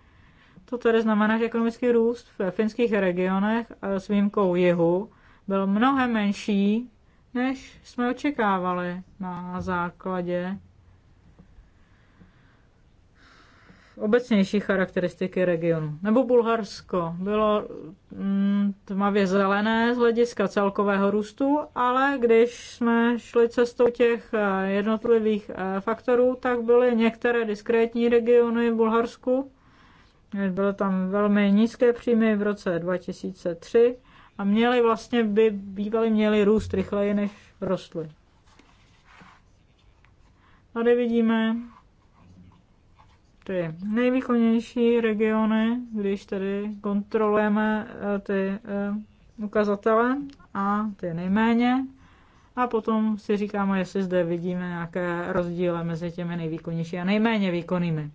To tedy znamená, že ekonomický růst ve finských regionech eh, s výjimkou jihu byl mnohem menší než jsme očekávali na základě obecnější charakteristiky regionu. Nebo Bulharsko bylo mm, tmavě zelené z hlediska celkového růstu, ale když jsme šli cestou těch eh, jednotlivých eh, faktorů, tak byly některé diskrétní regiony v Bulharsku. Byly tam velmi nízké příjmy v roce 2003 a měly vlastně by bývaly měly růst rychleji, než rostly. Tady vidíme ty nejvýkonnější regiony, když tady kontrolujeme eh, ty eh, ukazatele a ty nejméně. A potom si říkáme, jestli zde vidíme nějaké rozdíly mezi těmi nejvýkonnější a nejméně výkonnými.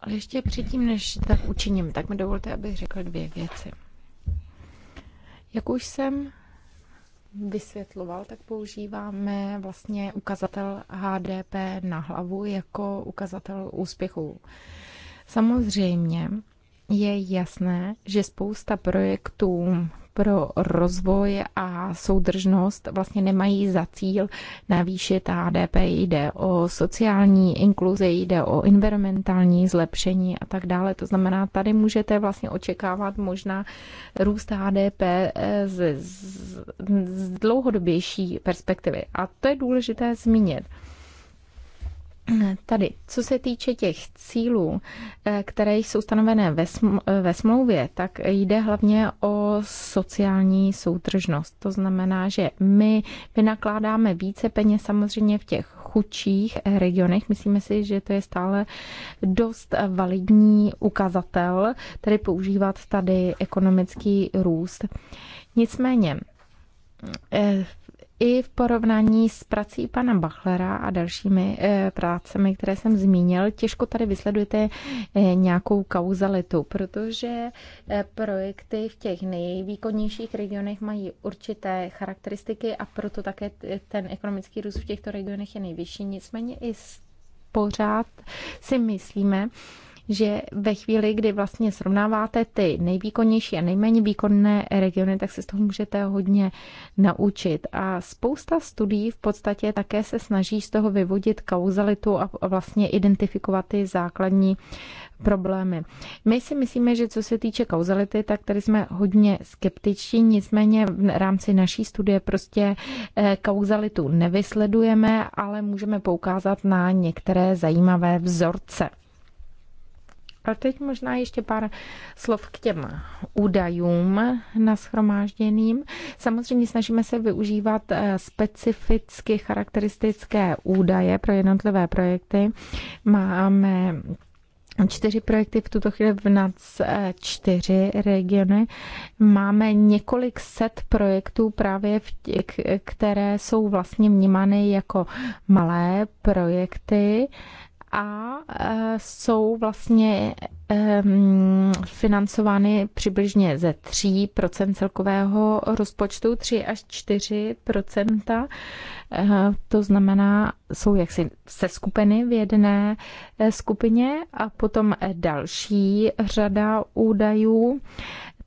Ale ještě předtím, než tak učiním, tak mi dovolte, abych řekl dvě věci. Jak už jsem vysvětloval, tak používáme vlastně ukazatel HDP na hlavu jako ukazatel úspěchu. Samozřejmě, je jasné, že spousta projektů pro rozvoj a soudržnost vlastně nemají za cíl navýšit HDP. Jde o sociální inkluzi, jde o environmentální zlepšení a tak dále. To znamená, tady můžete vlastně očekávat možná růst HDP eh, z, z, z dlouhodobější perspektivy. A to je důležité zmínit. Tady, co se týče těch cílů, eh, které jsou stanovené ve, sm- ve smlouvě, tak jde hlavně o sociální soudržnost. To znamená, že my vynakládáme více peněz samozřejmě v těch chudších regionech. Myslíme si, že to je stále dost validní ukazatel, tedy používat tady ekonomický růst. Nicméně, eh, i v porovnání s prací pana Bachlera a dalšími eh, prácemi, které jsem zmínil, těžko tady vysledujete eh, nějakou kauzalitu, protože eh, projekty v těch nejvýkonnějších regionech mají určité charakteristiky a proto také ten ekonomický růst v těchto regionech je nejvyšší. Nicméně i pořád si myslíme, že ve chvíli, kdy vlastně srovnáváte ty nejvýkonnější a nejméně výkonné regiony, tak se z toho můžete hodně naučit. A spousta studií v podstatě také se snaží z toho vyvodit kauzalitu a vlastně identifikovat ty základní problémy. My si myslíme, že co se týče kauzality, tak tady jsme hodně skeptičtí, nicméně v rámci naší studie prostě eh, kauzalitu nevysledujeme, ale můžeme poukázat na některé zajímavé vzorce. A teď možná ještě pár slov k těm údajům nashromážděným. Samozřejmě snažíme se využívat eh, specificky charakteristické údaje pro jednotlivé projekty. Máme čtyři projekty v tuto chvíli v NAC eh, čtyři regiony. Máme několik set projektů právě, v těch, které jsou vlastně vnímány jako malé projekty a eh, jsou vlastně ehm, financovány přibližně ze 3% celkového rozpočtu, 3 až 4%. Eh, to znamená, jsou jaksi seskupeny v jedné eh, skupině a potom další řada údajů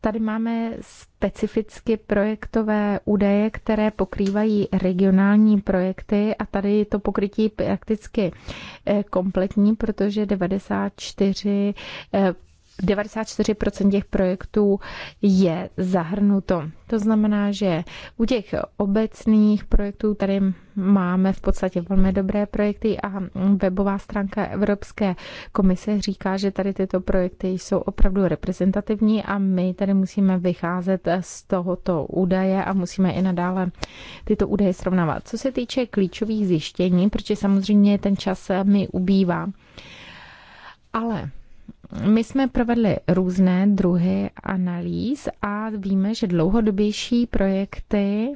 Tady máme specificky projektové údaje, které pokrývají regionální projekty a tady je to pokrytí prakticky eh, kompletní, protože 94 94% těch projektů je zahrnuto. To znamená, že u těch obecných projektů tady máme v podstatě velmi dobré projekty a webová stránka Evropské komise říká, že tady tyto projekty jsou opravdu reprezentativní a my tady musíme vycházet z tohoto údaje a musíme i nadále tyto údaje srovnávat. Co se týče klíčových zjištění, protože samozřejmě ten čas mi ubývá, ale my jsme provedli různé druhy analýz a víme, že dlouhodobější projekty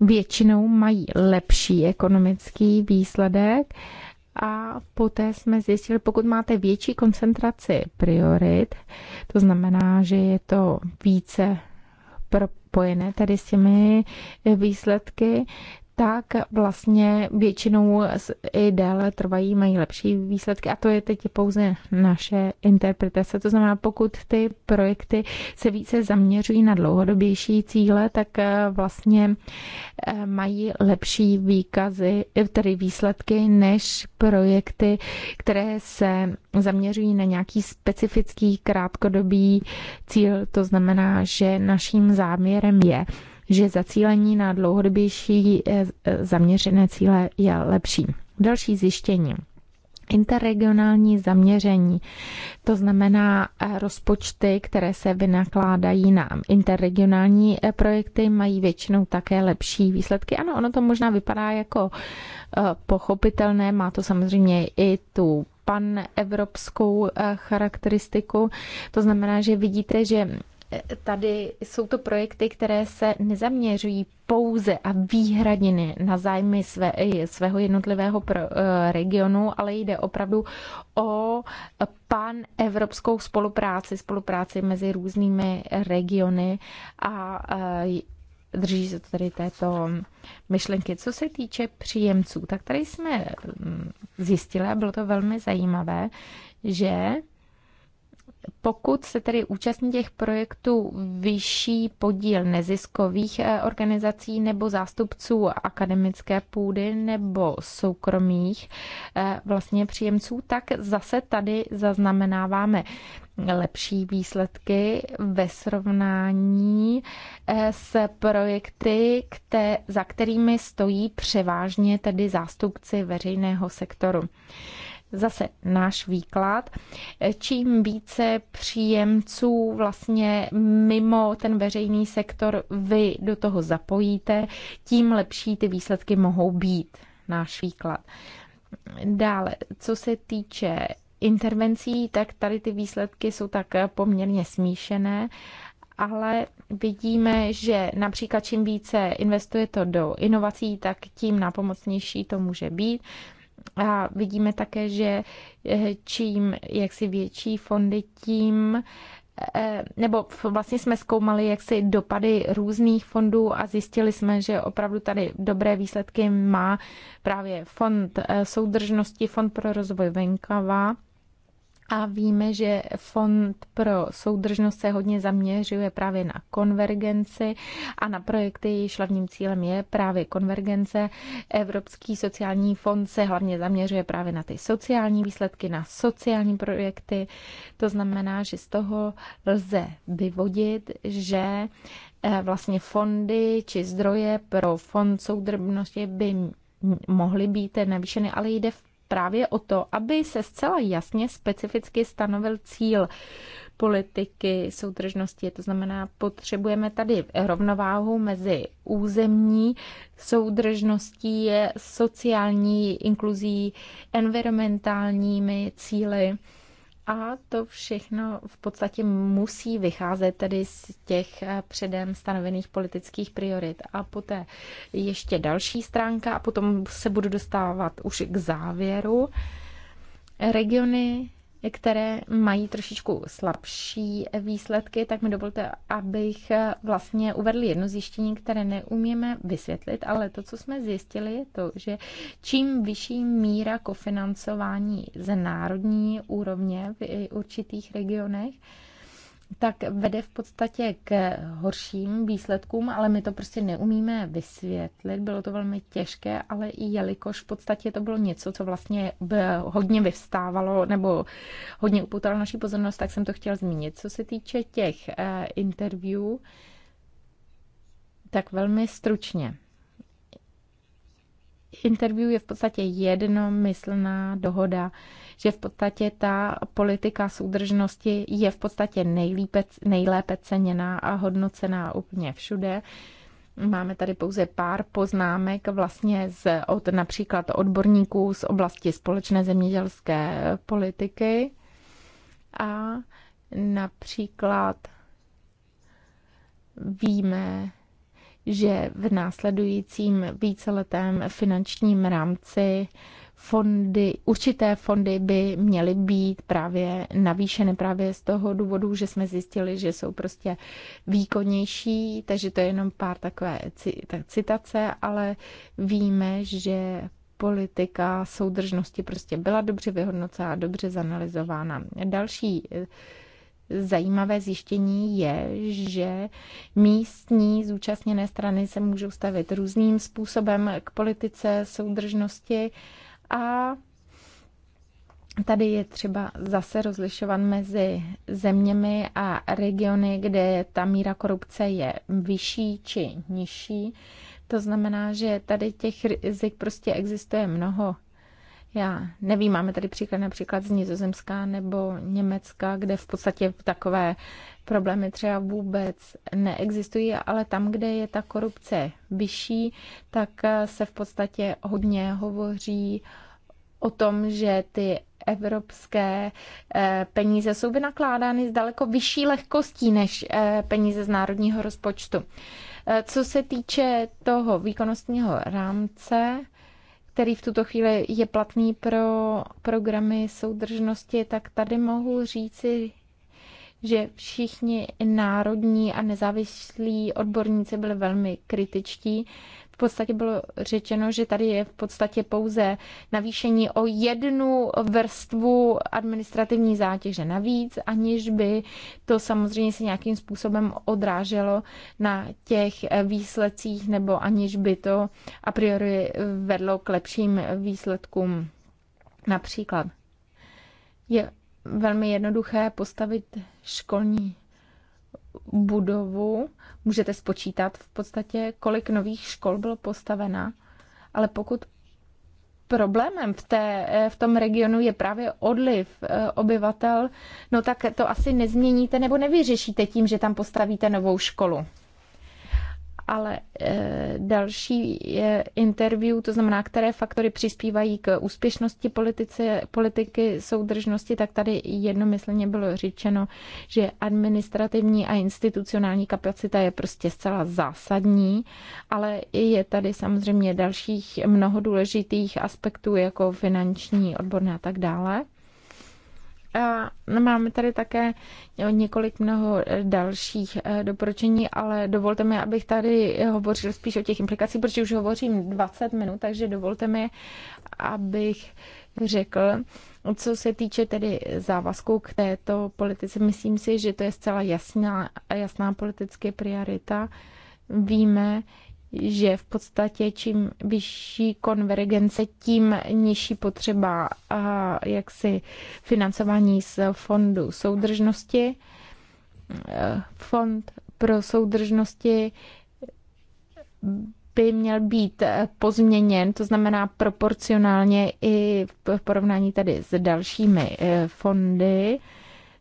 většinou mají lepší ekonomický výsledek a poté jsme zjistili, pokud máte větší koncentraci priorit, to znamená, že je to více propojené tady s těmi výsledky, tak vlastně většinou i déle trvají, mají lepší výsledky a to je teď pouze naše interpretace. To znamená, pokud ty projekty se více zaměřují na dlouhodobější cíle, tak eh, vlastně eh, mají lepší výkazy, eh, tedy výsledky, než projekty, které se zaměřují na nějaký specifický krátkodobý cíl. To znamená, že naším záměrem je že zacílení na dlouhodobější eh, zaměřené cíle je lepší. Další zjištění interregionální zaměření, to znamená eh, rozpočty, které se vynakládají na interregionální eh, projekty, mají většinou také lepší výsledky. Ano, ono to možná vypadá jako pochopitelné, má to samozřejmě i tu pan evropskou charakteristiku. To znamená, že vidíte, že tady jsou to projekty, které se nezaměřují pouze a výhradně na zájmy své, svého jednotlivého pro, eh, regionu, ale jde opravdu o pan evropskou spolupráci, spolupráci mezi různými regiony a eh, drží se tady této myšlenky. Co se týče příjemců, tak tady jsme mm, zjistili, a bylo to velmi zajímavé, že pokud se tedy účastní těch projektů vyšší podíl neziskových eh, organizací nebo zástupců akademické půdy nebo soukromých eh, vlastně příjemců, tak zase tady zaznamenáváme lepší výsledky ve srovnání eh, s projekty, kte, za kterými stojí převážně tedy zástupci veřejného sektoru zase náš výklad, čím více příjemců vlastně mimo ten veřejný sektor vy do toho zapojíte, tím lepší ty výsledky mohou být, náš výklad. Dále, co se týče intervencí, tak tady ty výsledky jsou tak poměrně smíšené, ale vidíme, že například čím více investuje to do inovací, tak tím napomocnější to může být. A vidíme také, že eh, čím jaksi větší fondy, tím eh, nebo vlastně jsme zkoumali jaksi dopady různých fondů a zjistili jsme, že opravdu tady dobré výsledky má právě fond eh, soudržnosti, fond pro rozvoj venkava a víme, že Fond pro soudržnost se hodně zaměřuje právě na konvergenci a na projekty, jejichž hlavním cílem je právě konvergence. Evropský sociální fond se hlavně zaměřuje právě na ty sociální výsledky, na sociální projekty. To znamená, že z toho lze vyvodit, že eh, vlastně fondy či zdroje pro fond soudržnosti by mohly být navýšeny, ale jde v právě o to, aby se zcela jasně specificky stanovil cíl politiky soudržnosti. To znamená, potřebujeme tady rovnováhu mezi územní soudržností, sociální inkluzí, environmentálními cíly a to všechno v podstatě musí vycházet tedy z těch eh, předem stanovených politických priorit. A poté ještě další stránka a potom se budu dostávat už k závěru. Regiony které mají trošičku slabší výsledky, tak mi dovolte, abych vlastně uvedl jedno zjištění, které neumíme vysvětlit, ale to, co jsme zjistili, je to, že čím vyšší míra kofinancování z národní úrovně v určitých regionech, tak vede v podstatě k horším výsledkům, ale my to prostě neumíme vysvětlit. Bylo to velmi těžké, ale i jelikož v podstatě to bylo něco, co vlastně hodně vyvstávalo nebo hodně upoutalo naši pozornost, tak jsem to chtěl zmínit. Co se týče těch eh, interview, tak velmi stručně. Interview je v podstatě jednomyslná dohoda že v podstatě ta politika soudržnosti je v podstatě nejlépe, nejlépe ceněná a hodnocená úplně všude. Máme tady pouze pár poznámek vlastně z, od například odborníků z oblasti společné zemědělské politiky a například víme, že v následujícím víceletém finančním rámci fondy, určité fondy by měly být právě navýšeny právě z toho důvodu, že jsme zjistili, že jsou prostě výkonnější, takže to je jenom pár takové citace, ale víme, že politika soudržnosti prostě byla dobře vyhodnocena, dobře zanalizována. Další eh, zajímavé zjištění je, že místní zúčastněné strany se můžou stavit různým způsobem k politice soudržnosti a Tady je třeba zase rozlišovat mezi zeměmi a regiony, kde ta míra korupce je vyšší či nižší. To znamená, že tady těch rizik prostě existuje mnoho já nevím, máme tady příklad například z Nizozemská nebo Německa, kde v podstatě takové problémy třeba vůbec neexistují, ale tam, kde je ta korupce vyšší, tak eh, se v podstatě hodně hovoří o tom, že ty evropské eh, peníze jsou vynakládány s daleko vyšší lehkostí než eh, peníze z národního rozpočtu. Co se týče toho výkonnostního rámce, který v tuto chvíli je platný pro programy soudržnosti, tak tady mohu říci, že všichni národní a nezávislí odborníci byli velmi kritičtí podstatě bylo řečeno, že tady je v podstatě pouze navýšení o jednu vrstvu administrativní zátěže navíc, aniž by to samozřejmě se nějakým způsobem odráželo na těch výsledcích nebo aniž by to a priori vedlo k lepším výsledkům. Například je velmi jednoduché postavit školní budovu můžete spočítat v podstatě, kolik nových škol bylo postavena, ale pokud problémem v, té, v tom regionu je právě odliv eh, obyvatel, no tak to asi nezměníte nebo nevyřešíte tím, že tam postavíte novou školu ale eh, další interview, to znamená, které faktory přispívají k úspěšnosti politice, politiky soudržnosti, tak tady jednomyslně bylo řečeno, že administrativní a institucionální kapacita je prostě zcela zásadní, ale je tady samozřejmě dalších mnoho důležitých aspektů, jako finanční, odborné a tak dále. A máme tady také několik mnoho eh, dalších eh, doporučení, ale dovolte mi, abych tady hovořil spíš o těch implikacích, protože už hovořím 20 minut, takže dovolte mi, abych řekl, co se týče tedy závazku k této politice, myslím si, že to je zcela jasná, jasná politické priorita. Víme, že v podstatě čím vyšší konvergence, tím nižší potřeba a jaksi financování z fondu soudržnosti. Fond pro soudržnosti by měl být pozměněn, to znamená proporcionálně i v porovnání tady s dalšími eh, fondy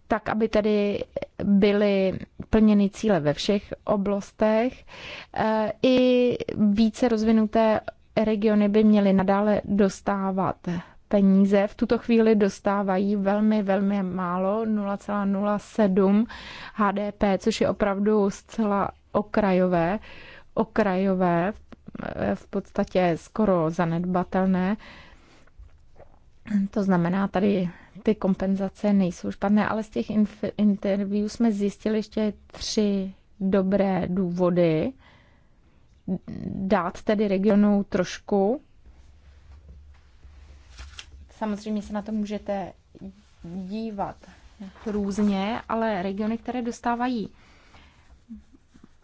tak aby tady byly plněny cíle ve všech oblastech. E, I více rozvinuté regiony by měly nadále dostávat peníze. V tuto chvíli dostávají velmi, velmi málo, 0,07 HDP, což je opravdu zcela okrajové, okrajové, e, v podstatě skoro zanedbatelné. To znamená, tady ty kompenzace nejsou špatné, ale z těch interview jsme zjistili ještě tři dobré důvody dát tedy regionu trošku. Samozřejmě se na to můžete dívat různě, ale regiony, které dostávají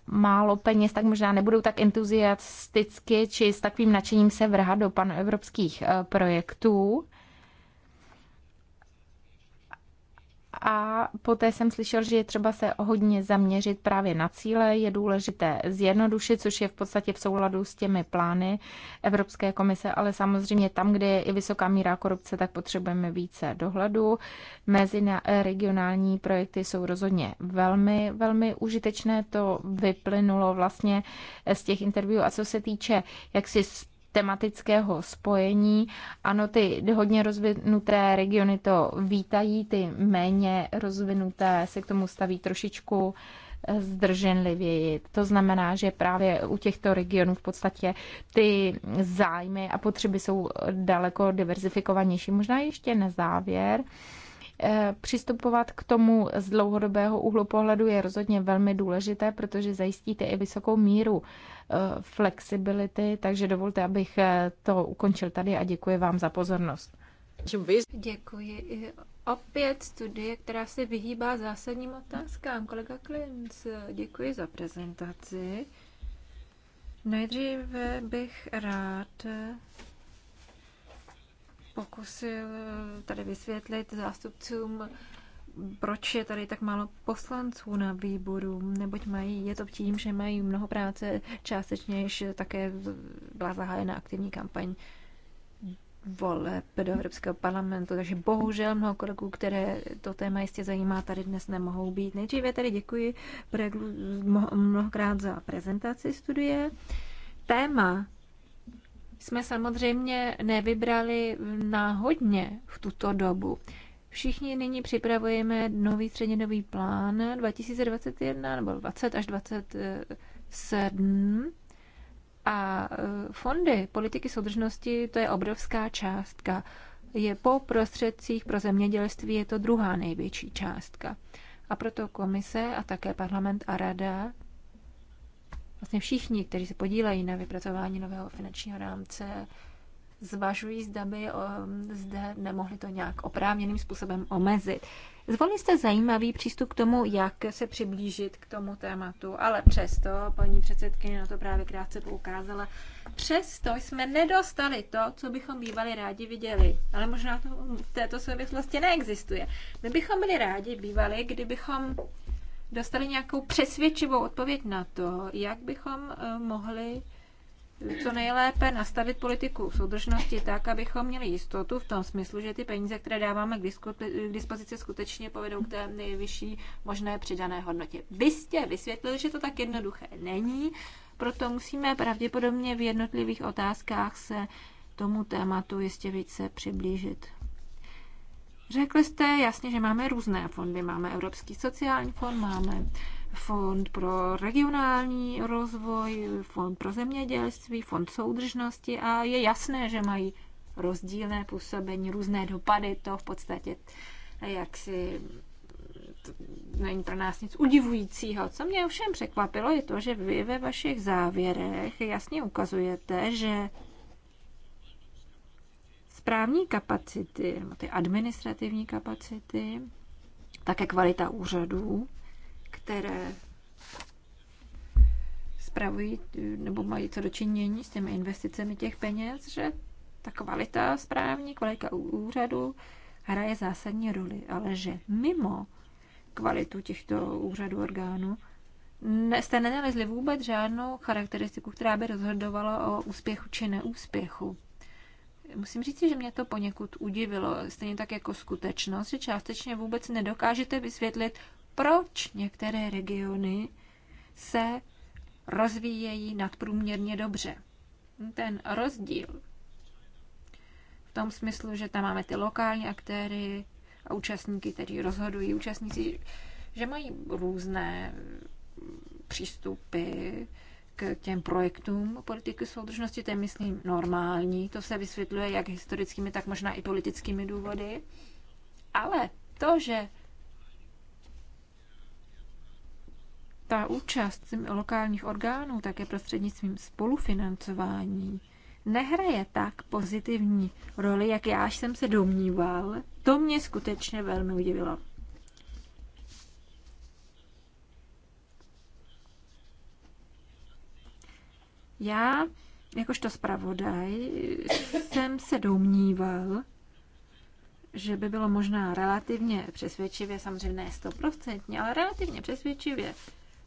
málo peněz, tak možná nebudou tak entuziasticky či s takovým nadšením se vrhat do panevropských eh, projektů. a poté jsem slyšel, že je třeba se hodně zaměřit právě na cíle, je důležité zjednodušit, což je v podstatě v souladu s těmi plány Evropské komise, ale samozřejmě tam, kde je i vysoká míra korupce, tak potřebujeme více dohledu. Mezi regionální projekty jsou rozhodně velmi, velmi užitečné, to vyplynulo vlastně z těch interviewů a co se týče jaksi tematického spojení. Ano, ty hodně rozvinuté regiony to vítají, ty méně rozvinuté se k tomu staví trošičku eh, zdrženlivěji. To znamená, že právě u těchto regionů v podstatě ty zájmy a potřeby jsou daleko diverzifikovanější. Možná ještě na závěr. Eh, přistupovat k tomu z dlouhodobého úhlu pohledu je rozhodně velmi důležité, protože zajistíte i vysokou míru eh, flexibility, takže dovolte, abych eh, to ukončil tady a děkuji vám za pozornost. Děkuji. Opět studie, která se vyhýbá zásadním otázkám. Kolega Klinc, děkuji za prezentaci. Nejdříve bych rád pokusil eh, tady vysvětlit zástupcům, proč je tady tak málo poslanců na výboru, neboť mají, je to tím, že mají mnoho práce, částečně již také byla zahájena aktivní kampaň voleb do Evropského parlamentu, takže bohužel mnoho kolegů, které to téma jistě zajímá, tady dnes nemohou být. Nejdříve tady děkuji mnohokrát za prezentaci studie. Téma jsme samozřejmě nevybrali náhodně v tuto dobu. Všichni nyní připravujeme nový střednědobý plán 2021 nebo 20 až 27 a e, fondy politiky soudržnosti, to je obrovská částka. Je po prostředcích pro zemědělství je to druhá největší částka. A proto komise a také parlament a rada vlastně všichni, kteří se podílejí na vypracování nového finančního rámce, zvažují, zda by eh, zde nemohli to nějak oprávněným způsobem omezit. Zvolili jste zajímavý přístup k tomu, jak se přiblížit k tomu tématu, ale přesto, paní předsedkyně na to právě krátce poukázala, přesto jsme nedostali to, co bychom bývali rádi viděli. Ale možná to v této souvislosti neexistuje. My bychom byli rádi bývali, kdybychom dostali nějakou přesvědčivou odpověď na to, jak bychom eh, mohli co nejlépe nastavit politiku soudržnosti tak, abychom měli jistotu v tom smyslu, že ty peníze, které dáváme k, k dispozici, skutečně povedou k té nejvyšší možné přidané hodnotě. Vy jste vysvětlili, že to tak jednoduché není, proto musíme pravděpodobně v jednotlivých otázkách se tomu tématu ještě více přiblížit. Řekli jste jasně, že máme různé fondy. Máme Evropský sociální fond, máme fond pro regionální rozvoj, fond pro zemědělství, fond soudržnosti a je jasné, že mají rozdílné působení, různé dopady. To v podstatě jak si není pro nás nic udivujícího. Co mě ovšem překvapilo, je to, že vy ve vašich závěrech jasně ukazujete, že správní kapacity, nebo ty administrativní kapacity, také kvalita úřadů, které spravují nebo mají co dočinění s těmi investicemi těch peněz, že ta kvalita správní, kvalita úřadu hraje zásadní roli, ale že mimo kvalitu těchto úřadů orgánů jste nenalezli vůbec žádnou charakteristiku, která by rozhodovala o úspěchu či neúspěchu. Musím říct, že mě to poněkud udivilo, stejně tak jako skutečnost, že částečně vůbec nedokážete vysvětlit, proč některé regiony se rozvíjejí nadprůměrně dobře. Ten rozdíl v tom smyslu, že tam máme ty lokální aktéry a účastníky, kteří rozhodují, účastníci, že mají různé přístupy, k těm projektům politiky soudržnosti, to je, myslím, normální. To se vysvětluje jak historickými, tak možná i politickými důvody. Ale to, že ta účast lokálních orgánů také prostřednictvím spolufinancování nehraje tak pozitivní roli, jak já jsem se domníval, to mě skutečně velmi udivilo. Já, jakožto zpravodaj, jsem se domníval, že by bylo možná relativně přesvědčivě, samozřejmě ne stoprocentně, ale relativně přesvědčivě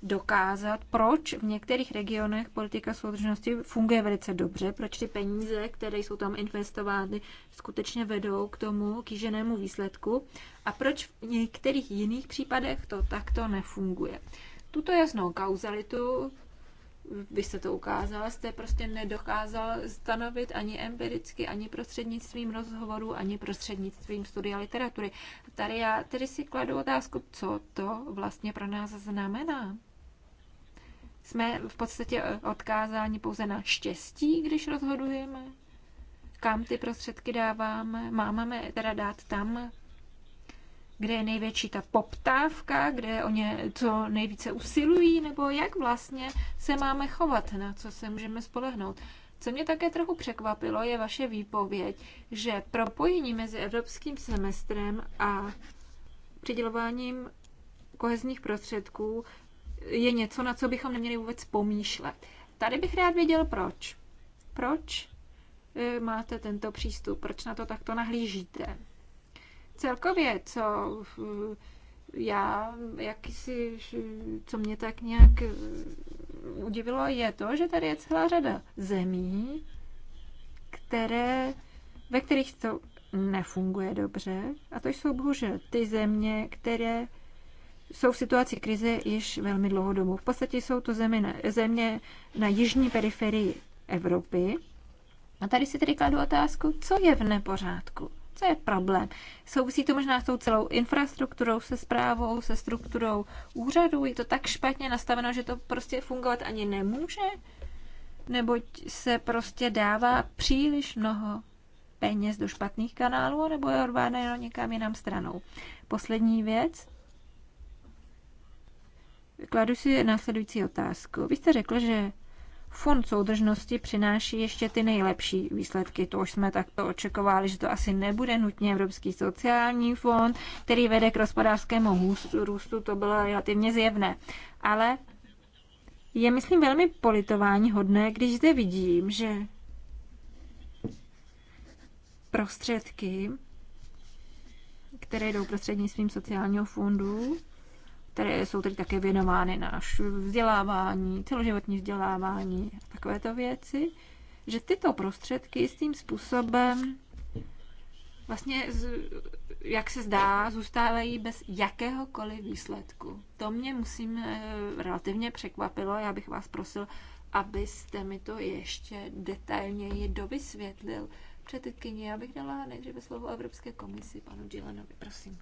dokázat, proč v některých regionech politika soudržnosti funguje velice dobře, proč ty peníze, které jsou tam investovány, skutečně vedou k tomu kýženému výsledku a proč v některých jiných případech to takto nefunguje. Tuto jasnou kauzalitu byste to ukázal, jste prostě nedokázal stanovit ani empiricky, ani prostřednictvím rozhovorů, ani prostřednictvím studia literatury. Tady já tedy si kladu otázku, co to vlastně pro nás znamená. Jsme v podstatě odkázáni pouze na štěstí, když rozhodujeme? Kam ty prostředky dáváme? Máme teda dát tam, kde je největší ta poptávka, kde o ně co nejvíce usilují, nebo jak vlastně se máme chovat, na co se můžeme spolehnout. Co mě také trochu překvapilo, je vaše výpověď, že propojení mezi evropským semestrem a přidělováním kohezních prostředků je něco, na co bychom neměli vůbec pomýšlet. Tady bych rád věděl, proč. Proč eh, máte tento přístup? Proč na to takto nahlížíte? celkově, co eh, já, jakýsi, co mě tak nějak eh, udivilo, je to, že tady je celá řada zemí, které, ve kterých to nefunguje dobře. A to jsou bohužel ty země, které jsou v situaci krize již velmi dlouho domů. V podstatě jsou to země na, země na jižní periferii Evropy. A tady si tedy kladu otázku, co je v nepořádku. Co je problém? Souvisí to možná s tou celou infrastrukturou, se zprávou, se strukturou úřadů? Je to tak špatně nastaveno, že to prostě fungovat ani nemůže? Neboť se prostě dává příliš mnoho peněz do špatných kanálů, nebo je jenom někam jinam stranou. Poslední věc. Kladu si následující otázku. Vy jste řekl, že Fond soudržnosti přináší ještě ty nejlepší výsledky. To už jsme takto očekovali, že to asi nebude nutně Evropský sociální fond, který vede k hospodářskému růstu, to bylo relativně zjevné. Ale je, myslím, velmi politování hodné, když zde vidím, že prostředky, které jdou prostřednictvím sociálního fondu, které jsou tady také věnovány náš vzdělávání, celoživotní vzdělávání a takovéto věci, že tyto prostředky tím způsobem vlastně, jak se zdá, zůstávají bez jakéhokoliv výsledku. To mě, musím, eh, relativně překvapilo. Já bych vás prosil, abyste mi to ještě detailněji dovysvětlil. Předtedkyně, já bych dala nejdříve slovo Evropské komisi panu Dylanovi, prosím.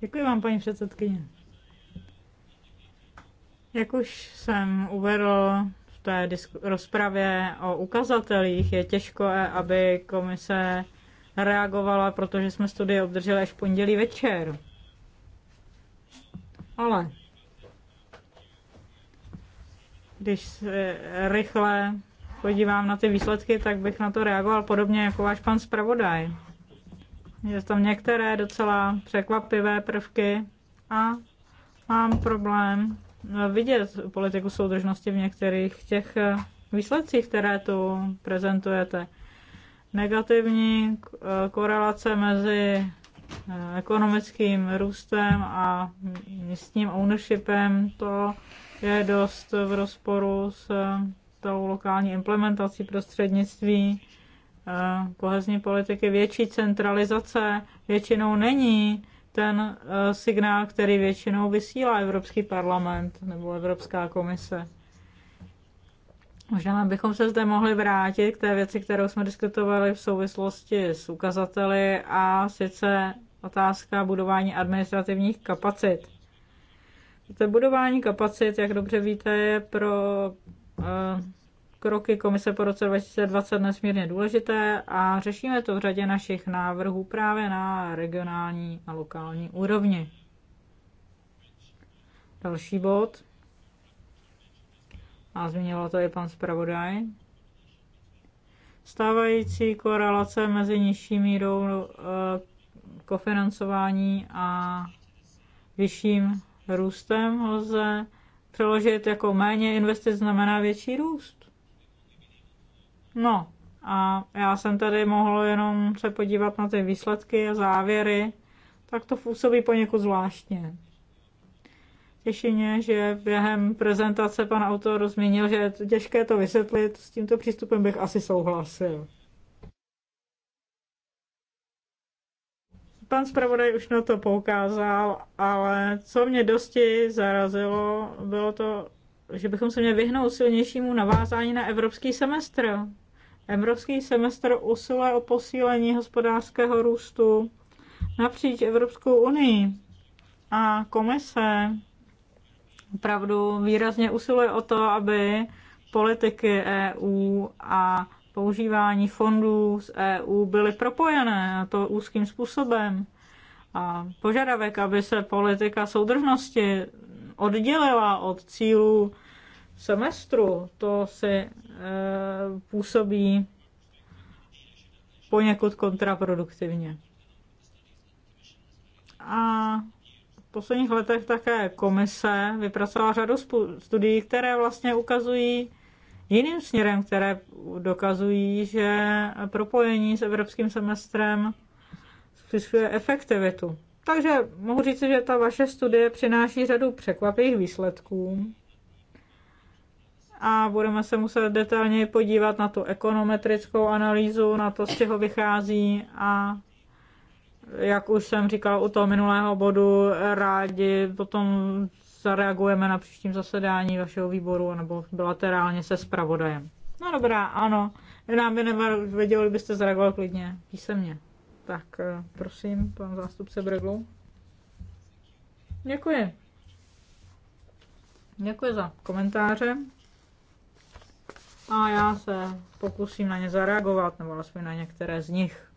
Děkuji vám, paní předsedkyně. Jak už jsem uvedl v té rozpravě o ukazatelích, je těžko, eh, aby komise reagovala, protože jsme studii obdrželi až pondělí večer. Ale když se rychle podívám na ty výsledky, tak bych na to reagoval podobně jako váš pan zpravodaj je tam některé docela překvapivé prvky a mám problém vidět politiku soudržnosti v některých těch výsledcích, které tu prezentujete. Negativní eh, korelace mezi eh, ekonomickým růstem a místním ownershipem, to je dost v rozporu s eh, tou lokální implementací prostřednictví kohezní politiky větší centralizace většinou není ten e, signál, který většinou vysílá Evropský parlament nebo Evropská komise. Možná bychom se zde mohli vrátit k té věci, kterou jsme diskutovali v souvislosti s ukazateli a sice otázka budování administrativních kapacit. To budování kapacit, jak dobře víte, je pro e, kroky komise po roce 2020 nesmírně důležité a řešíme to v řadě našich návrhů právě na regionální a lokální úrovni. Další bod. A zmínila to i pan zpravodaj. Stávající korelace mezi nižší mírou e, kofinancování a vyšším růstem lze přeložit jako méně investic znamená větší růst. No a já jsem tady mohl jenom se podívat na ty výsledky a závěry, tak to působí poněkud zvláštně. Těší mě, že během prezentace pan autor zmínil, že je těžké to vysvětlit, s tímto přístupem bych asi souhlasil. pan zpravodaj už na to poukázal, ale co mě dosti zarazilo, bylo to, že bychom se měli vyhnout silnějšímu navázání na evropský semestr. Evropský semestr usiluje o posílení hospodářského růstu napříč Evropskou unii a komise opravdu výrazně usiluje o to, aby politiky EU a používání fondů z EU byly propojené a to úzkým způsobem. A požadavek, aby se politika soudržnosti oddělila od cílů semestru, to si Eh, působí poněkud kontraproduktivně. A v posledních letech také komise vypracovala řadu studií, které vlastně ukazují jiným směrem, které dokazují, že propojení s evropským semestrem zpřišuje efektivitu. Takže mohu říct, že ta vaše studie přináší řadu překvapivých výsledků a budeme se muset detailně podívat na tu ekonometrickou analýzu, na to, z čeho vychází a jak už jsem říkal u toho minulého bodu, rádi potom zareagujeme na příštím zasedání vašeho výboru nebo bilaterálně se zpravodajem. No dobrá, ano, nám by nevěděli, byste zareagoval klidně, písemně. Tak eh, prosím, pan zástupce Breglu. Děkuji. Děkuji za komentáře a já se pokusím na ně zareagovat, nebo alespoň na některé z nich.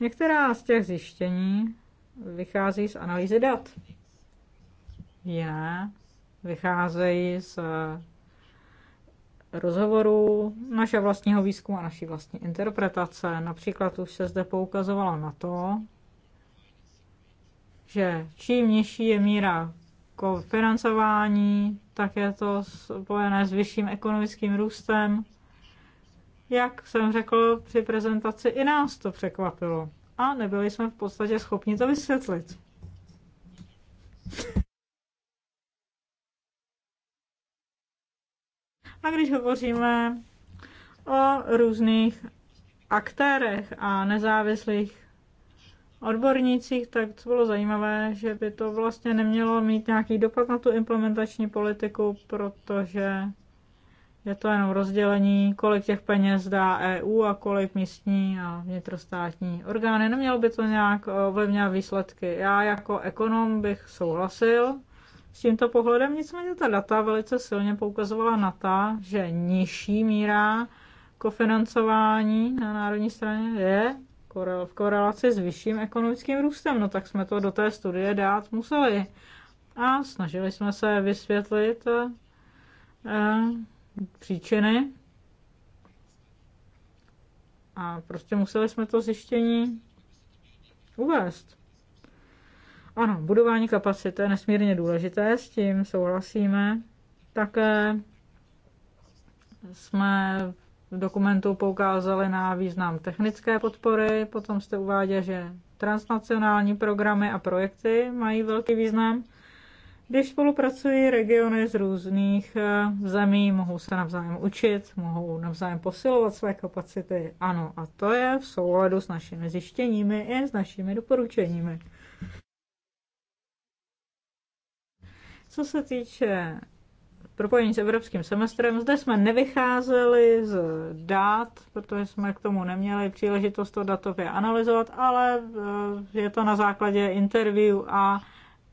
Některá z těch zjištění vychází z analýzy dat. Jiné vycházejí z rozhovorů našeho vlastního výzkumu a naší vlastní interpretace. Například už se zde poukazovalo na to, že čím nižší je míra jako financování, tak je to spojené s vyšším ekonomickým růstem. Jak jsem řekl při prezentaci, i nás to překvapilo. A nebyli jsme v podstatě schopni to vysvětlit. A když hovoříme o různých aktérech a nezávislých odbornících, tak to bylo zajímavé, že by to vlastně nemělo mít nějaký dopad na tu implementační politiku, protože je to jenom rozdělení, kolik těch peněz dá EU a kolik místní a vnitrostátní orgány. Nemělo by to nějak ovlivňovat výsledky. Já jako ekonom bych souhlasil s tímto pohledem, nicméně ta data velice silně poukazovala na ta, že nižší míra kofinancování na národní straně je korel, v korelaci s vyšším ekonomickým růstem. No tak jsme to do té studie dát museli. A snažili jsme se vysvětlit eh, příčiny. A prostě museli jsme to zjištění uvést. Ano, budování kapacity je nesmírně důležité, s tím souhlasíme. Také jsme v dokumentu poukázali na význam technické podpory, potom jste uváděli, že transnacionální programy a projekty mají velký význam. Když spolupracují regiony z různých eh, zemí, mohou se navzájem učit, mohou navzájem posilovat své kapacity. Ano, a to je v souladu s našimi zjištěními i s našimi doporučeními. Co se týče propojení s evropským semestrem. Zde jsme nevycházeli z dát, protože jsme k tomu neměli příležitost to datově analyzovat, ale e, je to na základě interview a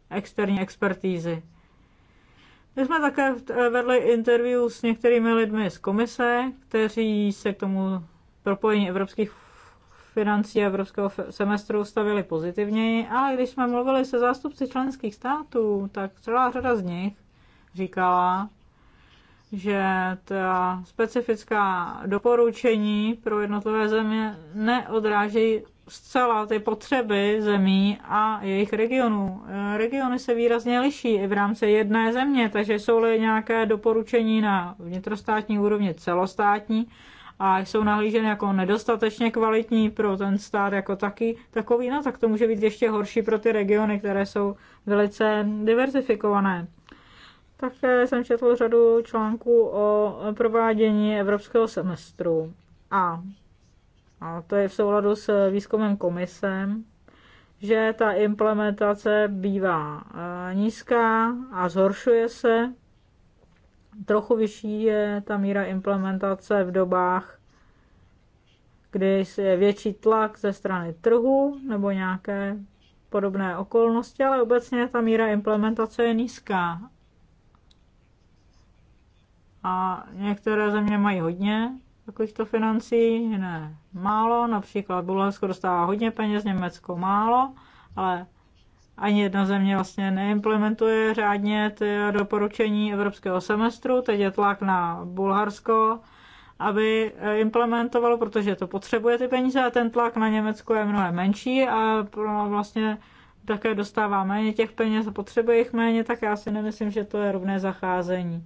externí expertízy. My jsme také e, vedli interview s některými lidmi z komise, kteří se k tomu propojení evropských financí a evropského semestru stavili pozitivněji, ale když jsme mluvili se zástupci členských států, tak celá řada z nich říkala, že ta specifická doporučení pro jednotlivé země neodrážejí zcela ty potřeby zemí a jejich regionů. Regiony se výrazně liší i v rámci jedné země, takže jsou-li nějaké doporučení na vnitrostátní úrovni celostátní a jsou nahlíženy jako nedostatečně kvalitní pro ten stát jako taky, takový, no tak to může být ještě horší pro ty regiony, které jsou velice diversifikované. Také jsem četl řadu článků o provádění evropského semestru a, a to je v souladu s výzkumem komisem, že ta implementace bývá e, nízká a zhoršuje se. Trochu vyšší je ta míra implementace v dobách, kdy je větší tlak ze strany trhu nebo nějaké podobné okolnosti, ale obecně ta míra implementace je nízká a některé země mají hodně takovýchto financí, jiné málo. Například Bulharsko dostává hodně peněz, Německo málo, ale ani jedna země vlastně neimplementuje řádně ty doporučení evropského semestru. Teď je tlak na Bulharsko, aby implementovalo, protože to potřebuje ty peníze a ten tlak na Německo je mnohem menší a vlastně také dostává méně těch peněz a potřebuje jich méně, tak já si nemyslím, že to je rovné zacházení.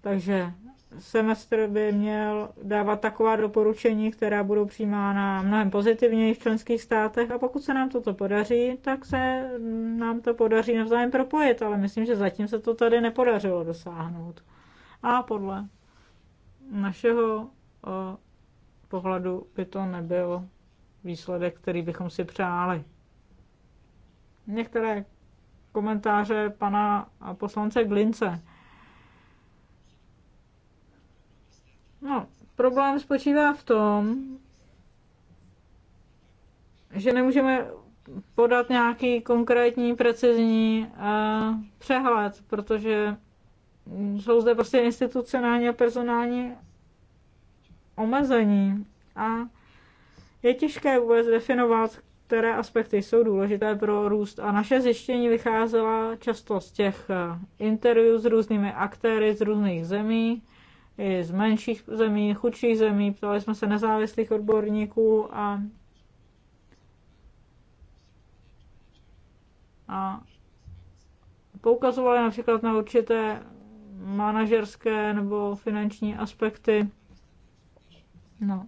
Takže semestr by měl dávat taková doporučení, která budou přijímána mnohem pozitivněji v členských státech a pokud se nám toto podaří, tak se nám to podaří navzájem propojit, ale myslím, že zatím se to tady nepodařilo dosáhnout. A podle našeho eh, pohledu by to nebyl výsledek, který bychom si přáli. Některé komentáře pana poslance Glince No, problém spočívá v tom, že nemůžeme podat nějaký konkrétní, precizní uh, přehled, protože jsou zde prostě institucionální a personální omezení a je těžké vůbec definovat, které aspekty jsou důležité pro růst. A naše zjištění vycházela často z těch eh, interviewů s různými aktéry z různých zemí, i z menších zemí, chudších zemí, ptali jsme se nezávislých odborníků a, a poukazovali například na určité manažerské nebo finanční aspekty. No.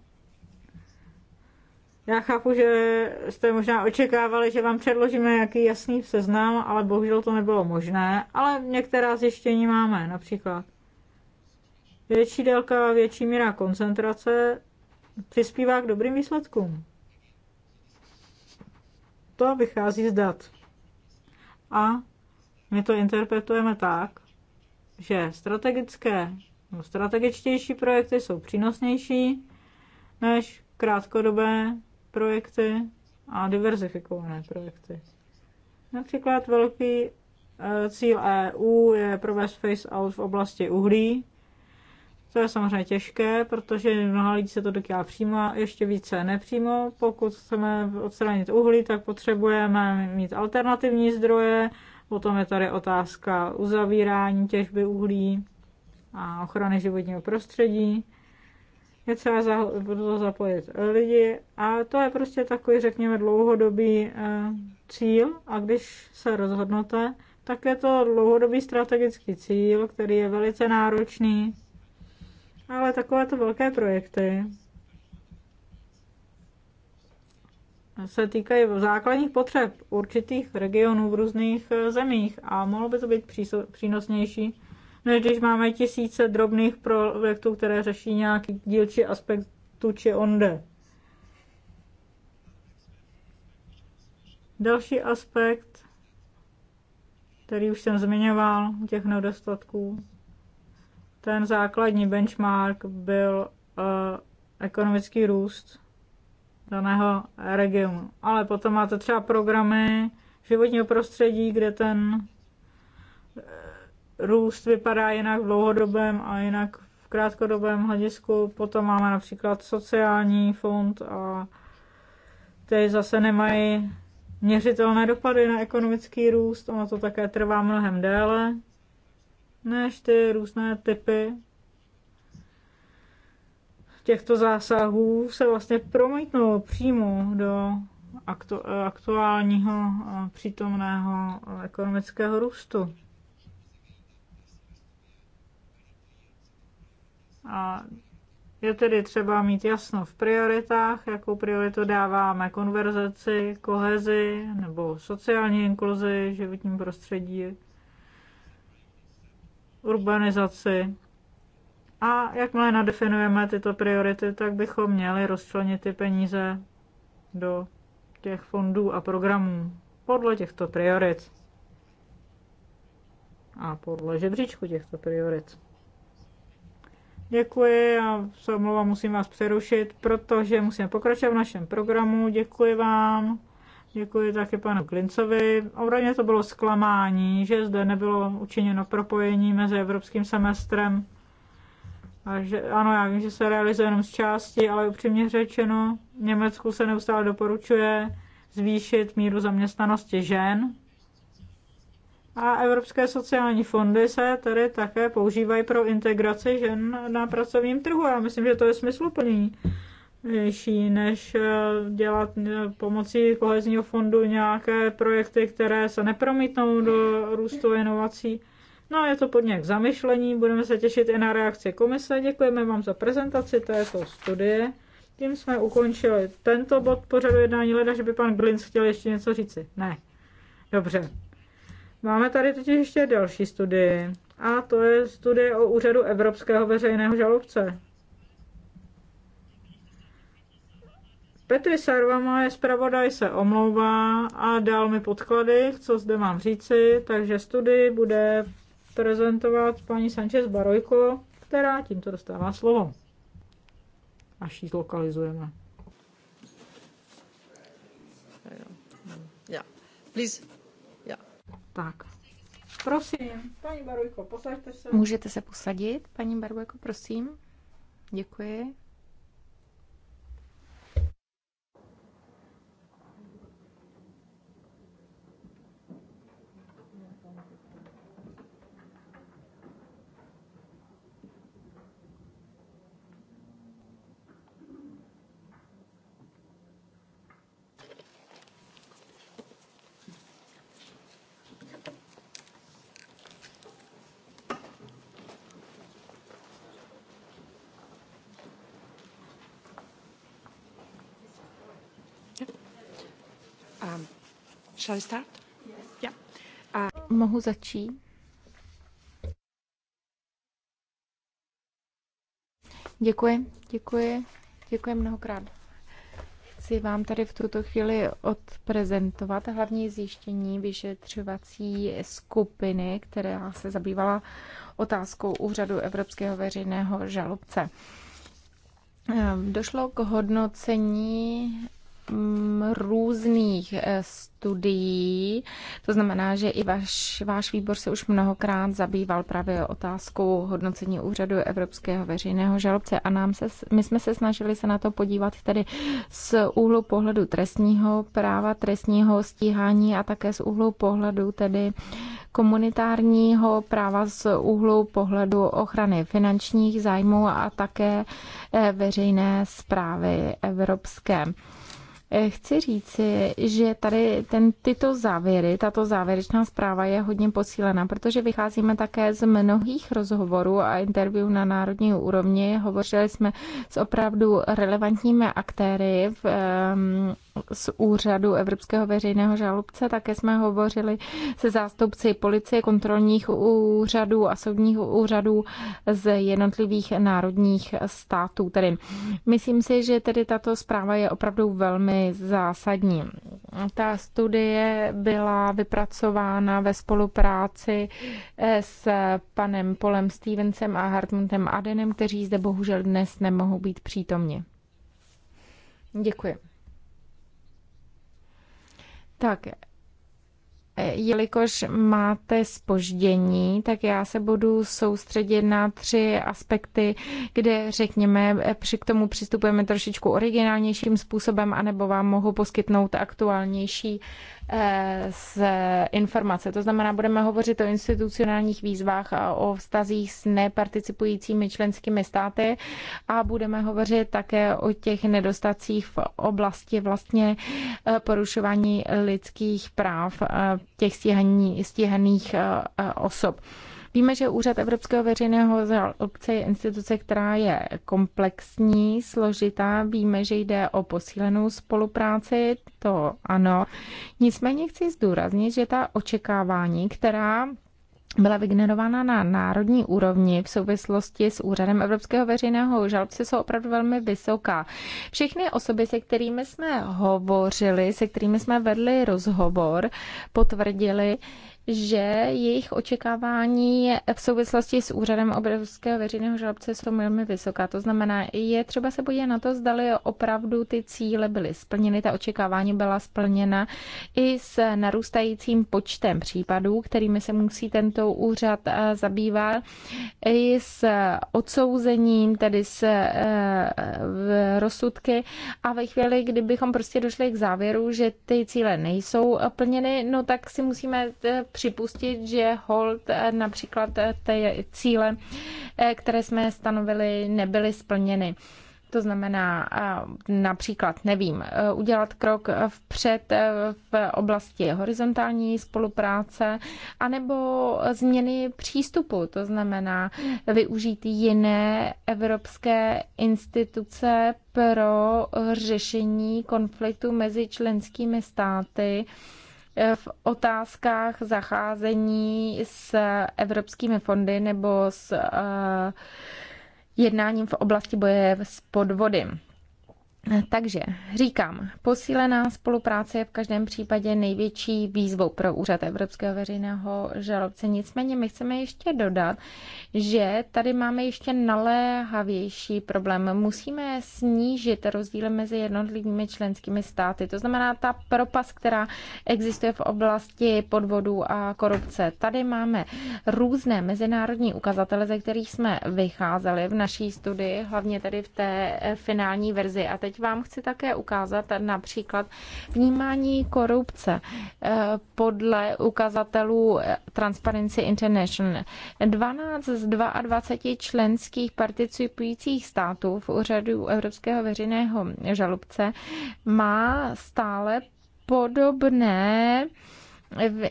Já chápu, že jste možná očekávali, že vám předložíme nějaký jasný seznam, ale bohužel to nebylo možné. Ale některá zjištění máme, například Větší délka větší míra koncentrace přispívá k dobrým výsledkům. To vychází z dat. A my to interpretujeme tak, že strategické, no strategičtější projekty jsou přínosnější než krátkodobé projekty a diverzifikované projekty. Například velký eh, cíl EU je provést face out v oblasti uhlí, to je samozřejmě těžké, protože mnoha lidí se to dotýká přímo a ještě více nepřímo. Pokud chceme odstranit uhlí, tak potřebujeme mít alternativní zdroje. Potom je tady otázka uzavírání těžby uhlí a ochrany životního prostředí. Je třeba za, to zapojit lidi a to je prostě takový, řekněme, dlouhodobý e, cíl a když se rozhodnete, tak je to dlouhodobý strategický cíl, který je velice náročný ale to velké projekty se týkají základních potřeb určitých regionů v různých eh, zemích a mohlo by to být přínosnější, než když máme tisíce drobných projektů, které řeší nějaký dílčí aspekt tu či onde. Další aspekt, který už jsem zmiňoval, těch nedostatků, ten základní benchmark byl eh, ekonomický růst daného regionu. Ale potom máte třeba programy životního prostředí, kde ten eh, růst vypadá jinak v dlouhodobém a jinak v krátkodobém hledisku. Potom máme například sociální fond a ty zase nemají měřitelné dopady na ekonomický růst, ono to také trvá mnohem déle než ty různé typy těchto zásahů se vlastně promítnou přímo do aktu, eh, aktuálního eh, přítomného ekonomického růstu. A je tedy třeba mít jasno v prioritách, jakou prioritu dáváme konverzaci, kohezi nebo sociální inkluzi, životním prostředí, urbanizaci. A jakmile nadefinujeme tyto priority, tak bychom měli rozčlenit ty peníze do těch fondů a programů podle těchto priorit a podle žebříčku těchto priorit. Děkuji a se omlouvám, musím vás přerušit, protože musíme pokračovat v našem programu. Děkuji vám. Děkuji taky panu Klincovi. Obrovně to bylo zklamání, že zde nebylo učiněno propojení mezi evropským semestrem. A že, ano, já vím, že se realizuje jenom z části, ale upřímně řečeno, Německu se neustále doporučuje zvýšit míru zaměstnanosti žen. A evropské sociální fondy se tady také používají pro integraci žen na pracovním trhu. Já myslím, že to je smysluplný než eh, dělat eh, pomocí kohezního fondu nějaké projekty, které se nepromítnou do růstu inovací. No je to podnět k zamyšlení, budeme se těšit i na reakci komise. Děkujeme vám za prezentaci této studie. Tím jsme ukončili tento bod pořadu jednání leda, že by pan Glins chtěl ještě něco říci. Ne. Dobře. Máme tady totiž ještě další studii. A to je studie o úřadu Evropského veřejného žalobce. Petry Sarva, moje zpravodaj, se omlouvá a dal mi podklady, co zde mám říci, takže studii bude prezentovat paní Sanchez Barojko, která tímto dostává slovo. Až ji zlokalizujeme. Yeah. Please. Yeah. Tak. Prosím, paní Barojko, posaďte se. Můžete se posadit, paní Barojko, prosím. Děkuji. Shall I start? Yeah. Uh... Mohu začít? Děkuji, děkuji, děkuji mnohokrát. Chci vám tady v tuto chvíli odprezentovat hlavní zjištění vyšetřovací skupiny, která se zabývala otázkou úřadu Evropského veřejného žalobce. Ehm, došlo k hodnocení Mm, různých eh, studií. To znamená, že i váš, váš výbor se už mnohokrát zabýval právě otázkou hodnocení úřadu Evropského veřejného žalobce a nám se, my jsme se snažili se na to podívat tedy z úhlu pohledu trestního práva, trestního stíhání a také z úhlu pohledu tedy komunitárního práva z úhlu pohledu ochrany finančních zájmů a také eh, veřejné zprávy evropské. Eh, chci říci, že tady ten, tyto závěry, tato závěrečná zpráva je hodně posílena, protože vycházíme také z mnohých rozhovorů a interview na národní úrovni. Hovořili jsme s opravdu relevantními aktéry v ehm, z úřadu Evropského veřejného žalobce. Také jsme hovořili se zástupci policie, kontrolních úřadů a soudních úřadů z jednotlivých národních států. Tedy myslím si, že tedy tato zpráva je opravdu velmi zásadní. Ta studie byla vypracována ve spolupráci s panem Polem Stevensem a Hartmutem Adenem, kteří zde bohužel dnes nemohou být přítomni. Děkuji. Tak jelikož máte spoždění, tak já se budu soustředit na tři aspekty, kde řekněme, při k tomu přistupujeme trošičku originálnějším způsobem, anebo vám mohu poskytnout aktuálnější z eh, informace. To znamená, budeme hovořit o institucionálních výzvách a o vztazích s neparticipujícími členskými státy a budeme hovořit také o těch nedostacích v oblasti vlastně eh, porušování lidských práv eh, těch stíhaní, stíhaných eh, eh, osob. Víme, že Úřad Evropského veřejného obce je instituce, která je komplexní, složitá. Víme, že jde o posílenou spolupráci, to ano. Nicméně chci zdůraznit, že ta očekávání, která byla vygenerována na národní úrovni v souvislosti s úřadem Evropského veřejného žalobce jsou opravdu velmi vysoká. Všechny osoby, se kterými jsme hovořili, se kterými jsme vedli rozhovor, potvrdili, že jejich očekávání v souvislosti s úřadem obrovského veřejného žalobce jsou velmi vysoká. To znamená, je třeba se podívat na to, zdali opravdu ty cíle byly splněny, ta očekávání byla splněna i s narůstajícím počtem případů, kterými se musí tento úřad eh, zabývat, i s odsouzením, tedy s eh, rozsudky a ve chvíli, kdybychom prostě došli k závěru, že ty cíle nejsou eh, plněny, no tak si musíme připustit, že hold eh, například eh, ty cíle, eh, které jsme stanovili, nebyly splněny. To znamená například, nevím, udělat krok vpřed v oblasti horizontální spolupráce, anebo změny přístupu, to znamená využít jiné evropské instituce pro řešení konfliktu mezi členskými státy, v otázkách zacházení s evropskými fondy nebo s eh, jednáním v oblasti boje s podvody. Takže říkám, posílená spolupráce je v každém případě největší výzvou pro úřad Evropského veřejného žalobce. Nicméně my chceme ještě dodat, že tady máme ještě naléhavější problém. Musíme snížit rozdíly mezi jednotlivými členskými státy. To znamená ta propas, která existuje v oblasti podvodů a korupce. Tady máme různé mezinárodní ukazatele, ze kterých jsme vycházeli v naší studii, hlavně tady v té finální verzi. A teď teď vám chci také ukázat například vnímání korupce eh, podle ukazatelů eh, Transparency International. 12 z 22 členských participujících států v úřadu Evropského veřejného žalobce má stále podobné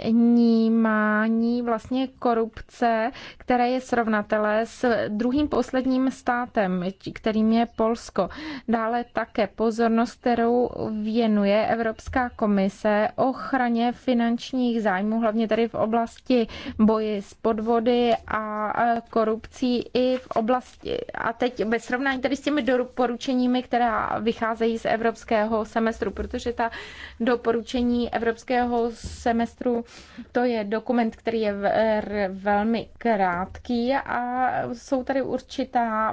vnímání vlastně korupce, které je srovnatelé s druhým posledním státem, kterým je Polsko. Dále také pozornost, kterou věnuje Evropská komise ochraně finančních zájmů, hlavně tady v oblasti boji s podvody a korupcí i v oblasti, a teď ve srovnání tady s těmi doporučeními, která vycházejí z evropského semestru, protože ta doporučení evropského semestru semestru. To je dokument, který je velmi krátký a jsou tady určitá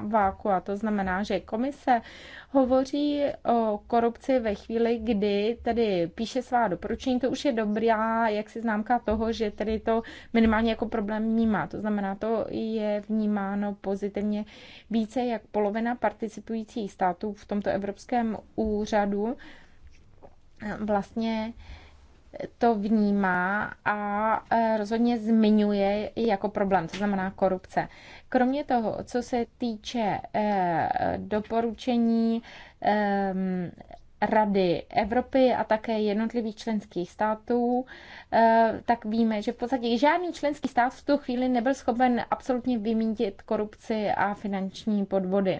a To znamená, že komise hovoří o korupci ve chvíli, kdy tedy píše svá doporučení. To už je dobrá jak si známka toho, že tedy to minimálně jako problém vnímá. To znamená, to je vnímáno pozitivně více jak polovina participujících států v tomto Evropském úřadu vlastně to vnímá a e, rozhodně zmiňuje jako problém, to znamená korupce. Kromě toho, co se týče e, doporučení Rady Evropy a také jednotlivých členských států, e, tak víme, že v podstatě žádný členský stát v tu chvíli nebyl schopen absolutně vymítit korupci a finanční podvody.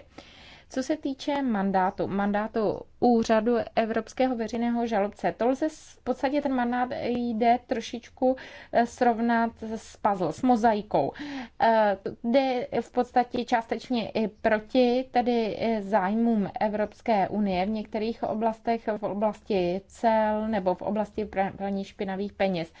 Co se týče mandátu, mandátu úřadu Evropského veřejného žalobce, to lze v podstatě ten mandát jde trošičku eh, srovnat s puzzle, s mozaikou. Eh, jde v podstatě částečně i proti tedy eh, zájmům Evropské unie v některých oblastech, v oblasti cel nebo v oblasti praní špinavých peněz.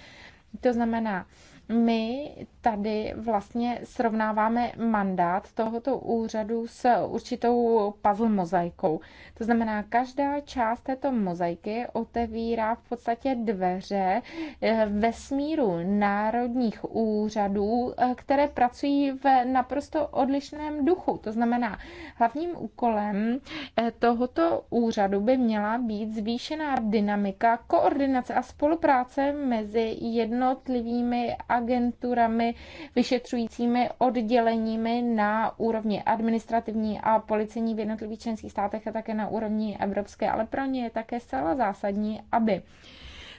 To znamená, my tady vlastně srovnáváme mandát tohoto úřadu s určitou puzzle mozaikou. To znamená, každá část této mozaiky otevírá v podstatě dveře eh, ve smíru národních úřadů, eh, které pracují v naprosto odlišném duchu. To znamená, hlavním úkolem eh, tohoto úřadu by měla být zvýšená dynamika, koordinace a spolupráce mezi jednotlivými a agenturami, vyšetřujícími odděleními na úrovni administrativní a policení v jednotlivých členských státech a také na úrovni evropské, ale pro ně je také zcela zásadní, aby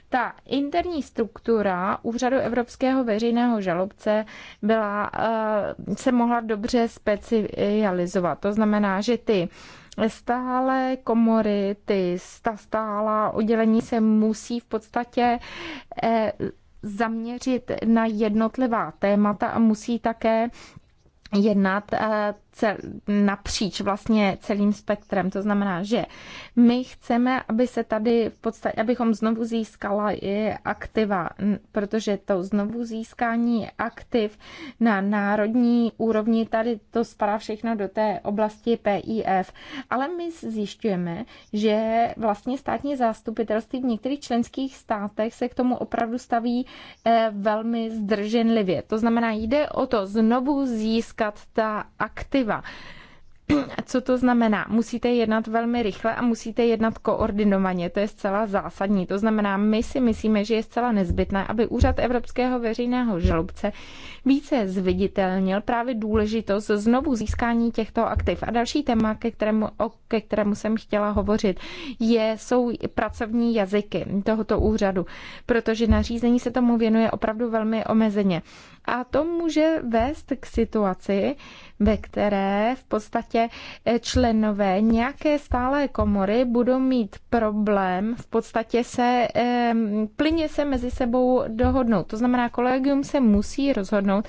ta interní struktura úřadu Evropského veřejného žalobce byla, eh, se mohla dobře specializovat. To znamená, že ty stále komory, ty stála oddělení se musí v podstatě eh, zaměřit na jednotlivá témata a musí také jednat eh, cel, napříč vlastně celým spektrem. To znamená, že my chceme, aby se tady v podstatě, abychom znovu získala i aktiva, protože to znovu získání aktiv na národní úrovni, tady to spadá všechno do té oblasti PIF. Ale my zjišťujeme, že vlastně státní zástupitelství v některých členských státech se k tomu opravdu staví eh, velmi zdrženlivě. To znamená, jde o to znovu získat ta aktiva aktiva. Co to znamená? Musíte jednat velmi rychle a musíte jednat koordinovaně. To je zcela zásadní. To znamená, my si myslíme, že je zcela nezbytné, aby Úřad Evropského veřejného žalobce více zviditelnil právě důležitost znovu získání těchto aktiv. A další téma, ke kterému, o, ke kterému jsem chtěla hovořit, je, jsou pracovní jazyky tohoto úřadu, protože nařízení se tomu věnuje opravdu velmi omezeně. A to může vést k situaci, ve které v podstatě eh, členové nějaké stálé komory budou mít problém v podstatě se eh, plyně se mezi sebou dohodnout. To znamená, kolegium se musí rozhodnout,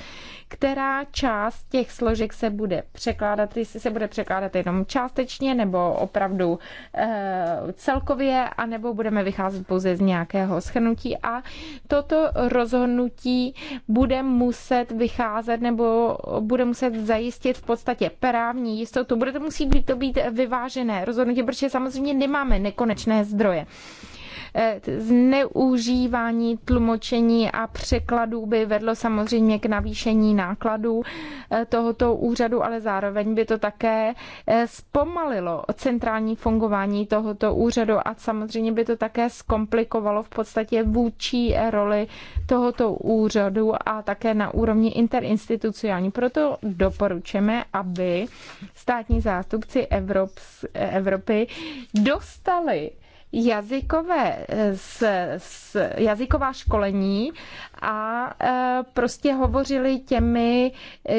která část těch složek se bude překládat, jestli se bude překládat jenom částečně nebo opravdu eh, celkově, anebo budeme vycházet pouze z nějakého schrnutí a toto rozhodnutí bude muset vycházet nebo bude muset zajistit v podstatě právní jistotu. Bude to musí být to být vyvážené rozhodnutí, protože samozřejmě nemáme nekonečné zdroje. Eh, zneužívání tlumočení a překladů by vedlo samozřejmě k navýšení nákladů eh, tohoto úřadu, ale zároveň by to také eh, zpomalilo centrální fungování tohoto úřadu a samozřejmě by to také zkomplikovalo v podstatě vůči roli tohoto úřadu a také na úrovni interinstitucionální. Proto doporučujeme, aby státní zástupci Evropy dostali jazykové, s, s, jazyková školení a e, prostě hovořili těmi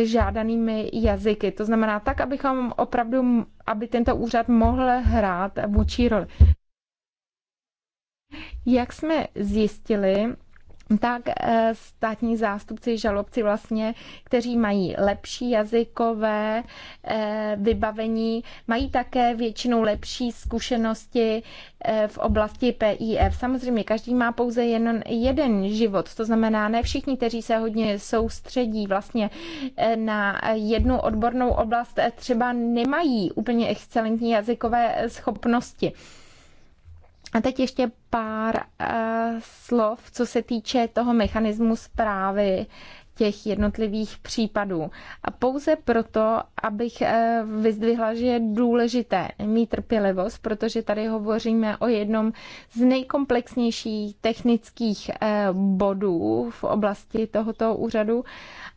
žádanými jazyky. To znamená tak, abychom opravdu, aby tento úřad mohl hrát vůči roli. Jak jsme zjistili, tak eh, státní zástupci, žalobci vlastně, kteří mají lepší jazykové eh, vybavení, mají také většinou lepší zkušenosti eh, v oblasti PIF. Samozřejmě každý má pouze jen jeden život, to znamená ne všichni, kteří se hodně soustředí vlastně na jednu odbornou oblast, třeba nemají úplně excelentní jazykové schopnosti. A teď ještě pár uh, slov, co se týče toho mechanismu zprávy těch jednotlivých případů. A pouze proto, abych eh, vyzdvihla, že je důležité mít trpělivost, protože tady hovoříme o jednom z nejkomplexnějších technických eh, bodů v oblasti tohoto úřadu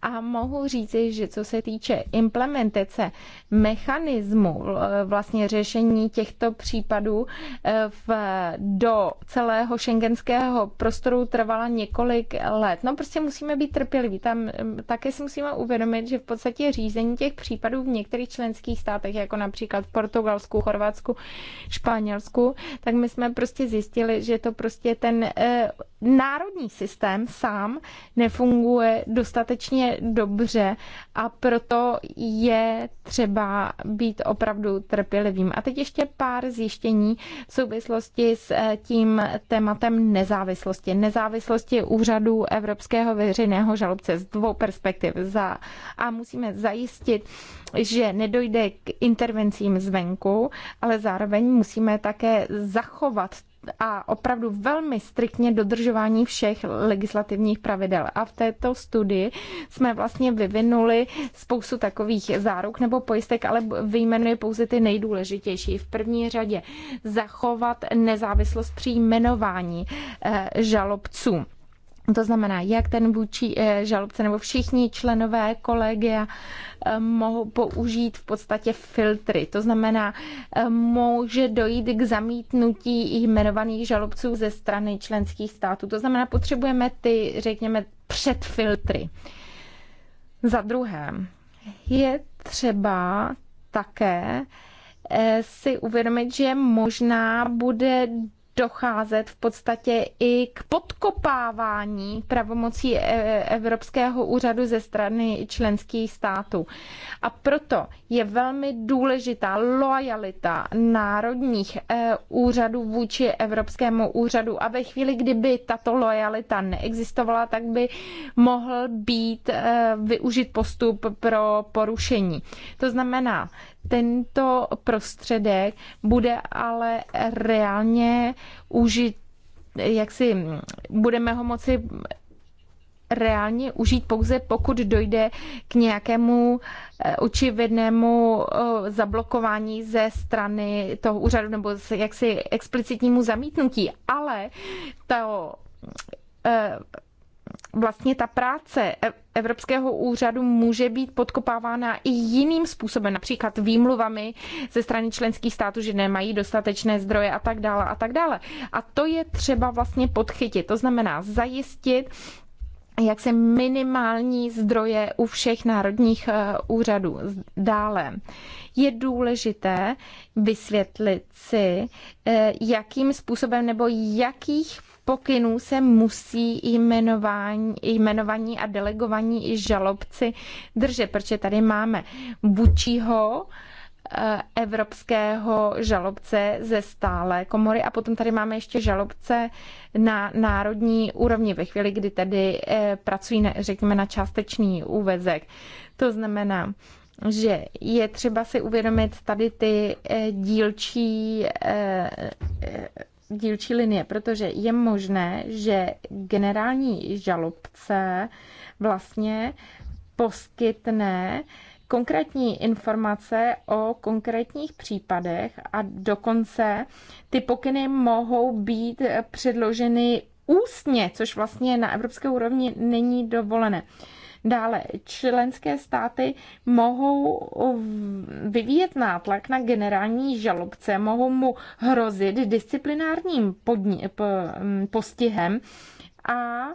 a mohu říci, že co se týče implementace mechanismu vlastně řešení těchto případů e, v, do celého šengenského prostoru trvala několik let. No prostě musíme být trpěliví. Tam také si musíme uvědomit, že v podstatě řízení těch případů v některých členských státech, jako například v Portugalsku, Chorvatsku, Španělsku, tak my jsme prostě zjistili, že to prostě ten e, národní systém sám nefunguje dostatečně dobře a proto je třeba být opravdu trpělivým. A teď ještě pár zjištění v souvislosti s eh, tím tématem nezávislosti. Nezávislosti úřadu Evropského veřejného žalobce z dvou perspektiv. Za, a musíme zajistit, že nedojde k intervencím zvenku, ale zároveň musíme také zachovat a opravdu velmi striktně dodržování všech legislativních pravidel. A v této studii jsme vlastně vyvinuli spoustu takových záruk nebo pojistek, ale vyjmenuje pouze ty nejdůležitější. V první řadě zachovat nezávislost při jmenování eh, žalobců to znamená, jak ten vůči eh, žalobce nebo všichni členové kolegia eh, mohou použít v podstatě filtry. To znamená, eh, může dojít k zamítnutí jmenovaných žalobců ze strany členských států. To znamená, potřebujeme ty, řekněme, předfiltry. Za druhé, je třeba také si uvědomit, že možná bude docházet v podstatě i k podkopávání pravomocí e, Evropského úřadu ze strany členských států. A proto je velmi důležitá lojalita národních e, úřadů vůči Evropskému úřadu a ve chvíli, kdyby tato lojalita neexistovala, tak by mohl být e, využit postup pro porušení. To znamená, tento prostředek bude ale reálně užit, jak si budeme ho moci reálně užít pouze, pokud dojde k nějakému eh, očividnému eh, zablokování ze strany toho úřadu nebo jaksi explicitnímu zamítnutí. Ale to eh, vlastně ta práce Evropského úřadu může být podkopávána i jiným způsobem, například výmluvami ze strany členských států, že nemají dostatečné zdroje a tak dále a tak dále. A to je třeba vlastně podchytit, to znamená zajistit, jak se minimální zdroje u všech národních eh, úřadů. Dále je důležité vysvětlit si, eh, jakým způsobem nebo jakých pokynů se musí jmenování, jmenovaní a delegovaní i žalobci držet, protože tady máme Bučího, eh, evropského žalobce ze stále komory a potom tady máme ještě žalobce na národní úrovni ve chvíli, kdy tedy eh, pracují, řekněme, na částečný úvezek. To znamená, že je třeba si uvědomit tady ty eh, dílčí dílčí linie, protože je možné, že generální žalobce vlastně poskytne konkrétní informace o konkrétních případech a dokonce ty pokyny mohou být předloženy ústně, což vlastně na evropské úrovni není dovolené. Dále členské státy mohou vyvíjet nátlak na generální žalobce, mohou mu hrozit disciplinárním podni- postihem a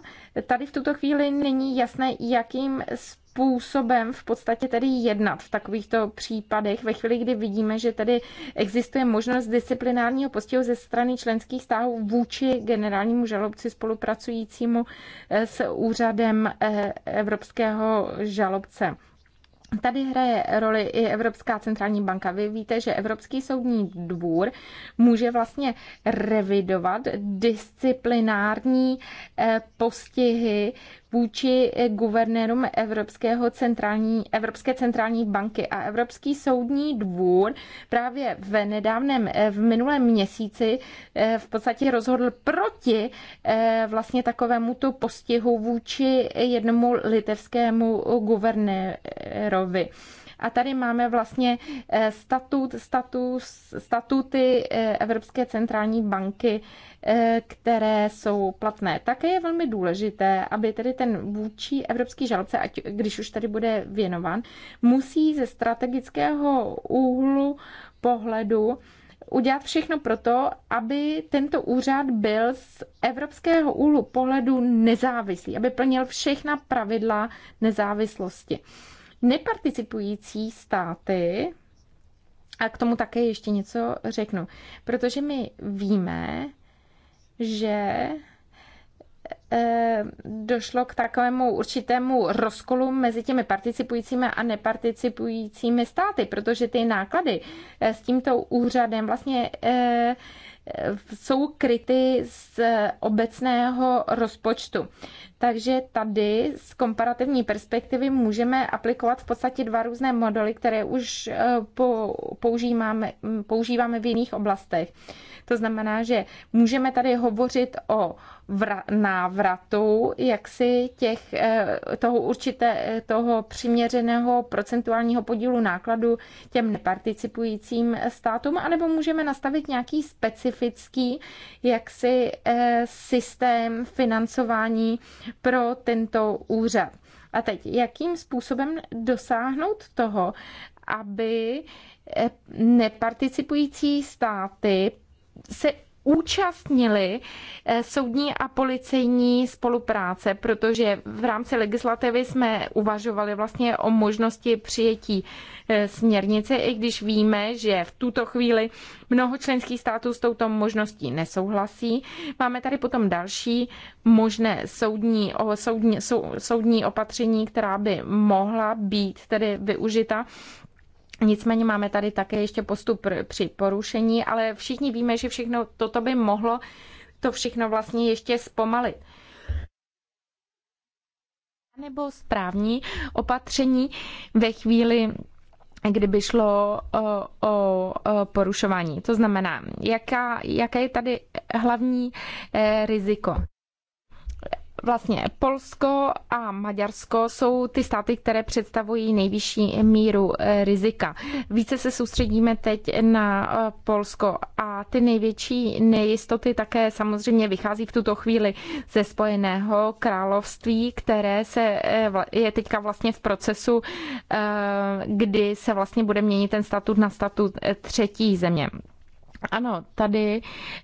tady v tuto chvíli není jasné, jakým způsobem způsobem v podstatě tedy jednat v takovýchto případech, ve chvíli, kdy vidíme, že tady existuje možnost disciplinárního postihu ze strany členských států vůči generálnímu žalobci spolupracujícímu eh, s úřadem eh, evropského žalobce. Tady hraje roli i Evropská centrální banka. Vy víte, že Evropský soudní dvůr může vlastně revidovat disciplinární eh, postihy vůči guvernérům Evropského centrální, Evropské centrální banky a Evropský soudní dvůr právě v nedávném, v minulém měsíci eh, v podstatě rozhodl proti eh, vlastně takovému to postihu vůči jednomu litevskému guvernérovi. A tady máme vlastně eh, statut, status, statuty eh, Evropské centrální banky, eh, které jsou platné. Také je velmi důležité, aby tedy ten vůči evropský žalce, ať, když už tady bude věnovan, musí ze strategického úhlu pohledu udělat všechno proto, aby tento úřad byl z evropského úhlu pohledu nezávislý, aby plnil všechna pravidla nezávislosti neparticipující státy, a k tomu také ještě něco řeknu, protože my víme, že eh, došlo k takovému určitému rozkolu mezi těmi participujícími a neparticipujícími státy, protože ty náklady eh, s tímto úřadem vlastně eh, jsou kryty z obecného rozpočtu. Takže tady z komparativní perspektivy můžeme aplikovat v podstatě dva různé modely, které už eh, používáme, používáme v jiných oblastech. To znamená, že můžeme tady hovořit o vra- návratu jaksi těch, eh, toho určité, eh, toho přiměřeného procentuálního podílu nákladu těm neparticipujícím státům, anebo můžeme nastavit nějaký specifický jaksi systém financování pro tento úřad. A teď, jakým způsobem dosáhnout toho, aby eh, neparticipující státy se účastnili eh, soudní a policejní spolupráce, protože v rámci legislativy jsme uvažovali vlastně o možnosti přijetí eh, směrnice, i když víme, že v tuto chvíli mnoho členských států s touto možností nesouhlasí. Máme tady potom další možné soudní, soudní, soudní opatření, která by mohla být tedy využita Nicméně máme tady také ještě postup při porušení, ale všichni víme, že všechno toto by mohlo to všechno vlastně ještě zpomalit nebo správní opatření ve chvíli, kdyby šlo o, o porušování. To znamená, jaká, jaké je tady hlavní eh, riziko vlastně Polsko a Maďarsko jsou ty státy, které představují nejvyšší míru eh, rizika. Více se soustředíme teď na eh, Polsko a ty největší nejistoty také samozřejmě vychází v tuto chvíli ze Spojeného království, které se eh, je teďka vlastně v procesu, kdy se vlastně bude měnit ten statut na statut třetí země. Ano, tady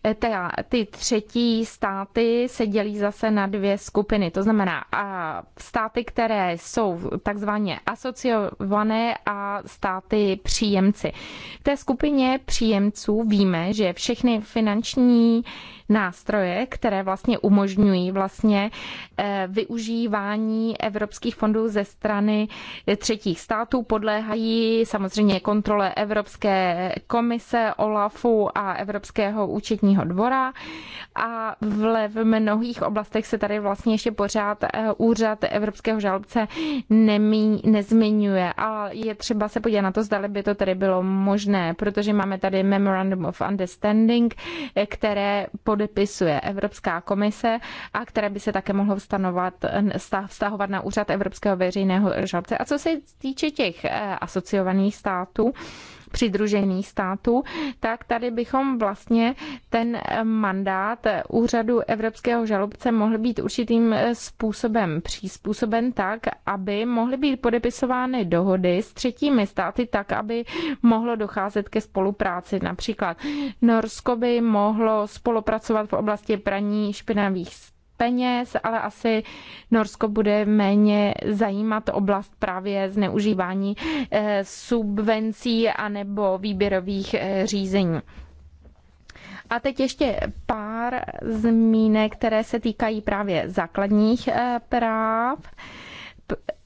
eh, teda, ty třetí státy se dělí zase na dvě skupiny. To znamená a státy, které jsou takzvaně asociované a státy příjemci. V té skupině příjemců víme, že všechny finanční nástroje, které vlastně umožňují vlastně eh, využívání evropských fondů ze strany třetích států. Podléhají samozřejmě kontrole Evropské komise, OLAFu a Evropského účetního dvora a v mnohých oblastech se tady vlastně ještě pořád eh, úřad Evropského žalobce nemí, nezmiňuje. A je třeba se podívat na to, zda by to tady bylo možné, protože máme tady Memorandum of Understanding, eh, které pod podepisuje Evropská komise a které by se také mohlo vztahovat na úřad Evropského veřejného žalobce. A co se týče těch eh, asociovaných států, přidružených států, tak tady bychom vlastně ten mandát úřadu evropského žalobce mohl být určitým způsobem přizpůsoben tak, aby mohly být podepisovány dohody s třetími státy tak, aby mohlo docházet ke spolupráci. Například Norsko by mohlo spolupracovat v oblasti praní špinavých peněz, ale asi Norsko bude méně zajímat oblast právě zneužívání eh, subvencí anebo výběrových eh, řízení. A teď ještě pár zmínek, které se týkají právě základních eh, práv.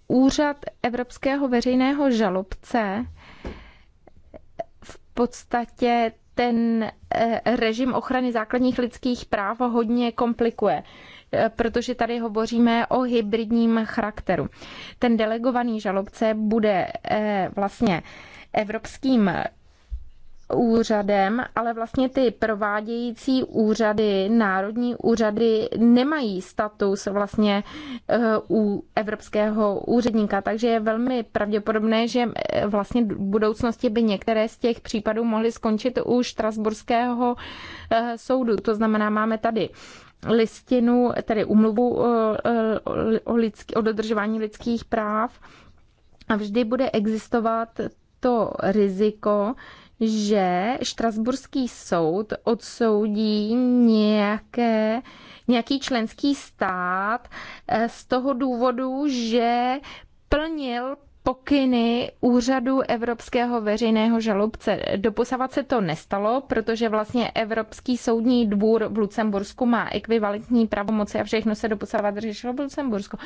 Úřad Evropského veřejného žalobce v podstatě ten režim ochrany základních lidských práv hodně komplikuje. Eh, protože tady hovoříme o hybridním charakteru. Ten delegovaný žalobce bude eh, vlastně evropským úřadem, ale vlastně ty provádějící úřady, národní úřady nemají status vlastně eh, u evropského úředníka, takže je velmi pravděpodobné, že vlastně v budoucnosti by některé z těch případů mohly skončit u Štrasburského soudu. To znamená, máme tady listinu, tedy umluvu eh, eh, o, lidský, o dodržování lidských práv a vždy bude existovat to riziko, že Štrasburský soud odsoudí nějaké, nějaký členský stát eh, z toho důvodu, že plnil pokyny úřadu Evropského veřejného žalobce. Doposavat se to nestalo, protože vlastně Evropský soudní dvůr v Lucembursku má ekvivalentní pravomoci a všechno se doposavat řešilo v Lucembursku.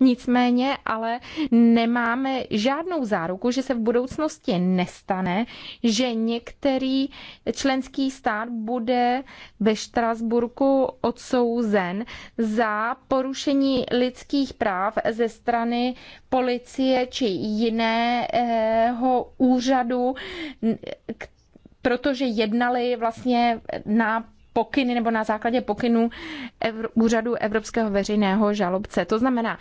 Nicméně ale nemáme žádnou záruku, že se v budoucnosti nestane, že některý členský stát bude ve Štrasburku odsouzen za porušení lidských práv ze strany policie či jiného úřadu, protože jednali vlastně na pokyny nebo na základě pokynů úřadu Evropského veřejného žalobce. To znamená,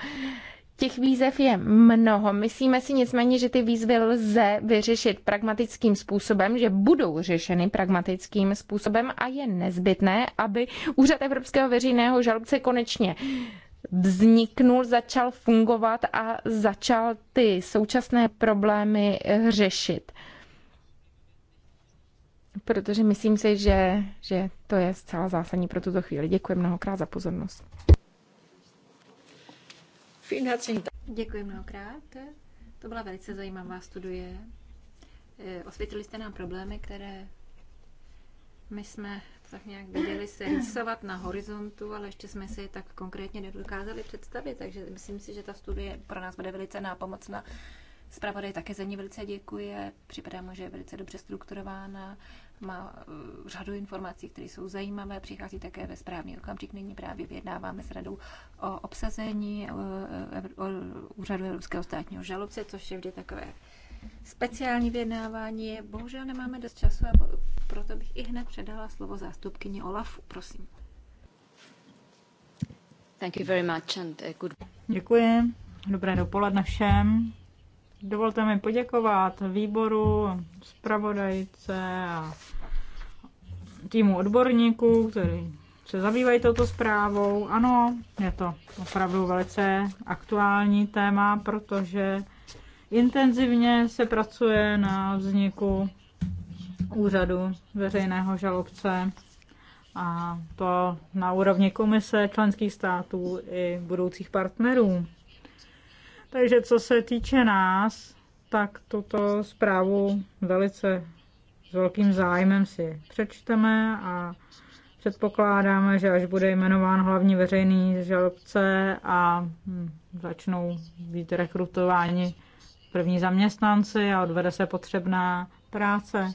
Těch výzev je mnoho. Myslíme si nicméně, že ty výzvy lze vyřešit pragmatickým způsobem, že budou řešeny pragmatickým způsobem a je nezbytné, aby Úřad Evropského veřejného žalobce konečně vzniknul, začal fungovat a začal ty současné problémy eh, řešit. Protože myslím si, že, že to je zcela zásadní pro tuto chvíli. Děkuji mnohokrát za pozornost. Děkuji mnohokrát. To byla velice zajímavá studie. Eh, osvětlili jste nám problémy, které my jsme tak nějak viděli se rysovat na horizontu, ale ještě jsme si je tak konkrétně nedokázali představit, takže myslím si, že ta studie pro nás bude velice nápomocná. Zpravodaj také za ní velice děkuje, připadá mu, že je velice dobře strukturována, má eh, řadu informací, které jsou zajímavé, přichází také ve správný okamžik. Nyní právě vyjednáváme s radou o obsazení eh, eh, úřadu Evropského státního žalobce, což je vždy takové speciální vyjednávání. Bohužel nemáme dost času a proto bych i hned předala slovo zástupkyni Olafu. Prosím. Thank you very much and uh, good... Děkuji. Dobré dopoledne všem. Dovolte mi poděkovat výboru, zpravodajce a týmu odborníků, který se zabývají touto zprávou. Ano, je to opravdu velice aktuální téma, protože Intenzivně se pracuje na vzniku úřadu veřejného žalobce a to na úrovni komise členských států i budoucích partnerů. Takže co se týče nás, tak tuto zprávu velice s velkým zájmem si přečteme a předpokládáme, že až bude jmenován hlavní veřejný žalobce a hm, začnou být rekrutováni první zaměstnanci a odvede se potřebná práce.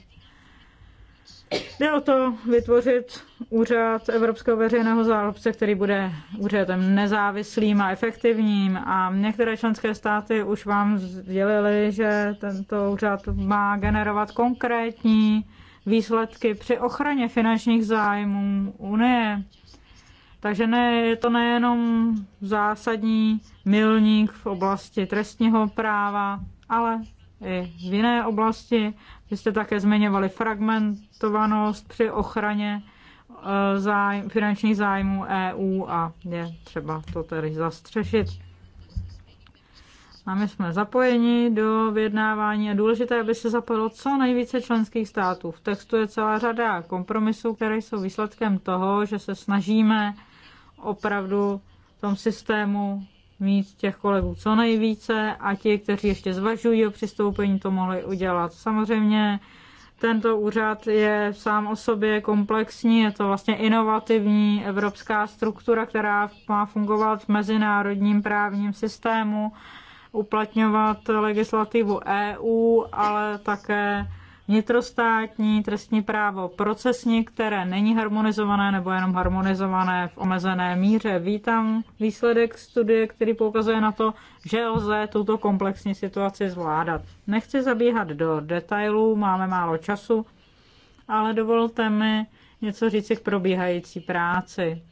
Jde o to vytvořit úřad Evropského veřejného zálobce, který bude úřadem nezávislým a efektivním. A některé členské státy už vám sdělili, že tento úřad má generovat konkrétní výsledky při ochraně finančních zájmů Unie. Takže ne, je to nejenom zásadní milník v oblasti trestního práva, ale i v jiné oblasti. Vy jste také zmiňovali fragmentovanost při ochraně eh, záj, finančních zájmů EU a je třeba to tedy zastřešit. A my jsme zapojeni do vyjednávání a důležité, aby se zapojilo co nejvíce členských států. V textu je celá řada kompromisů, které jsou výsledkem toho, že se snažíme opravdu v tom systému mít těch kolegů co nejvíce a ti, kteří ještě zvažují o přistoupení, to mohli udělat. Samozřejmě tento úřad je sám o sobě komplexní, je to vlastně inovativní evropská struktura, která má fungovat v mezinárodním právním systému, uplatňovat legislativu EU, ale také vnitrostátní trestní právo procesní, které není harmonizované nebo jenom harmonizované v omezené míře. Vítám výsledek studie, který poukazuje na to, že lze tuto komplexní situaci zvládat. Nechci zabíhat do detailů, máme málo času, ale dovolte mi něco říci k probíhající práci.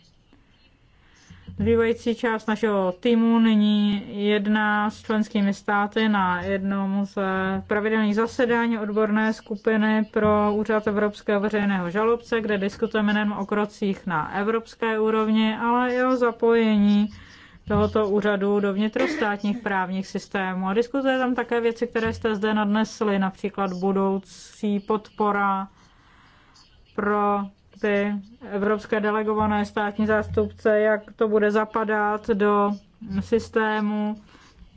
Zbývající část našeho týmu nyní jedná s členskými státy na jednom z pravidelných zasedání odborné skupiny pro Úřad Evropského veřejného žalobce, kde diskutujeme nejen o krocích na evropské úrovni, ale i o zapojení tohoto úřadu do vnitrostátních právních systémů. A diskutuje tam také věci, které jste zde nadnesli, například budoucí podpora pro ty evropské delegované státní zástupce, jak to bude zapadat do systému,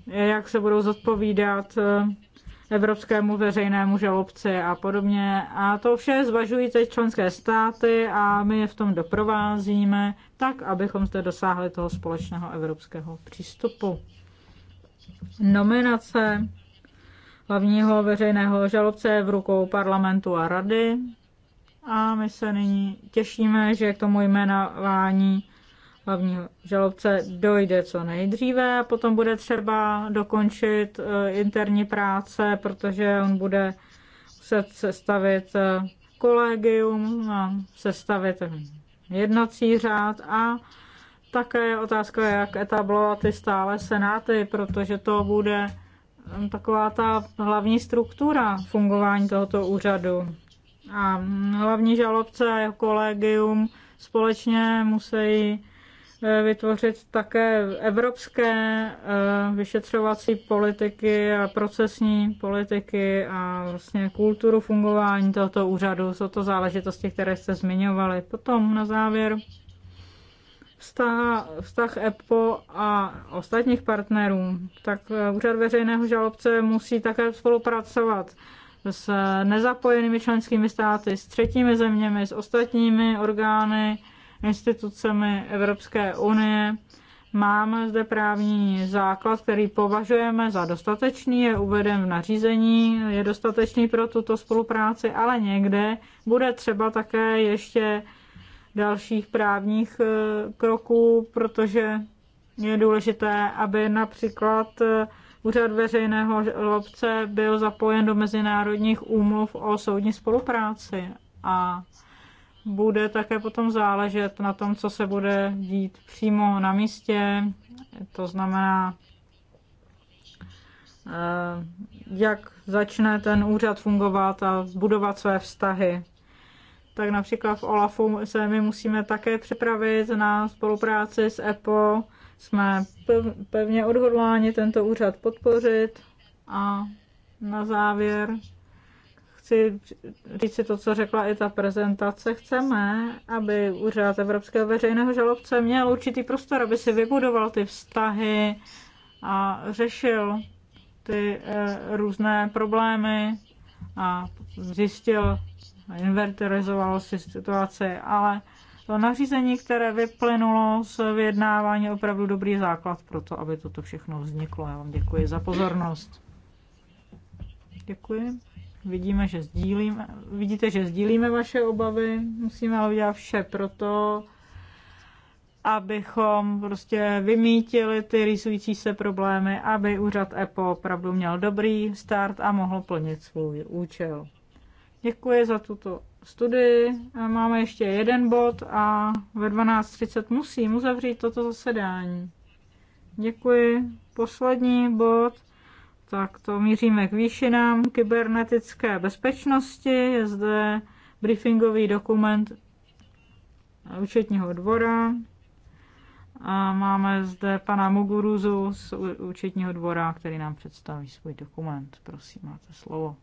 jak se budou zodpovídat eh, evropskému veřejnému žalobci a podobně. A to vše zvažují teď členské státy a my je v tom doprovázíme, tak abychom zde dosáhli toho společného evropského přístupu. Nominace hlavního veřejného žalobce je v rukou parlamentu a rady. A my se nyní těšíme, že k tomu jmenování hlavního žalobce dojde co nejdříve a potom bude třeba dokončit eh, interní práce, protože on bude muset sestavit eh, kolegium a sestavit jednací řád a také je otázka, jak etablovat ty stále senáty, protože to bude taková ta hlavní struktura fungování tohoto úřadu. A hlavní žalobce a jeho kolegium společně musí eh, vytvořit také evropské eh, vyšetřovací politiky a procesní politiky a vlastně kulturu fungování tohoto úřadu. Jsou to záležitosti, které jste zmiňovali. Potom na závěr vztah, vztah EPO a ostatních partnerů. Tak eh, úřad veřejného žalobce musí také spolupracovat s nezapojenými členskými státy, s třetími zeměmi, s ostatními orgány, institucemi Evropské unie. Máme zde právní základ, který považujeme za dostatečný, je uveden v nařízení, je dostatečný pro tuto spolupráci, ale někde bude třeba také ještě dalších právních eh, kroků, protože je důležité, aby například eh, Úřad veřejného žalobce byl zapojen do mezinárodních úmluv o soudní spolupráci a bude také potom záležet na tom, co se bude dít přímo na místě, to znamená, eh, jak začne ten úřad fungovat a budovat své vztahy. Tak například v OLAFu se my musíme také připravit na spolupráci s EPO, jsme pevně odhodláni tento úřad podpořit a na závěr chci říct si to, co řekla i ta prezentace. Chceme, aby úřad Evropského veřejného žalobce měl určitý prostor, aby si vybudoval ty vztahy a řešil ty eh, různé problémy a zjistil, inverterizoval si situaci, ale to nařízení, které vyplynulo z vyjednávání, opravdu dobrý základ pro to, aby toto všechno vzniklo. Já vám děkuji za pozornost. Děkuji. Vidíme, že sdílíme, vidíte, že sdílíme vaše obavy. Musíme ale udělat vše pro to, abychom prostě vymítili ty rýsující se problémy, aby úřad EPO opravdu měl dobrý start a mohl plnit svůj účel. Děkuji za tuto studii. Máme ještě jeden bod a ve 12.30 musím uzavřít toto zasedání. Děkuji. Poslední bod. Tak to míříme k výšinám kybernetické bezpečnosti. Je zde briefingový dokument účetního dvora. A máme zde pana Muguruzu z účetního dvora, který nám představí svůj dokument. Prosím, máte slovo.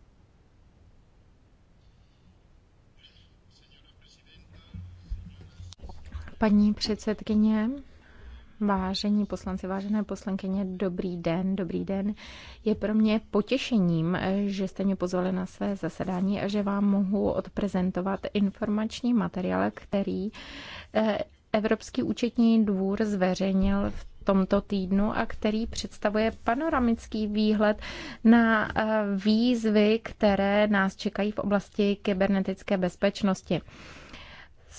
Paní předsedkyně, vážení poslanci, vážené poslankyně, dobrý den, dobrý den. Je pro mě potěšením, že jste mě pozvali na své zasedání a že vám mohu odprezentovat informační materiál, který eh, Evropský účetní dvůr zveřejnil v tomto týdnu a který představuje panoramický výhled na eh, výzvy, které nás čekají v oblasti kybernetické bezpečnosti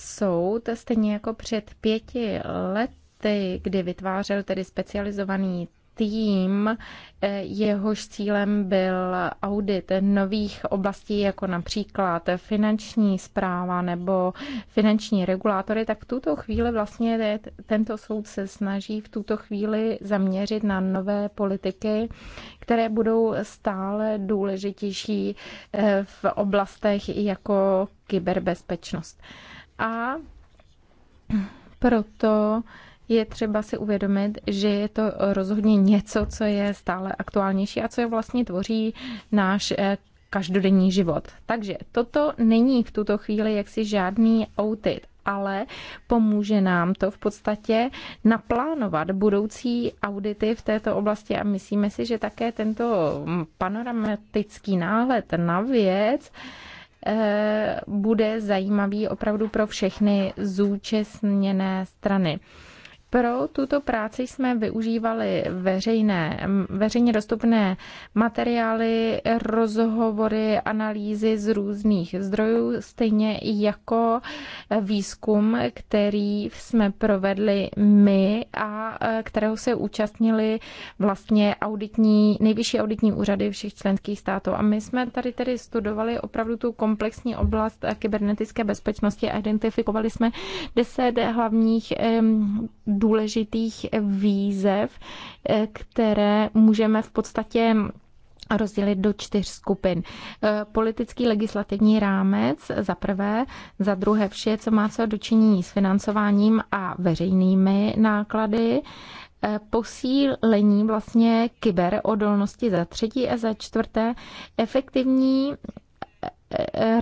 soud, stejně jako před pěti lety, kdy vytvářel tedy specializovaný tým, eh, jehož cílem byl audit nových oblastí, jako například finanční zpráva nebo finanční regulátory, tak v tuto chvíli vlastně tento soud se snaží v tuto chvíli zaměřit na nové politiky, které budou stále důležitější eh, v oblastech jako kyberbezpečnost. A proto je třeba si uvědomit, že je to rozhodně něco, co je stále aktuálnější a co je vlastně tvoří náš eh, každodenní život. Takže toto není v tuto chvíli jaksi žádný outit, ale pomůže nám to v podstatě naplánovat budoucí audity v této oblasti a myslíme si, že také tento hm, panoramatický náhled na věc Eh, bude zajímavý opravdu pro všechny zúčastněné strany. Pro tuto práci jsme využívali veřejné, veřejně dostupné materiály, rozhovory, analýzy z různých zdrojů, stejně jako e, výzkum, který jsme provedli my a e, kterého se účastnili vlastně auditní, nejvyšší auditní úřady všech členských států. A my jsme tady tedy studovali opravdu tu komplexní oblast e, kybernetické bezpečnosti a identifikovali jsme deset hlavních důležitých výzev, eh, které můžeme v podstatě rozdělit do čtyř skupin. Eh, politický legislativní rámec za prvé, za druhé vše, co má co dočinění s financováním a veřejnými náklady, eh, posílení vlastně kyberodolnosti za třetí a za čtvrté, efektivní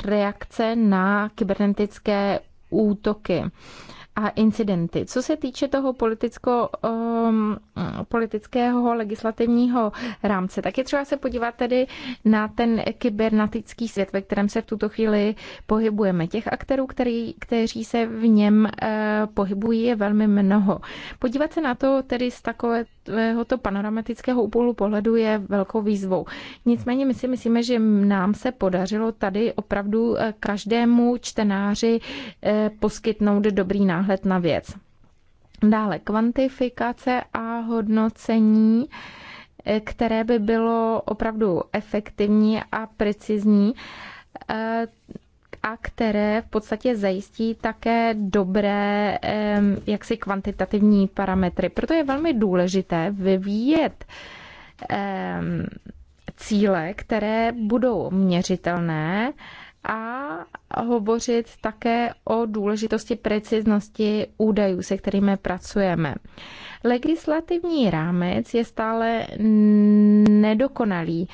reakce na kybernetické útoky a incidenty. Co se týče toho politicko, um, politického legislativního rámce, tak je třeba se podívat tedy na ten kybernatický svět, ve kterém se v tuto chvíli pohybujeme. Těch aktérů, který, kteří se v něm uh, pohybují, je velmi mnoho. Podívat se na to tedy z takové tohoto panoramatického úpolu pohledu je velkou výzvou. Nicméně my si myslíme, že nám se podařilo tady opravdu eh, každému čtenáři eh, poskytnout dobrý náhled na věc. Dále kvantifikace a hodnocení eh, které by bylo opravdu efektivní a precizní a které v podstatě zajistí také dobré jaksi kvantitativní parametry. Proto je velmi důležité vyvíjet cíle, které budou měřitelné a hovořit také o důležitosti preciznosti údajů, se kterými pracujeme. Legislativní rámec je stále nedokonalý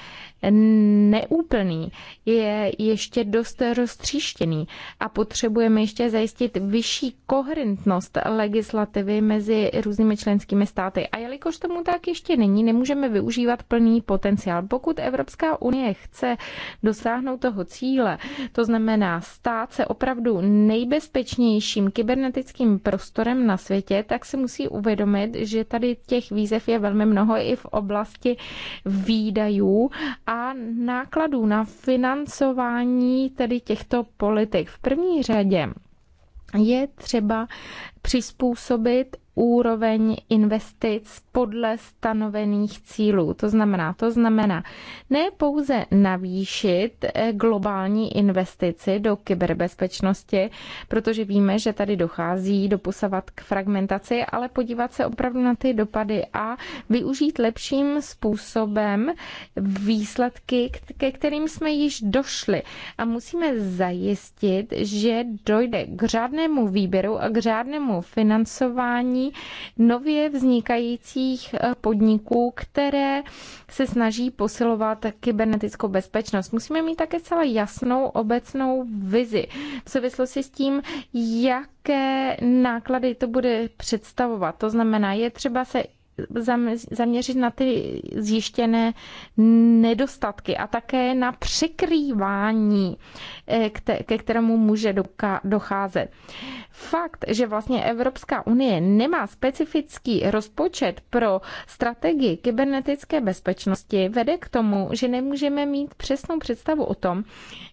neúplný, je ještě dost roztříštěný a potřebujeme ještě zajistit vyšší koherentnost legislativy mezi různými členskými státy. A jelikož tomu tak ještě není, nemůžeme využívat plný potenciál. Pokud Evropská unie chce dosáhnout toho cíle, to znamená stát se opravdu nejbezpečnějším kybernetickým prostorem na světě, tak si musí uvědomit, že tady těch výzev je velmi mnoho i v oblasti výdajů a a nákladů na financování tedy těchto politik. V první řadě je třeba přizpůsobit úroveň investic podle stanovených cílů. To znamená, to znamená ne pouze navýšit eh, globální investici do kyberbezpečnosti, protože víme, že tady dochází doposavat k fragmentaci, ale podívat se opravdu na ty dopady a využít lepším způsobem výsledky, ke kterým jsme již došli. A musíme zajistit, že dojde k řádnému výběru a k řádnému financování nově vznikajících eh, podniků, které se snaží posilovat kybernetickou bezpečnost. Musíme mít také celá jasnou obecnou vizi v souvislosti s tím, jaké náklady to bude představovat. To znamená, je třeba se zaměřit na ty zjištěné nedostatky a také na překrývání, eh, ke kterému může docházet. Fakt, že vlastně Evropská unie nemá specifický rozpočet pro strategii kybernetické bezpečnosti, vede k tomu, že nemůžeme mít přesnou představu o tom,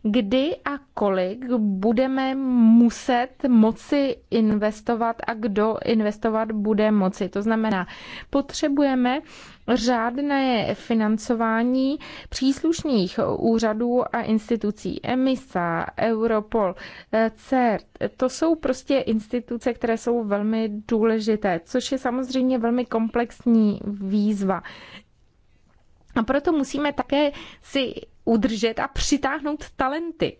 kdy a kolik budeme muset moci investovat a kdo investovat bude moci. To znamená, potřebujeme řádné financování příslušných úřadů a institucí EMISA, Europol, eh, CERT. To jsou prostě instituce, které jsou velmi důležité, což je samozřejmě velmi komplexní výzva. A proto musíme také si udržet a přitáhnout talenty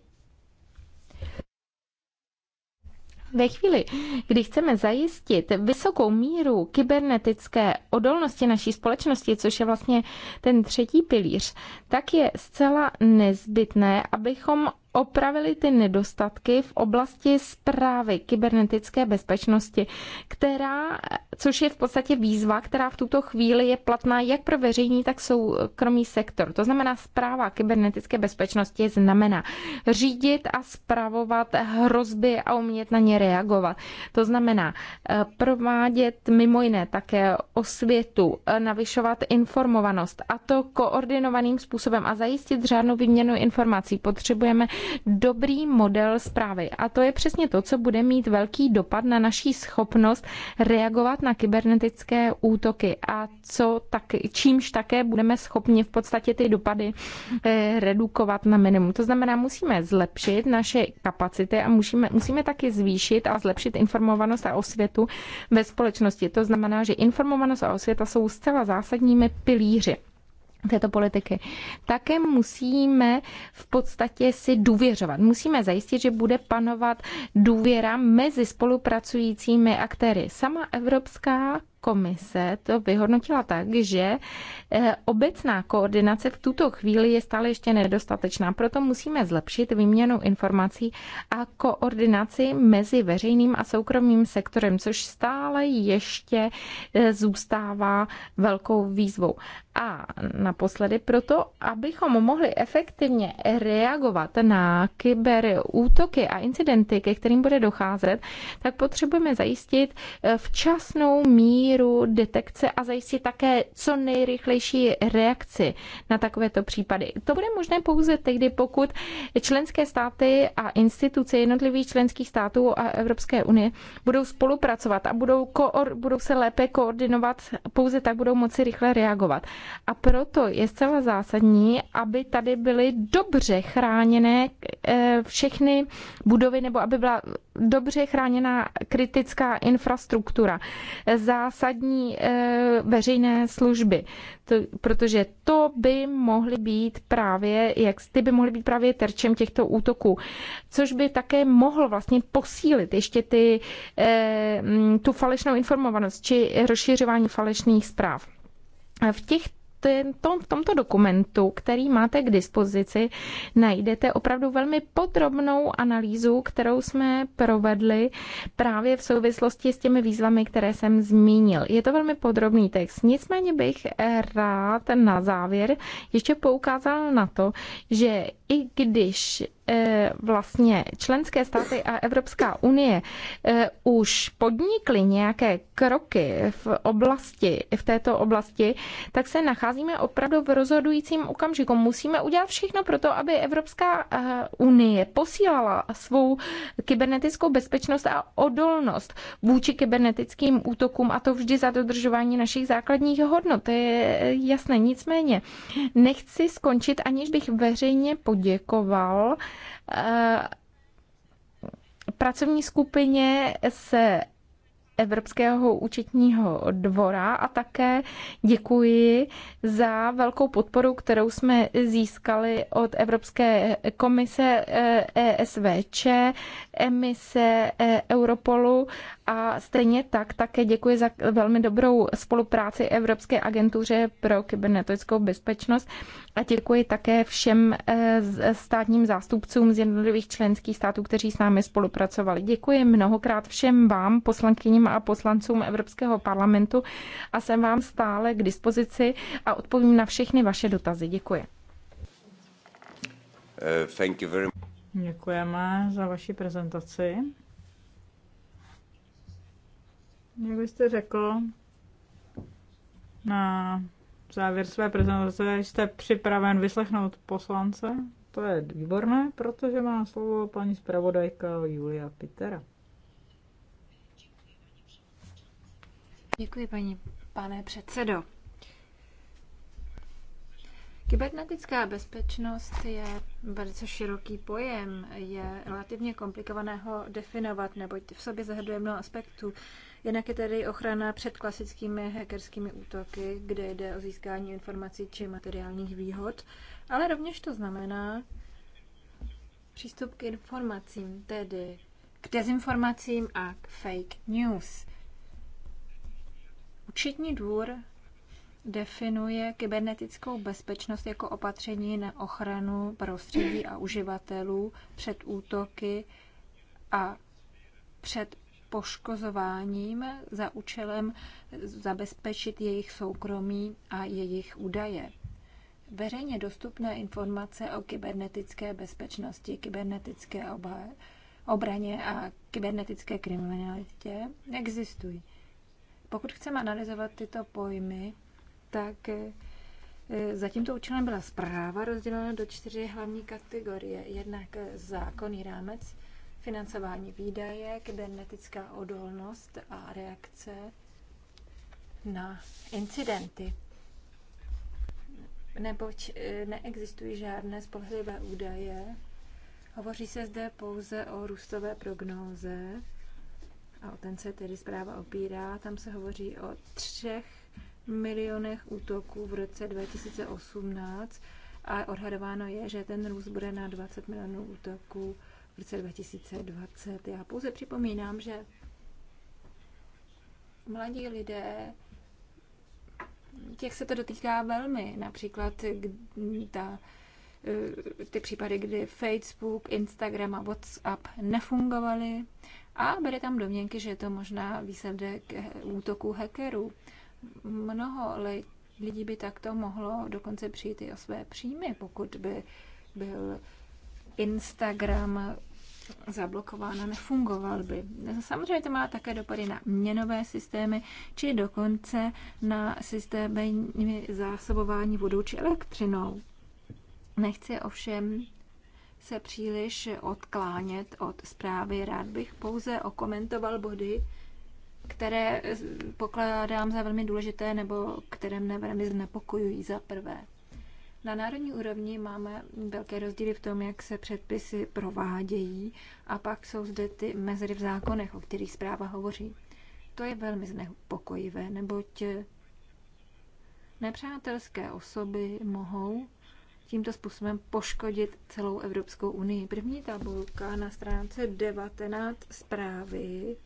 Ve chvíli, kdy chceme zajistit vysokou míru kybernetické odolnosti naší společnosti, což je vlastně ten třetí pilíř, tak je zcela nezbytné, abychom opravili ty nedostatky v oblasti zprávy kybernetické bezpečnosti, která, což je v podstatě výzva, která v tuto chvíli je platná jak pro veřejný, tak soukromý sektor. To znamená, zpráva kybernetické bezpečnosti znamená řídit a zpravovat hrozby a umět na ně reagovat. To znamená eh, provádět mimo jiné také osvětu, eh, navyšovat informovanost a to koordinovaným způsobem a zajistit řádnou výměnu informací. Potřebujeme dobrý model zprávy. A to je přesně to, co bude mít velký dopad na naší schopnost reagovat na kybernetické útoky a co tak, čímž také budeme schopni v podstatě ty dopady eh, redukovat na minimum. To znamená, musíme zlepšit naše kapacity a musíme, musíme taky zvýšit a zlepšit informovanost a osvětu ve společnosti. To znamená, že informovanost a osvěta jsou zcela zásadními pilíři této politiky, také musíme v podstatě si důvěřovat. Musíme zajistit, že bude panovat důvěra mezi spolupracujícími aktéry. Sama Evropská komise to vyhodnotila tak, že eh, obecná koordinace v tuto chvíli je stále ještě nedostatečná. Proto musíme zlepšit výměnu informací a koordinaci mezi veřejným a soukromým sektorem, což stále ještě eh, zůstává velkou výzvou. A naposledy proto, abychom mohli efektivně reagovat na kyberútoky a incidenty, ke kterým bude docházet, tak potřebujeme zajistit eh, včasnou míru míru detekce a zajistit také co nejrychlejší reakci na takovéto případy. To bude možné pouze tehdy, pokud členské státy a instituce jednotlivých členských států a Evropské unie budou spolupracovat a budou, koor, budou se lépe koordinovat, pouze tak budou moci rychle reagovat. A proto je zcela zásadní, aby tady byly dobře chráněné eh, všechny budovy nebo aby byla dobře chráněná kritická infrastruktura, zásadní eh, veřejné služby, to, protože to by mohly být právě, jak ty by mohly být právě terčem těchto útoků, což by také mohlo vlastně posílit ještě ty, eh, tu falešnou informovanost či rozšiřování falešných zpráv. V těch tento, v tomto dokumentu, který máte k dispozici, najdete opravdu velmi podrobnou analýzu, kterou jsme provedli právě v souvislosti s těmi výzvami, které jsem zmínil. Je to velmi podrobný text. Nicméně bych rád na závěr ještě poukázal na to, že i když eh, vlastně členské státy a Evropská unie eh, už podnikly nějaké kroky v oblasti, v této oblasti, tak se nacházíme opravdu v rozhodujícím okamžiku. Musíme udělat všechno pro to, aby Evropská eh, unie posílala svou kybernetickou bezpečnost a odolnost vůči kybernetickým útokům a to vždy za dodržování našich základních hodnot. To je jasné. Nicméně nechci skončit, aniž bych veřejně po poděkoval. Eh, pracovní skupině se Evropského účetního dvora a také děkuji za velkou podporu, kterou jsme získali od Evropské komise ESVČ, eh, e emise eh, Europolu a stejně tak také děkuji za velmi dobrou spolupráci Evropské agentuře pro kybernetickou bezpečnost a děkuji také všem eh, státním zástupcům z jednotlivých členských států, kteří s námi spolupracovali. Děkuji mnohokrát všem vám, poslankyním a poslancům Evropského parlamentu a jsem vám stále k dispozici a odpovím na všechny vaše dotazy. Děkuji. Uh, thank you very much. Děkujeme za vaši prezentaci. Jak byste řekl, na závěr své prezentace jste připraven vyslechnout poslance? To je výborné, protože má slovo paní zpravodajka Julia Pitera. Děkuji, paní pane předsedo. Kybernetická bezpečnost je velice široký pojem, je relativně komplikovaného definovat, neboť v sobě zahrnuje mnoho aspektů. Jednak je tady ochrana před klasickými hackerskými útoky, kde jde o získání informací či materiálních výhod, ale rovněž to znamená přístup k informacím, tedy k dezinformacím a k fake news. Učitní dvůr definuje kybernetickou bezpečnost jako opatření na ochranu prostředí a uživatelů před útoky a před poškozováním za účelem zabezpečit jejich soukromí a jejich údaje. Veřejně dostupné informace o kybernetické bezpečnosti, kybernetické obraně a kybernetické kriminalitě existují. Pokud chceme analyzovat tyto pojmy, tak eh, za tímto účelem byla zpráva rozdělena do čtyři hlavní kategorie. Jednak eh, zákonný rámec, financování výdaje, kybernetická odolnost a reakce na incidenty. Neboť eh, neexistují žádné spolehlivé údaje. Hovoří se zde pouze o růstové prognóze a o ten se tedy zpráva opírá. Tam se hovoří o třech milionech útoků v roce 2018 a odhadováno je, že ten růst bude na 20 milionů útoků v roce 2020. Já pouze připomínám, že mladí lidé, těch se to dotýká velmi. Například ta, eh, ty případy, kdy Facebook, Instagram a WhatsApp nefungovaly a bude tam domněnky, že je to možná výsledek útoků hackerů. Mnoho lidí by takto mohlo dokonce přijít i o své příjmy, pokud by byl Instagram zablokována, nefungoval by. Samozřejmě to má také dopady na měnové systémy, či dokonce na systémy zásobování vodou či elektřinou. Nechci ovšem se příliš odklánět od zprávy. Rád bych pouze okomentoval body, které pokládám za velmi důležité nebo které mne velmi znepokojují za prvé. Na národní úrovni máme velké rozdíly v tom, jak se předpisy provádějí a pak jsou zde ty mezery v zákonech, o kterých zpráva hovoří. To je velmi znepokojivé, neboť nepřátelské osoby mohou tímto způsobem poškodit celou Evropskou unii. První tabulka na stránce 19 zprávy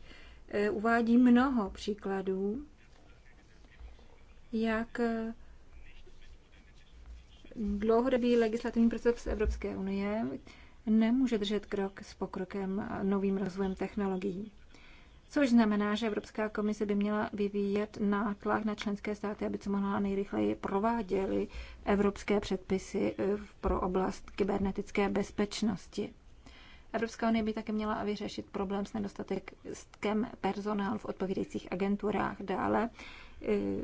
eh, uvádí mnoho příkladů, jak eh, dlouhodobý legislativní proces Evropské unie nemůže držet krok s pokrokem a novým rozvojem technologií. Což znamená, že Evropská komise by měla vyvíjet nátlak na členské státy, aby co mohla nejrychleji prováděly evropské předpisy eh, pro oblast kybernetické bezpečnosti. Evropská unie by také měla vyřešit problém s nedostatkem personálu v odpovídajících agenturách. Dále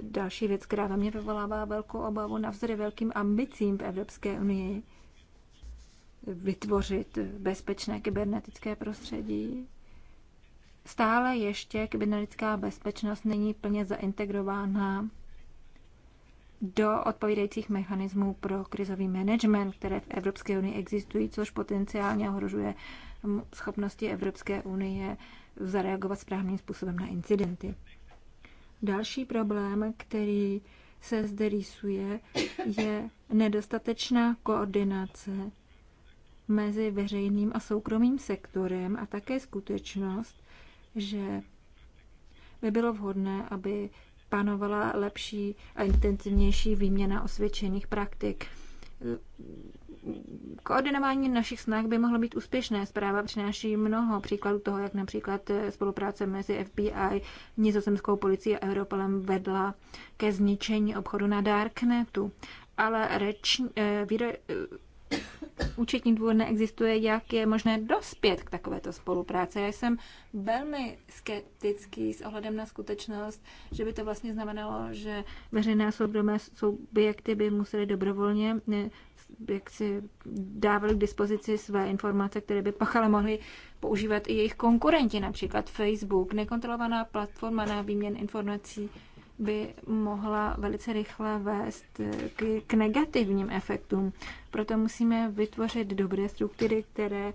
další věc, která na mě vyvolává velkou obavu navzdory velkým ambicím v Evropské unii vytvořit bezpečné kybernetické prostředí. Stále ještě kybernetická bezpečnost není plně zaintegrována do odpovídajících mechanismů pro krizový management, které v Evropské unii existují, což potenciálně ohrožuje schopnosti Evropské unie zareagovat správným způsobem na incidenty. Další problém, který se zde rýsuje, je nedostatečná koordinace mezi veřejným a soukromým sektorem a také skutečnost, že by bylo vhodné, aby panovala lepší a intenzivnější výměna osvědčených praktik. Koordinování našich snah by mohlo být úspěšné. Zpráva přináší mnoho příkladů toho, jak například eh, spolupráce mezi FBI, nizozemskou policií a Europolem vedla ke zničení obchodu na Darknetu. Ale reč, eh, výro, eh, účetní dvůr neexistuje, jak je možné dospět k takovéto spolupráci. Já jsem velmi skeptický s ohledem na skutečnost, že by to vlastně znamenalo, že veřejné soukromé subjekty by museli dobrovolně jak si dávali k dispozici své informace, které by pak ale mohli používat i jejich konkurenti, například Facebook. Nekontrolovaná platforma na výměn informací by mohla velice rychle vést k, k negativním efektům. Proto musíme vytvořit dobré struktury, které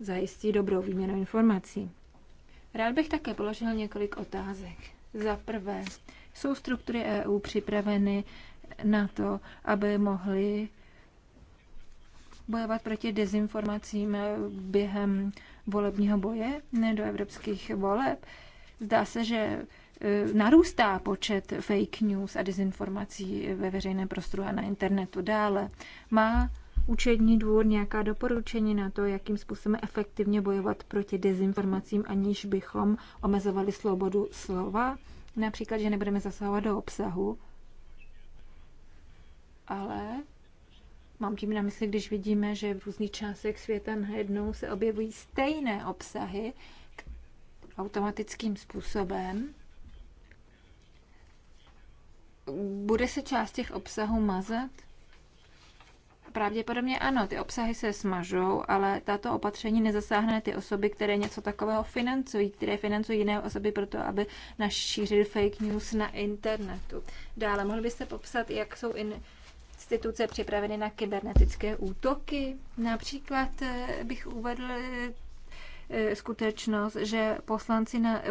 zajistí dobrou výměnu informací. Rád bych také položil několik otázek. Za prvé, jsou struktury EU připraveny na to, aby mohli bojovat proti dezinformacím během volebního boje do evropských voleb. Zdá se, že e, narůstá počet fake news a dezinformací ve veřejném prostoru a na internetu dále. Má účetní dvůr nějaká doporučení na to, jakým způsobem efektivně bojovat proti dezinformacím, aniž bychom omezovali svobodu slova? Například, že nebudeme zasahovat do obsahu ale mám tím na mysli, když vidíme, že v různých částech světa najednou se objevují stejné obsahy automatickým způsobem, bude se část těch obsahů mazat? Pravděpodobně ano, ty obsahy se smažou, ale tato opatření nezasáhne ty osoby, které něco takového financují, které financují jiné osoby proto, aby našířili fake news na internetu. Dále, mohli byste popsat, jak jsou in, instituce připraveny na kybernetické útoky. Například eh, bych uvedl eh, eh, skutečnost, že poslanci na,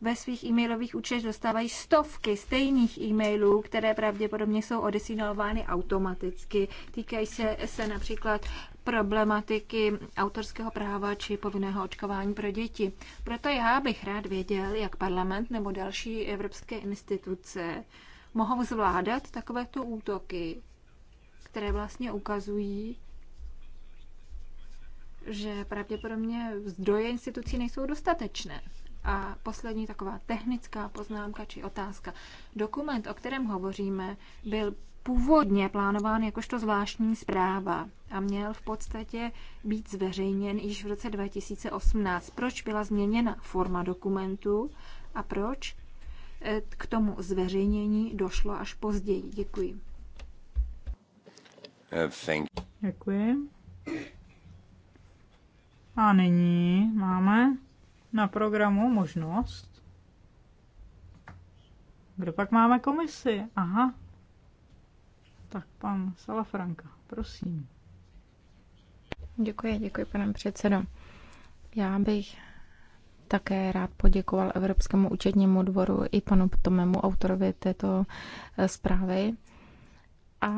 ve svých e-mailových účtech dostávají stovky stejných e-mailů, které pravděpodobně jsou odesignovány automaticky. Týkají se, se například problematiky autorského práva či povinného očkování pro děti. Proto já bych rád věděl, jak parlament nebo další evropské instituce mohou zvládat takovéto útoky které vlastně ukazují, že pravděpodobně zdroje institucí nejsou dostatečné. A poslední taková technická poznámka či otázka. Dokument, o kterém hovoříme, byl původně plánován jakožto zvláštní zpráva a měl v podstatě být zveřejněn již v roce 2018. Proč byla změněna forma dokumentu a proč eh, k tomu zveřejnění došlo až později? Děkuji. Uh, thank you. Děkuji. A nyní máme na programu možnost. Kdo pak máme komisi? Aha. Tak pan Salafranka, prosím. Děkuji, děkuji, panem předsedo. Já bych také rád poděkoval Evropskému účetnímu dvoru i panu Tomemu autorovi této eh, zprávy. A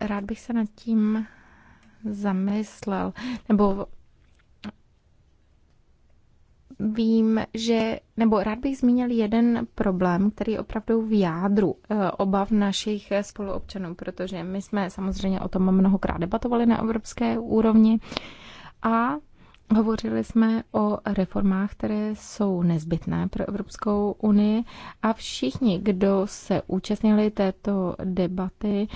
rád bych se nad tím zamyslel, nebo vím, že, nebo rád bych zmínil jeden problém, který je opravdu v jádru eh, obav našich spoluobčanů, protože my jsme samozřejmě o tom mnohokrát debatovali na evropské úrovni a Hovořili jsme o reformách, které jsou nezbytné pro Evropskou unii a všichni, kdo se účastnili této debaty,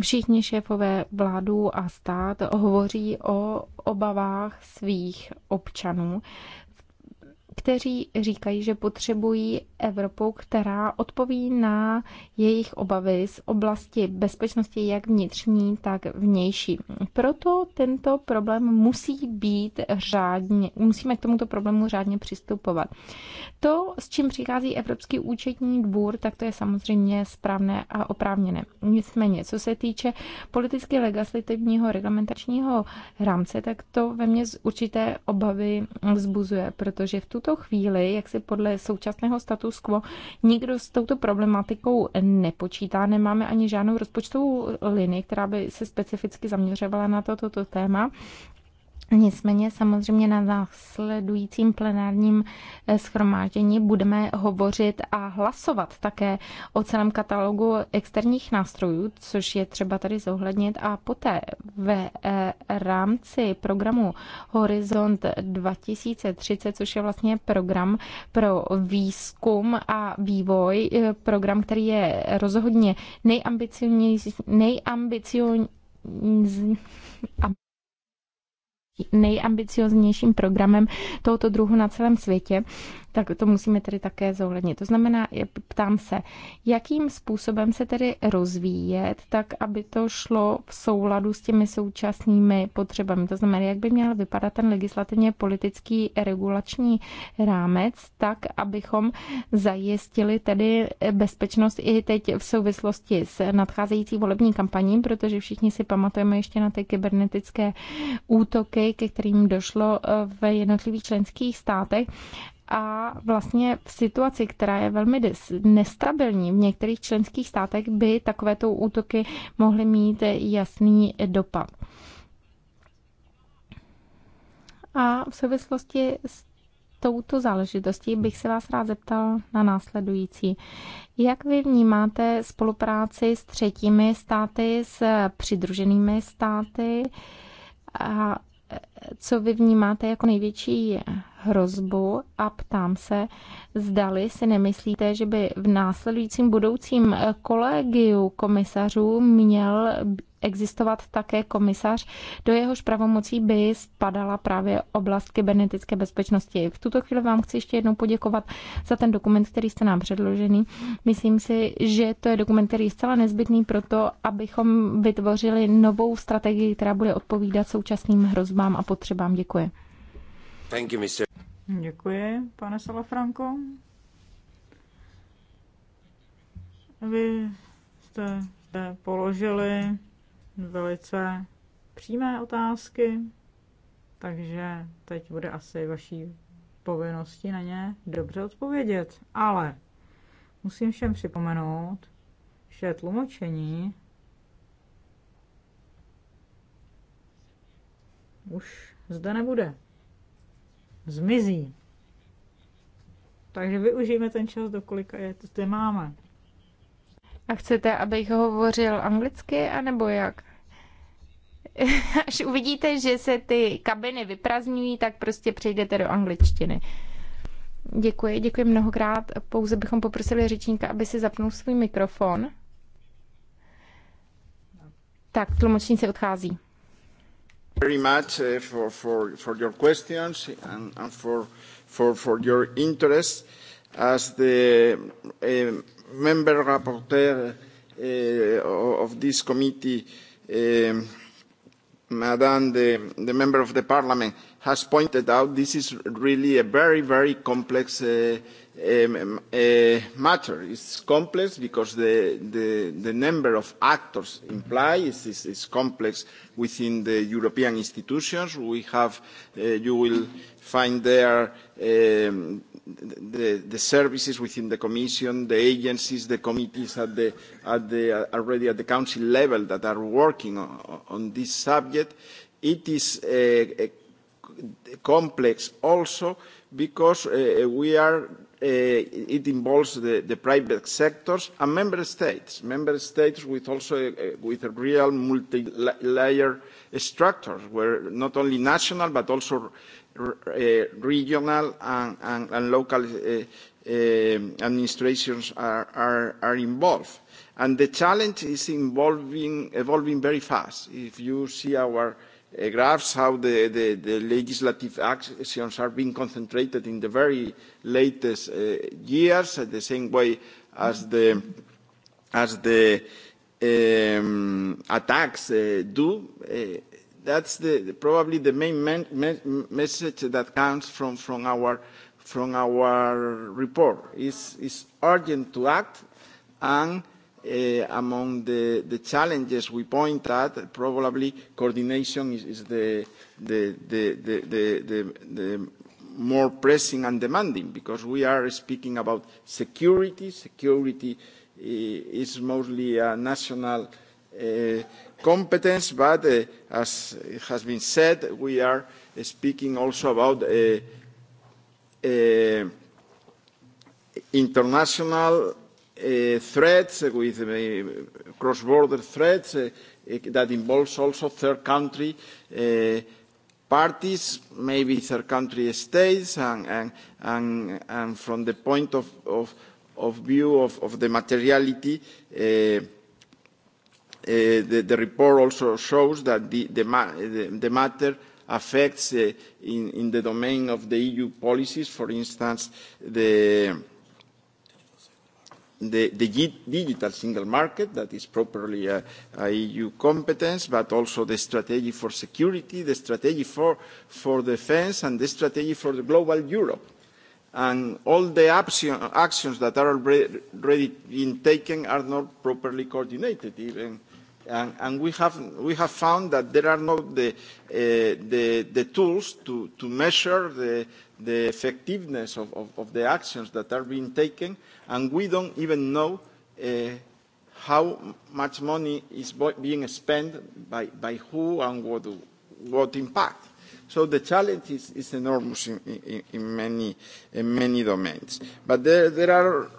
Všichni šéfové vládů a stát hovoří o obavách svých občanů, kteří říkají, že potřebují Evropu, která odpoví na jejich obavy z oblasti bezpečnosti jak vnitřní, tak vnější. Proto tento problém musí být řádně, musíme k tomuto problému řádně přistupovat. To, s čím přichází Evropský účetní dvůr, tak to je samozřejmě správné a oprávněné. Nicméně, co se týče politicky legislativního reglementačního rámce, tak to ve mně z určité obavy vzbuzuje, protože v tuto tuto chvíli, jak si podle současného status quo, nikdo s touto problematikou nepočítá. Nemáme ani žádnou rozpočtovou linii, která by se specificky zaměřovala na toto to, to téma. Nicméně samozřejmě na následujícím plenárním eh, schromáždění budeme hovořit a hlasovat také o celém katalogu externích nástrojů, což je třeba tady zohlednit. A poté ve eh, rámci programu Horizont 2030, což je vlastně program pro výzkum a vývoj, eh, program, který je rozhodně nejambicionější, nejambicionější nejambicioznějším programem tohoto druhu na celém světě tak to musíme tedy také zohlednit. To znamená, ptám se, jakým způsobem se tedy rozvíjet, tak aby to šlo v souladu s těmi současnými potřebami. To znamená, jak by měl vypadat ten legislativně politický regulační rámec, tak abychom zajistili tedy bezpečnost i teď v souvislosti s nadcházející volební kampaní, protože všichni si pamatujeme ještě na ty kybernetické útoky, ke kterým došlo eh, v jednotlivých členských státech a vlastně v situaci, která je velmi nestabilní v některých členských státech, by takovéto útoky mohly mít jasný dopad. A v souvislosti s touto záležitostí bych se vás rád zeptal na následující. Jak vy vnímáte spolupráci s třetími státy, s přidruženými státy a co vy vnímáte jako největší hrozbu a ptám se, zdali si nemyslíte, že by v následujícím budoucím kolegiu komisařů měl existovat také komisař, do jehož pravomocí by spadala právě oblast kybernetické bezpečnosti. V tuto chvíli vám chci ještě jednou poděkovat za ten dokument, který jste nám předložený. Myslím si, že to je dokument, který je zcela nezbytný pro to, abychom vytvořili novou strategii, která bude odpovídat současným hrozbám a potřebám. Děkuji. Thank you, Mr. Děkuji, pane Salafranko. Vy jste položili velice přímé otázky, takže teď bude asi vaší povinnosti na ně dobře odpovědět. Ale musím všem připomenout, že tlumočení už zde nebude. Zmizí. Takže využijeme ten čas, dokolika je zde máme. A chcete, abych hovořil anglicky, anebo jak? Až uvidíte, že se ty kabiny vyprazňují, tak prostě přejdete do angličtiny. Děkuji, děkuji mnohokrát. Pouze bychom poprosili řečníka, aby si zapnul svůj mikrofon. Tak, tlumočníci odchází very much uh, for, for, for your questions and, and for, for, for your interest. As the uh, member rapporteur uh, of this committee, uh, um, Madame, the, the member of the parliament, has pointed out, this is really a very, very complex uh, Um, um, uh, matter. is complex because the, the, the number of actors implied is, is, is complex within the European institutions. We have, uh, you will find there um, the, the services within the Commission, the agencies, the committees at the, at the, uh, already at the Council level that are working on, on this subject. It is uh, complex also because uh, we are uh, it involves the, the private sectors and member states, member states with also a, uh, with a real multi-layer structures where not only national but also uh, regional and, and, and local uh, uh, administrations are, are, are involved. And the challenge is involving, evolving very fast. If you see our Uh, graphs how the, the, the legislative actions are being concentrated in the very latest uh, years, uh, the same way as the, as the um, attacks uh, do. Uh, that's the, probably the main men, me, message that comes from, from, our, from our report. It's, it's urgent to act and Uh, among the, the challenges we point at, probably coordination is, is the, the, the, the, the, the, more pressing and demanding because we are speaking about security. Security uh, is mostly a national uh, competence, but uh, as has been said, we are speaking also about uh, uh, international threats, with uh, cross-border threats uh, that involves also third country uh, parties, maybe third country states, and, and, and, and from the point of, of, of view of, of the materiality, uh, uh, the, the report also shows that the, the, ma the, the matter affects uh, in, in the domain of the EU policies, for instance, the the, the digital single market that is properly a, a EU competence, but also the strategy for security, the strategy for, for defense, and the strategy for the global Europe. And all the actions that are already being taken are not properly coordinated even. And, and we, have, we have found that there are not the, uh, the, the tools to, to measure the, the effectiveness of, of, of the actions that are being taken, and we don't even know uh, how much money is being spent by, by who and what, what impact. So the challenge is, is enormous in, in, in, many, in many domains. But there, there are,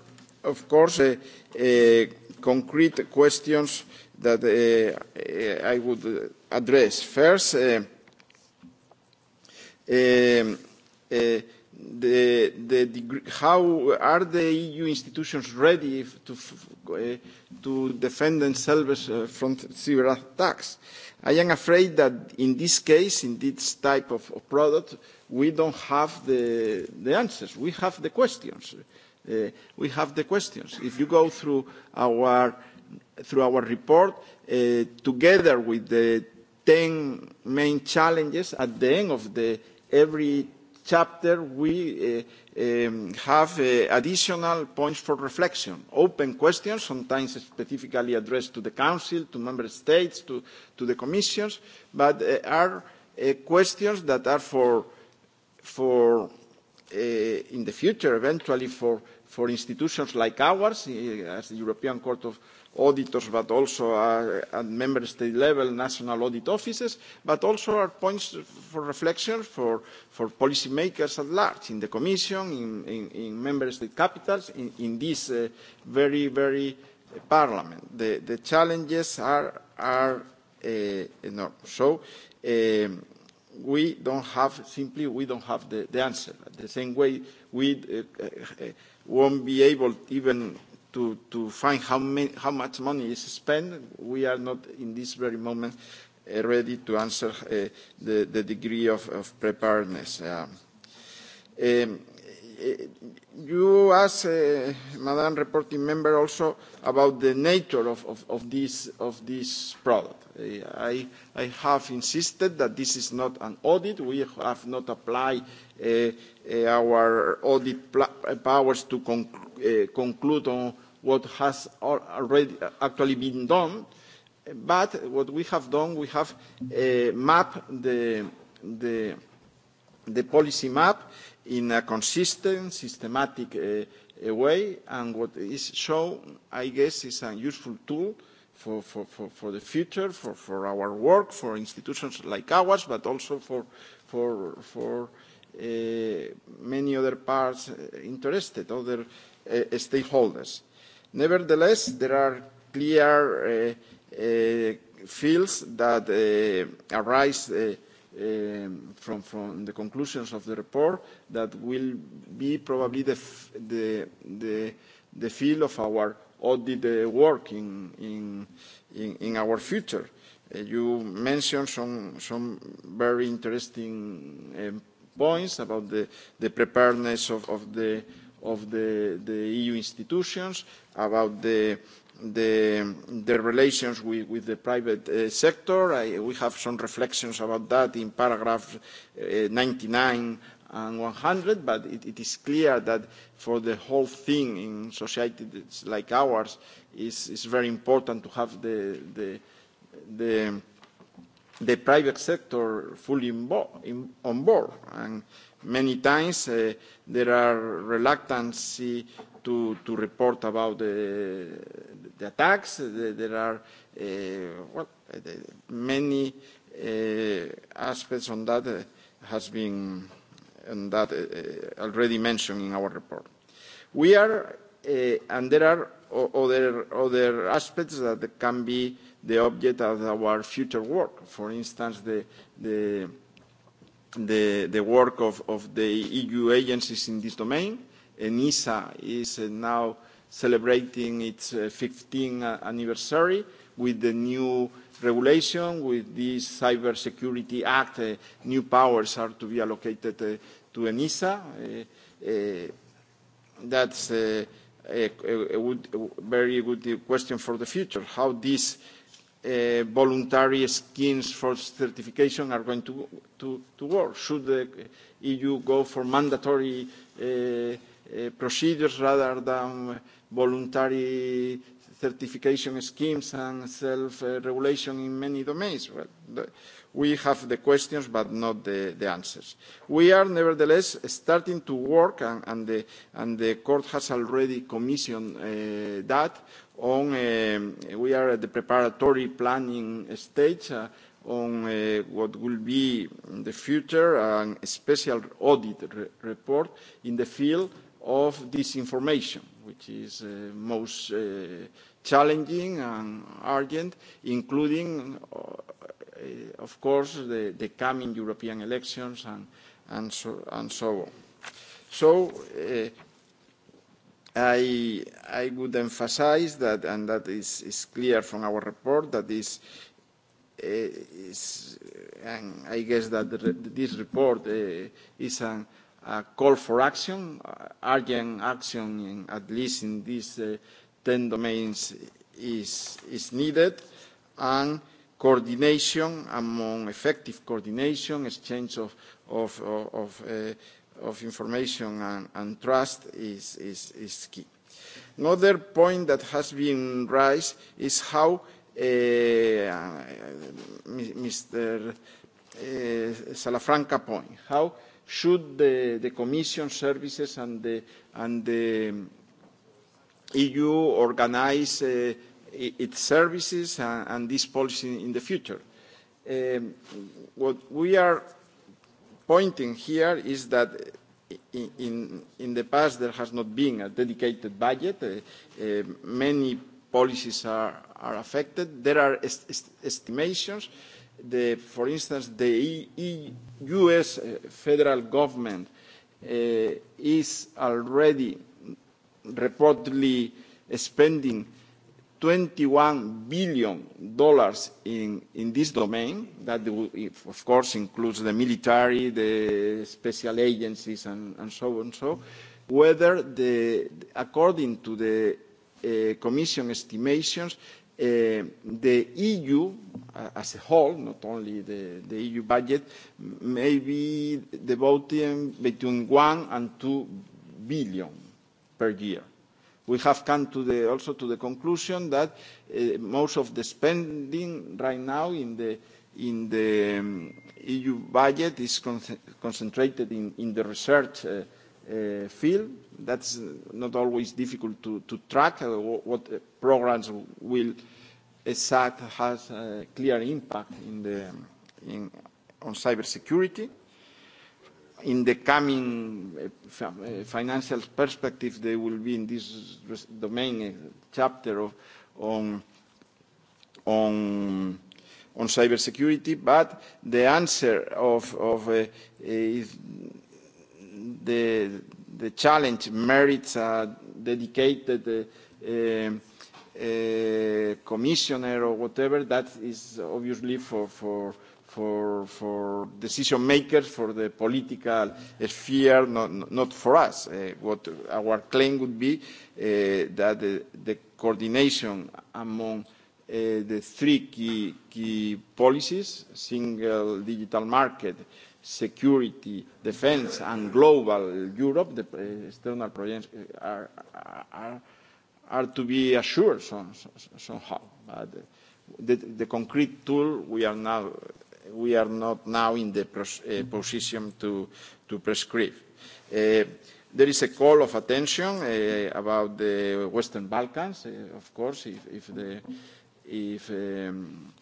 of course, uh, uh, concrete questions that uh, uh I would address. First, uh, um, Uh, the, the degree, how are the EU institutions ready to, uh, to defend themselves uh, from cyber attacks? I am afraid that in this case, in this type of, of product, we don't have the, the answers. We have the questions. Uh, we have the questions. If you go through our, through our report, uh, together with the 10 main challenges, at the end of the every chapter, we uh, um, have uh, additional points for reflection, open questions, sometimes specifically addressed to the Council, to Member States, to, to the Commissions, but uh, are uh, questions that are for, for uh, in the future, eventually for, for institutions like ours, uh, as the European Court of, auditors, but also uh, at member state level, national audit offices, but also are points for reflection for, for policymakers at large, in the Commission, in, in, in member state capitals, in, in this uh, very, very uh, parliament. The, the challenges are, are uh, enormous. So um, we don't have, simply, we don't have the, the answer. The same way we uh, uh, won't be able even to, to find how, many, how much money is spent. We are not in this very moment uh, ready to answer uh, the, the degree of, of preparedness. Um, um, you asked, uh, Madam Reporting Member, also about the nature of, of, of, this, of this product. Uh, I, I have insisted that this is not an audit. We have not applied uh, uh our audit powers to conclude uh, conclude on what has already uh, actually been done. But what we have done, we have uh, mapped the, the, the policy map in a consistent, systematic uh, way. And what is shown, I guess, is a useful tool for, for, for, for the future, for, for our work, for institutions like ours, but also for, for, for uh, many other parts uh, interested, other uh, Uh, uh, stakeholders. Nevertheless, there are clear uh, uh fields that arise um, from, from the conclusions of the report that will be probably the, the, the, the field of our audit work in, in, in, our future. Uh, you mentioned some, some very interesting um, points about the, the preparedness of, of the of the, the EU institutions, about the, the, the relations with, with the private uh, sector. I, we have some reflections about that in paragraph uh, 99 and 100, but it, it is clear that for the whole thing in societies like ours, it's, it's very important to have the, the, the, the private sector fully invo- in, on board. And many times. Uh, there are reluctancy to, to report about the, the attacks. Uh, there are uh, well, uh, many uh, aspects on that has been and that uh, already mentioned in our report. We are, uh, and there are other, other aspects that can be the object of our future work. For instance, the, the the, the work of, of the EU agencies in this domain. ENISA is uh, now celebrating its 15th uh, uh, anniversary with the new regulation, with this Cybersecurity Act, uh, new powers are to be allocated uh, to ENISA. Uh, that's a, a, a, good, a very good question for the future, how this Uh, voluntary schemes for certification are going to, to, to work? Should the EU go for mandatory uh, uh, procedures rather than voluntary certification schemes and self-regulation in many domains? Well, the, we have the questions but not the, the answers. We are nevertheless starting to work, and, and, the, and the court has already commissioned uh, that, on eh, we are at the preparatory planning stage eh, on eh, what will be in the future a special audit report in the field of disinformation, which is most challenging and urgent, including, of course, the, coming European elections and, so, on. So i, I would emphasize that, and that is, is clear from our report, that is, eh, is and I guess that the, this report uh, is a call for action, uh, urgent action, in, at least in these uh, eh, 10 domains is, is needed, and coordination among effective coordination, exchange of, of, of, of uh, of information and, and trust is, is, is key. Another point that has been raised is how eh, uh, Mr. Uh, eh, Salafranca point, how should the, the Commission services and the, and the EU organize uh, its services and, and this policy in the future? Um, what we are pointing here is that in, in the past there has not been a dedicated budget. Uh, uh, many policies are, are affected. There are est est estimations. The, for instance, the e e U.S. Uh, federal government uh, is already reportedly spending $21 billion in, this domain. That, of course, includes the military, the special agencies, and, so on. So whether, according to the uh, Commission estimations, uh, the EU uh, as a whole, not only the, EU e budget, may be devoting between 1 and 2 billion per year we have come to the, also to the conclusion that uh, most of the spending right now in the, in the um, EU budget is con concentrated in, in the research uh, uh, field. That's not always difficult to, to track uh, what uh, programs will exact has a clear impact in the, um, in, on cybersecurity in the coming eh, eh, financial perspective, there will be in this domain a eh, chapter of, on, on, on cybersecurity, but the answer of, of the, the challenge merits a dedicated commissioner or whatever. That is obviously for, for for, for decision makers, for the political sphere, not, not for us. Uh, what our claim would be uh, that the, the coordination among uh, the three key, key policies, single digital market, security, defense, and global Europe, the uh, external projects uh, are, are, are to be assured some, some, somehow. But uh, the, the concrete tool we are now we are not now in the eh, position to, to prescribe. Eh, there is a call of attention eh, about the Western Balkans, of course, if, if the if um,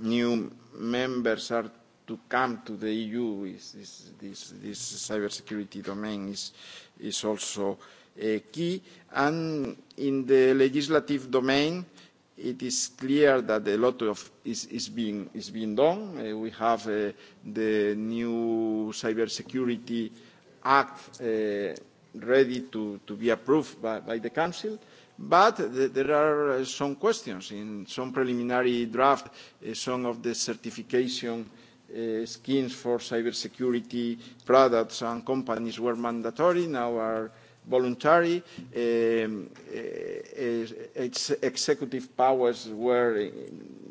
new members are to come to the EU, is, is, this, this cybersecurity domain is, is also uh, key. And in the legislative domain, uh, It is clear that a lot of is, is, being, is being done. Uh, we have uh, the new Cybersecurity Act uh, ready to, to be approved by, by the Council. But th there are uh, some questions in some preliminary draft, uh, some of the certification uh, schemes for cybersecurity products and companies were mandatory, now are voluntary. its um, uh, executive powers were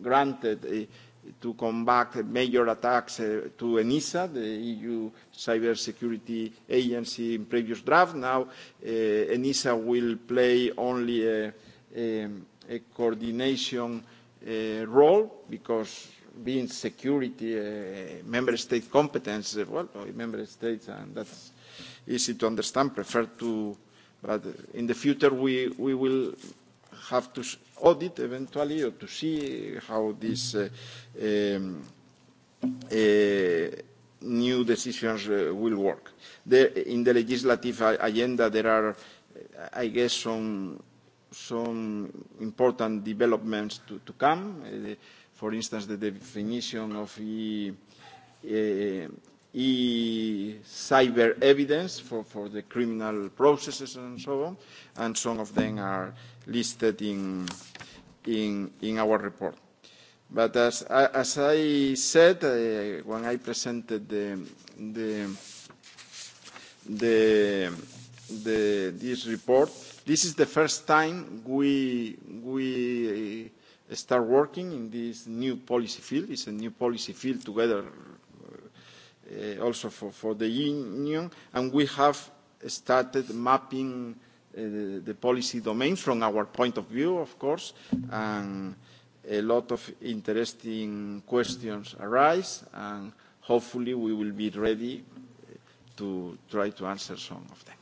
granted uh, to combat major attacks uh, to ENISA, the EU cybersecurity agency in previous draft. Now uh, ENISA will play only a, a, a coordination uh, role because being security, uh, member state competence, well, no, member states, and that's easy to understand, prefer to, but in the future we, we will have to audit eventually or to see how these uh, um, uh, new decisions uh, will work. There, in the legislative agenda there are, I guess, some, some important developments to, to come. Uh, for instance, the definition of e, uh, e cyber evidence for, for the criminal processes and so on, and some of them are listed in, in, in our report. But as, as I said uh, when I presented the, the, the, the, this report, this is the first time we, we start working in this new policy field. It's a new policy field together Eh, also for, for the Union, and we have started mapping eh, the policy domains from our point of view, of course, and a lot of interesting questions arise, and hopefully we will be ready eh, to try to answer some of them.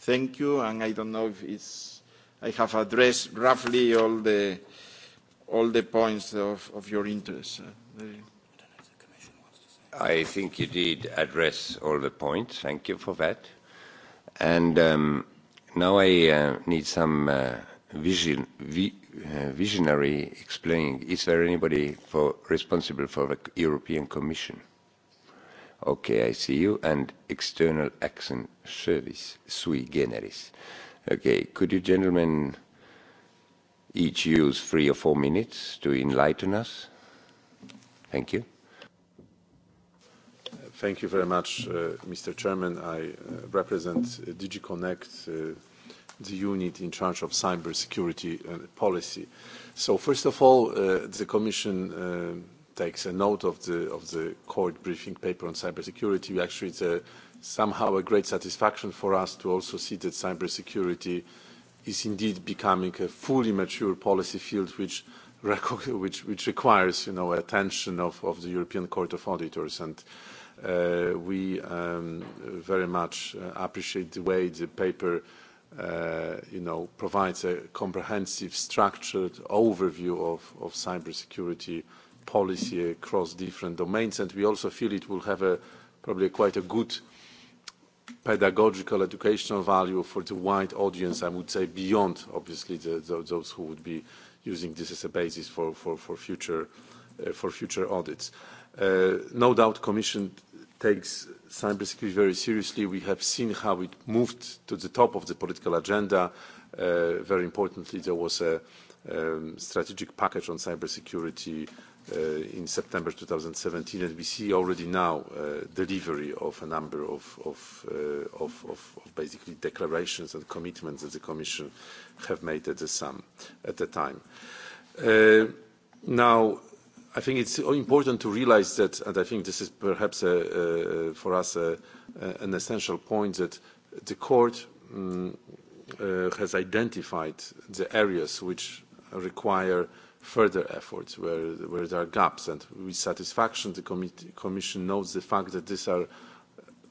Thank you, and I don't know if it's, I have addressed roughly all the, all the points of, of your interest. Uh, i think you did address all the points. Thank you for that. And um, now I uh, need some uh, vision, vi, uh, visionary explaining. Is there anybody for, responsible for the European Commission? Okay, I see you. And External Action Service, sui generis. Okay, could you gentlemen each use three or four minutes to enlighten us? Thank you. Thank you very much, uh, Mr. Chairman. I uh, represent uh, DG Connect, uh, the unit in charge of cybersecurity uh, policy. So first of all, uh, the Commission uh, takes a note of the, of the court briefing paper on cybersecurity. Actually, it's a, somehow a great satisfaction for us to also see that cybersecurity is indeed becoming a fully mature policy field which which, which requires you know attention of, of the European Court of Auditors and Uh, we um, very much uh, appreciate the way the paper, uh, you know, provides a comprehensive, structured overview of, cybersecurity policy across different domains, and we also feel it will have a probably quite a good pedagogical, educational value for the wide audience, I would say, beyond, obviously, the, those who would be using this as a basis for, for, future, for future audits. no doubt Commission takes cybersecurity very seriously. We have seen how it moved to the top of the political agenda. Uh, very importantly, there was a um, strategic package on cybersecurity uh, in September 2017, and we see already now uh, delivery of a number uh, of, basically declarations and commitments that the Commission have made at the time. Now, i think it's important to realize that, and I think this is perhaps a, for us a, an essential point, that the court mm, uh, has identified the areas which require further efforts, where, where there are gaps. And with satisfaction, the Commission notes the fact that these are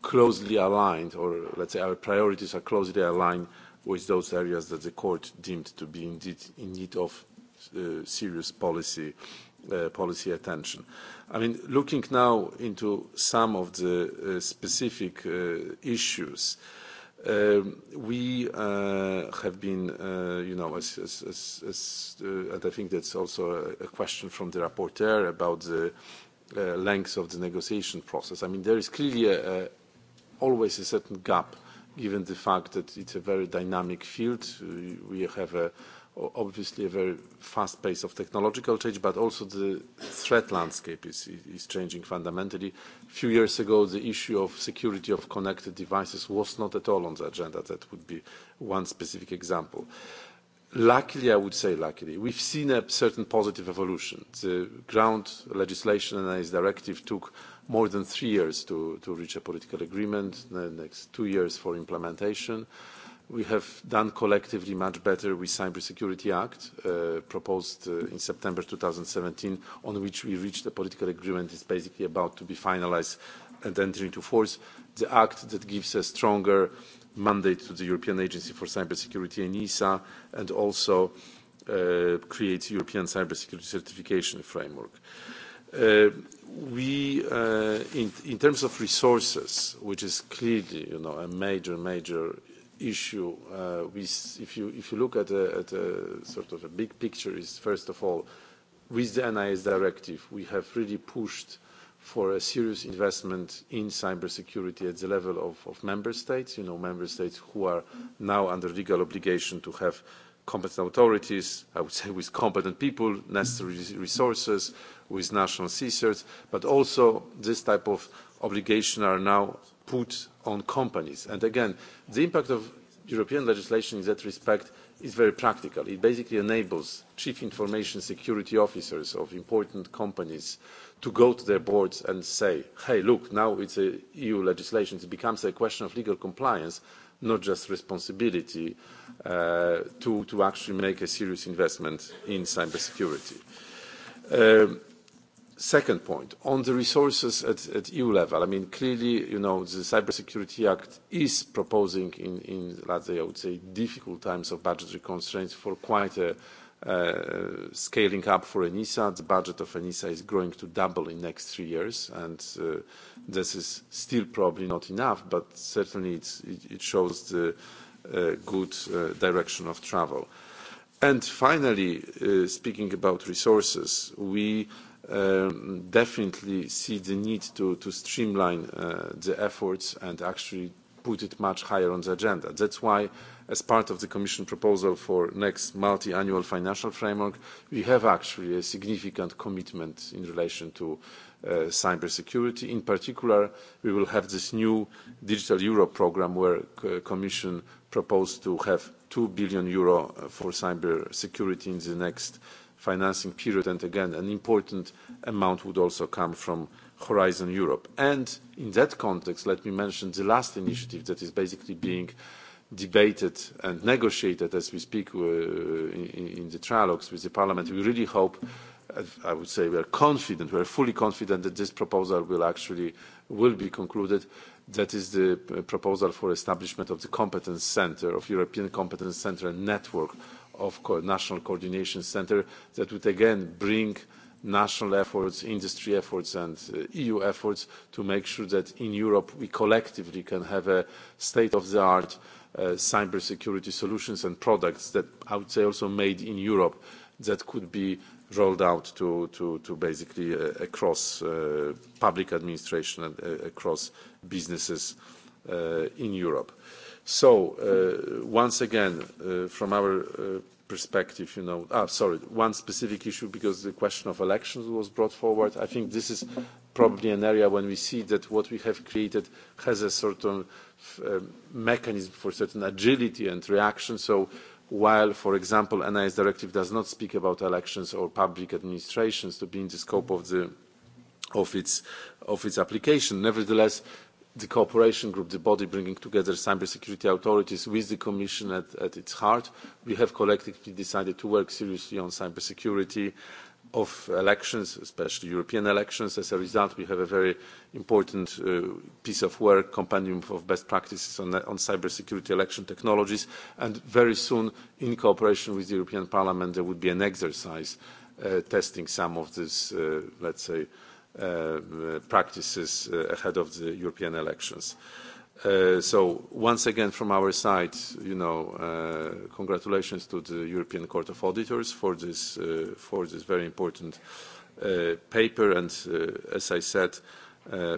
closely aligned, or let's say our priorities are closely aligned with those areas that the court deemed to be indeed in need of uh, serious policy uh, Uh, policy attention. I mean, looking now into some of the uh, specific uh, issues, um, we uh, have been, uh, you know, as, as, as, as uh, and I think that's also a, a question from the rapporteur about the uh, length of the negotiation process. I mean, there is clearly a, a, always a certain gap, given the fact that it's a very dynamic field. We have a obviously a very fast pace of technological change, but also the threat landscape is, is changing fundamentally. A few years ago, the issue of security of connected devices was not at all on the agenda. That would be one specific example. Luckily, I would say luckily, we've seen a certain positive evolution. The ground legislation and IS directive took more than three years to, to reach a political agreement, the next two years for implementation we have done collectively much better with Cybersecurity Act, uh, proposed uh, in September 2017, on which we reached a political agreement. It's basically about to be finalized and enter into force. The act that gives a stronger mandate to the European Agency for Cybersecurity and ESA, and also uh, creates European cybersecurity certification framework. we, in, in terms of resources, which is clearly, you know, a major, major issue, uh, if, you, if you look at uh, a, uh, sort of a big picture, is first of all, with the NIS directive, we have really pushed for a serious investment in cybersecurity at the level of, of member states, you know, member states who are now under legal obligation to have competent authorities, I would say with competent people, necessary resources, with national CSIRTs, but also this type of obligation are now put on companies. And again, the impact of European legislation in that respect is very practical. It basically enables chief information security officers of important companies to go to their boards and say, hey, look, now it's a EU legislation. It becomes a question of legal compliance, not just responsibility uh, to, to actually make a serious investment in cybersecurity. Um, Second point, on the resources at, EU level, I mean, clearly, you know, the Cybersecurity Act is proposing in, let's say, I would say, difficult times of budgetary constraints for quite a scaling up for ENISA. The budget of ENISA is growing to double in next three years, and uh, this is still probably not enough, but certainly it, shows the uh, good uh, direction of travel. And finally, speaking about resources, we Um, definitely see the need to, streamline uh, the efforts and actually put it much higher on the agenda. That's why, as part of the Commission proposal for next multi-annual financial framework, we have actually a significant commitment in relation to uh, cybersecurity. In particular, we will have this new Digital Europe program where Commission proposed to have 2 billion euro uh, for cybersecurity in the next financing period. And again, an important amount would also come from Horizon Europe. And in that context, let me mention the last initiative that is basically being debated and negotiated as we speak uh, in, the trilogues with the parliament. We really hope, I would say we are confident, we are fully confident that this proposal will actually will be concluded. That is the uh, proposal for establishment of the competence center, of European competence center and network of national coordination center that would again bring national efforts, industry efforts, and uh, EU efforts to make sure that in Europe we collectively can have a state-of-the-art uh, cybersecurity solutions and products that I would say also made in Europe that could be rolled out to, basically uh, across public administration and across businesses in Europe. So, uh, once again, uh, from our uh, perspective, you know. Ah, sorry, one specific issue, because the question of elections was brought forward. I think this is probably an area when we see that what we have created has a certain um, mechanism for certain agility and reaction. So while, for example, NIS directive does not speak about elections or public administrations to be in the scope of the of its of its application. Nevertheless, the cooperation group, the body bringing together cybersecurity authorities with the Commission at, at its heart, we have collectively decided to work seriously on cybersecurity of elections, especially European elections. As a result, we have a very important uh, piece of work, compendium of best practices on, on cybersecurity election technologies. And very soon, in cooperation with the European Parliament, there would be an exercise uh, testing some of this, uh, let's say, Uh, practices uh, ahead of the European elections. Uh, so once again, from our side, you know, congratulations to the European Court of Auditors for this, for this very important paper. And as I said,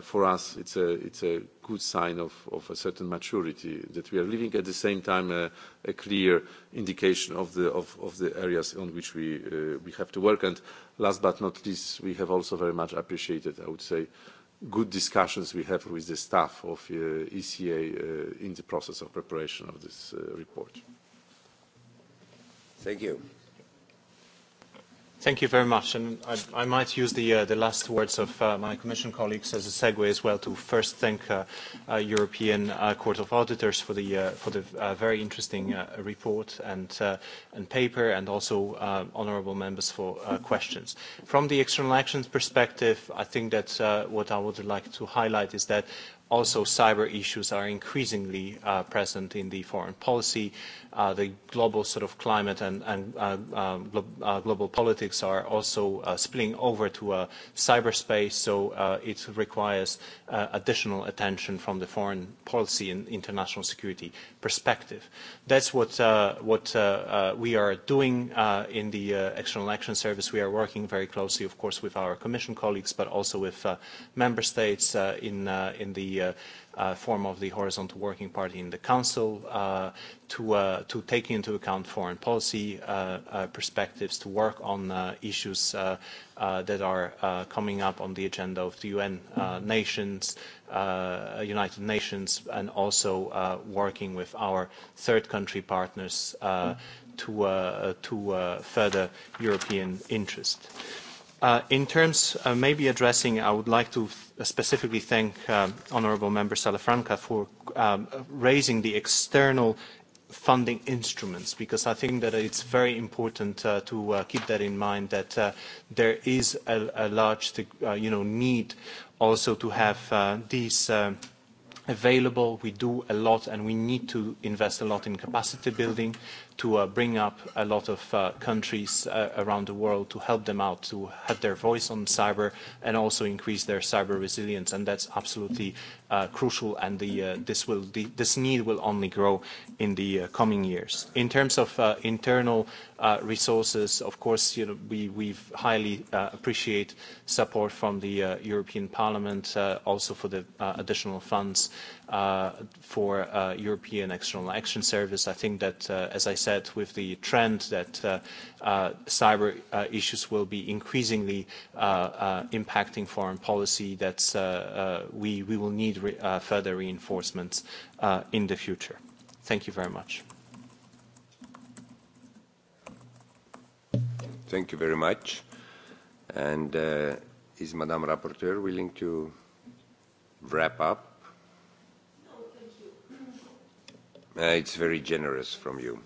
for us, it's a, it's a good sign of, of a certain maturity that we are living at the same time a, a clear indication of the, of, of the areas on which we, uh, we have to work. And last but not least, we have also very much appreciated, I would say, good discussions we have with the staff of uh, ECA uh, in the process of preparation of this uh, report. Thank you. Thank you very much. And I, I might use the, uh, the last words of uh, my Commission colleagues as a segue as well to first thank uh, uh, European uh, Court of Auditors for the, uh, for the uh, very interesting uh, report and, uh, and paper and also uh, honourable members for uh, questions. From the external actions perspective, I think that uh, what I would like to highlight is that also cyber issues are increasingly uh, present in the foreign policy. Uh, the global sort of climate and, and uh, um, glo uh, global politics are also uh, spilling over to uh, cyberspace, so uh, it requires additional attention from the foreign policy and international security perspective. That's what, what we are doing in the External Action Service. We are working very closely, of course, with our Commission colleagues, but also with member states in, in the uh, form of the horizontal working party in the Council uh, to, uh, to take into account foreign policy uh, perspectives, to work on issues that are coming up on the agenda of the UN nations, United Nations, and also working with our third country partners to, to further European interest. Uh, in terms of uh, maybe addressing, I would like to specifically thank um, Honourable Member Salafranca for um, raising the external funding instruments because I think that it's very important uh, to uh, keep that in mind that uh, there is a, a large uh, you know, need also to have these available. We do a lot and we need to invest a lot in capacity building to uh, bring up a lot of uh, countries uh, around the world to help them out, to have their voice on cyber and also increase their cyber resilience. And that's absolutely uh, crucial. And the, uh, this, will, the, this need will only grow in the uh, coming years. In terms of uh, internal Uh, resources. Of course, you know, we highly uh, appreciate support from the uh, European Parliament also for the additional funds for European External Action Service. I think that, as I said, with the trend that cyber issues will be increasingly impacting foreign policy, that we will need further reinforcements in the future. Thank you very much. Thank you very much. And uh, is Madame Rapporteur willing to wrap up? No, thank you. Uh, it's very generous from you.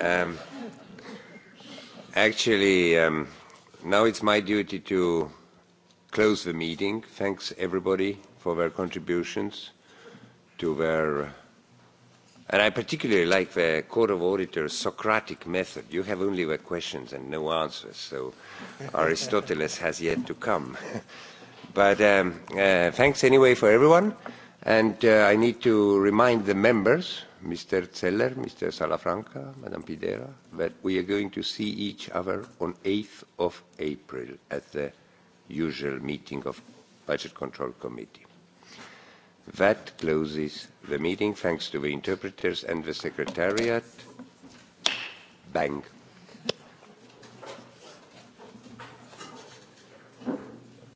Um, actually, um, now it's my duty to close the meeting. Thanks everybody for their contributions to their And I particularly like the Court of Auditors' Socratic method. You have only the questions and no answers, so Aristoteles has yet to come. but um, uh, thanks anyway for everyone. And uh, I need to remind the members, Mr. Zeller, Mr. Salafranca, Madame Pidera, that we are going to see each other on 8th of April at the usual meeting of Budget Control Committee. That closes the meeting. Thanks to the interpreters and the secretariat. Bang.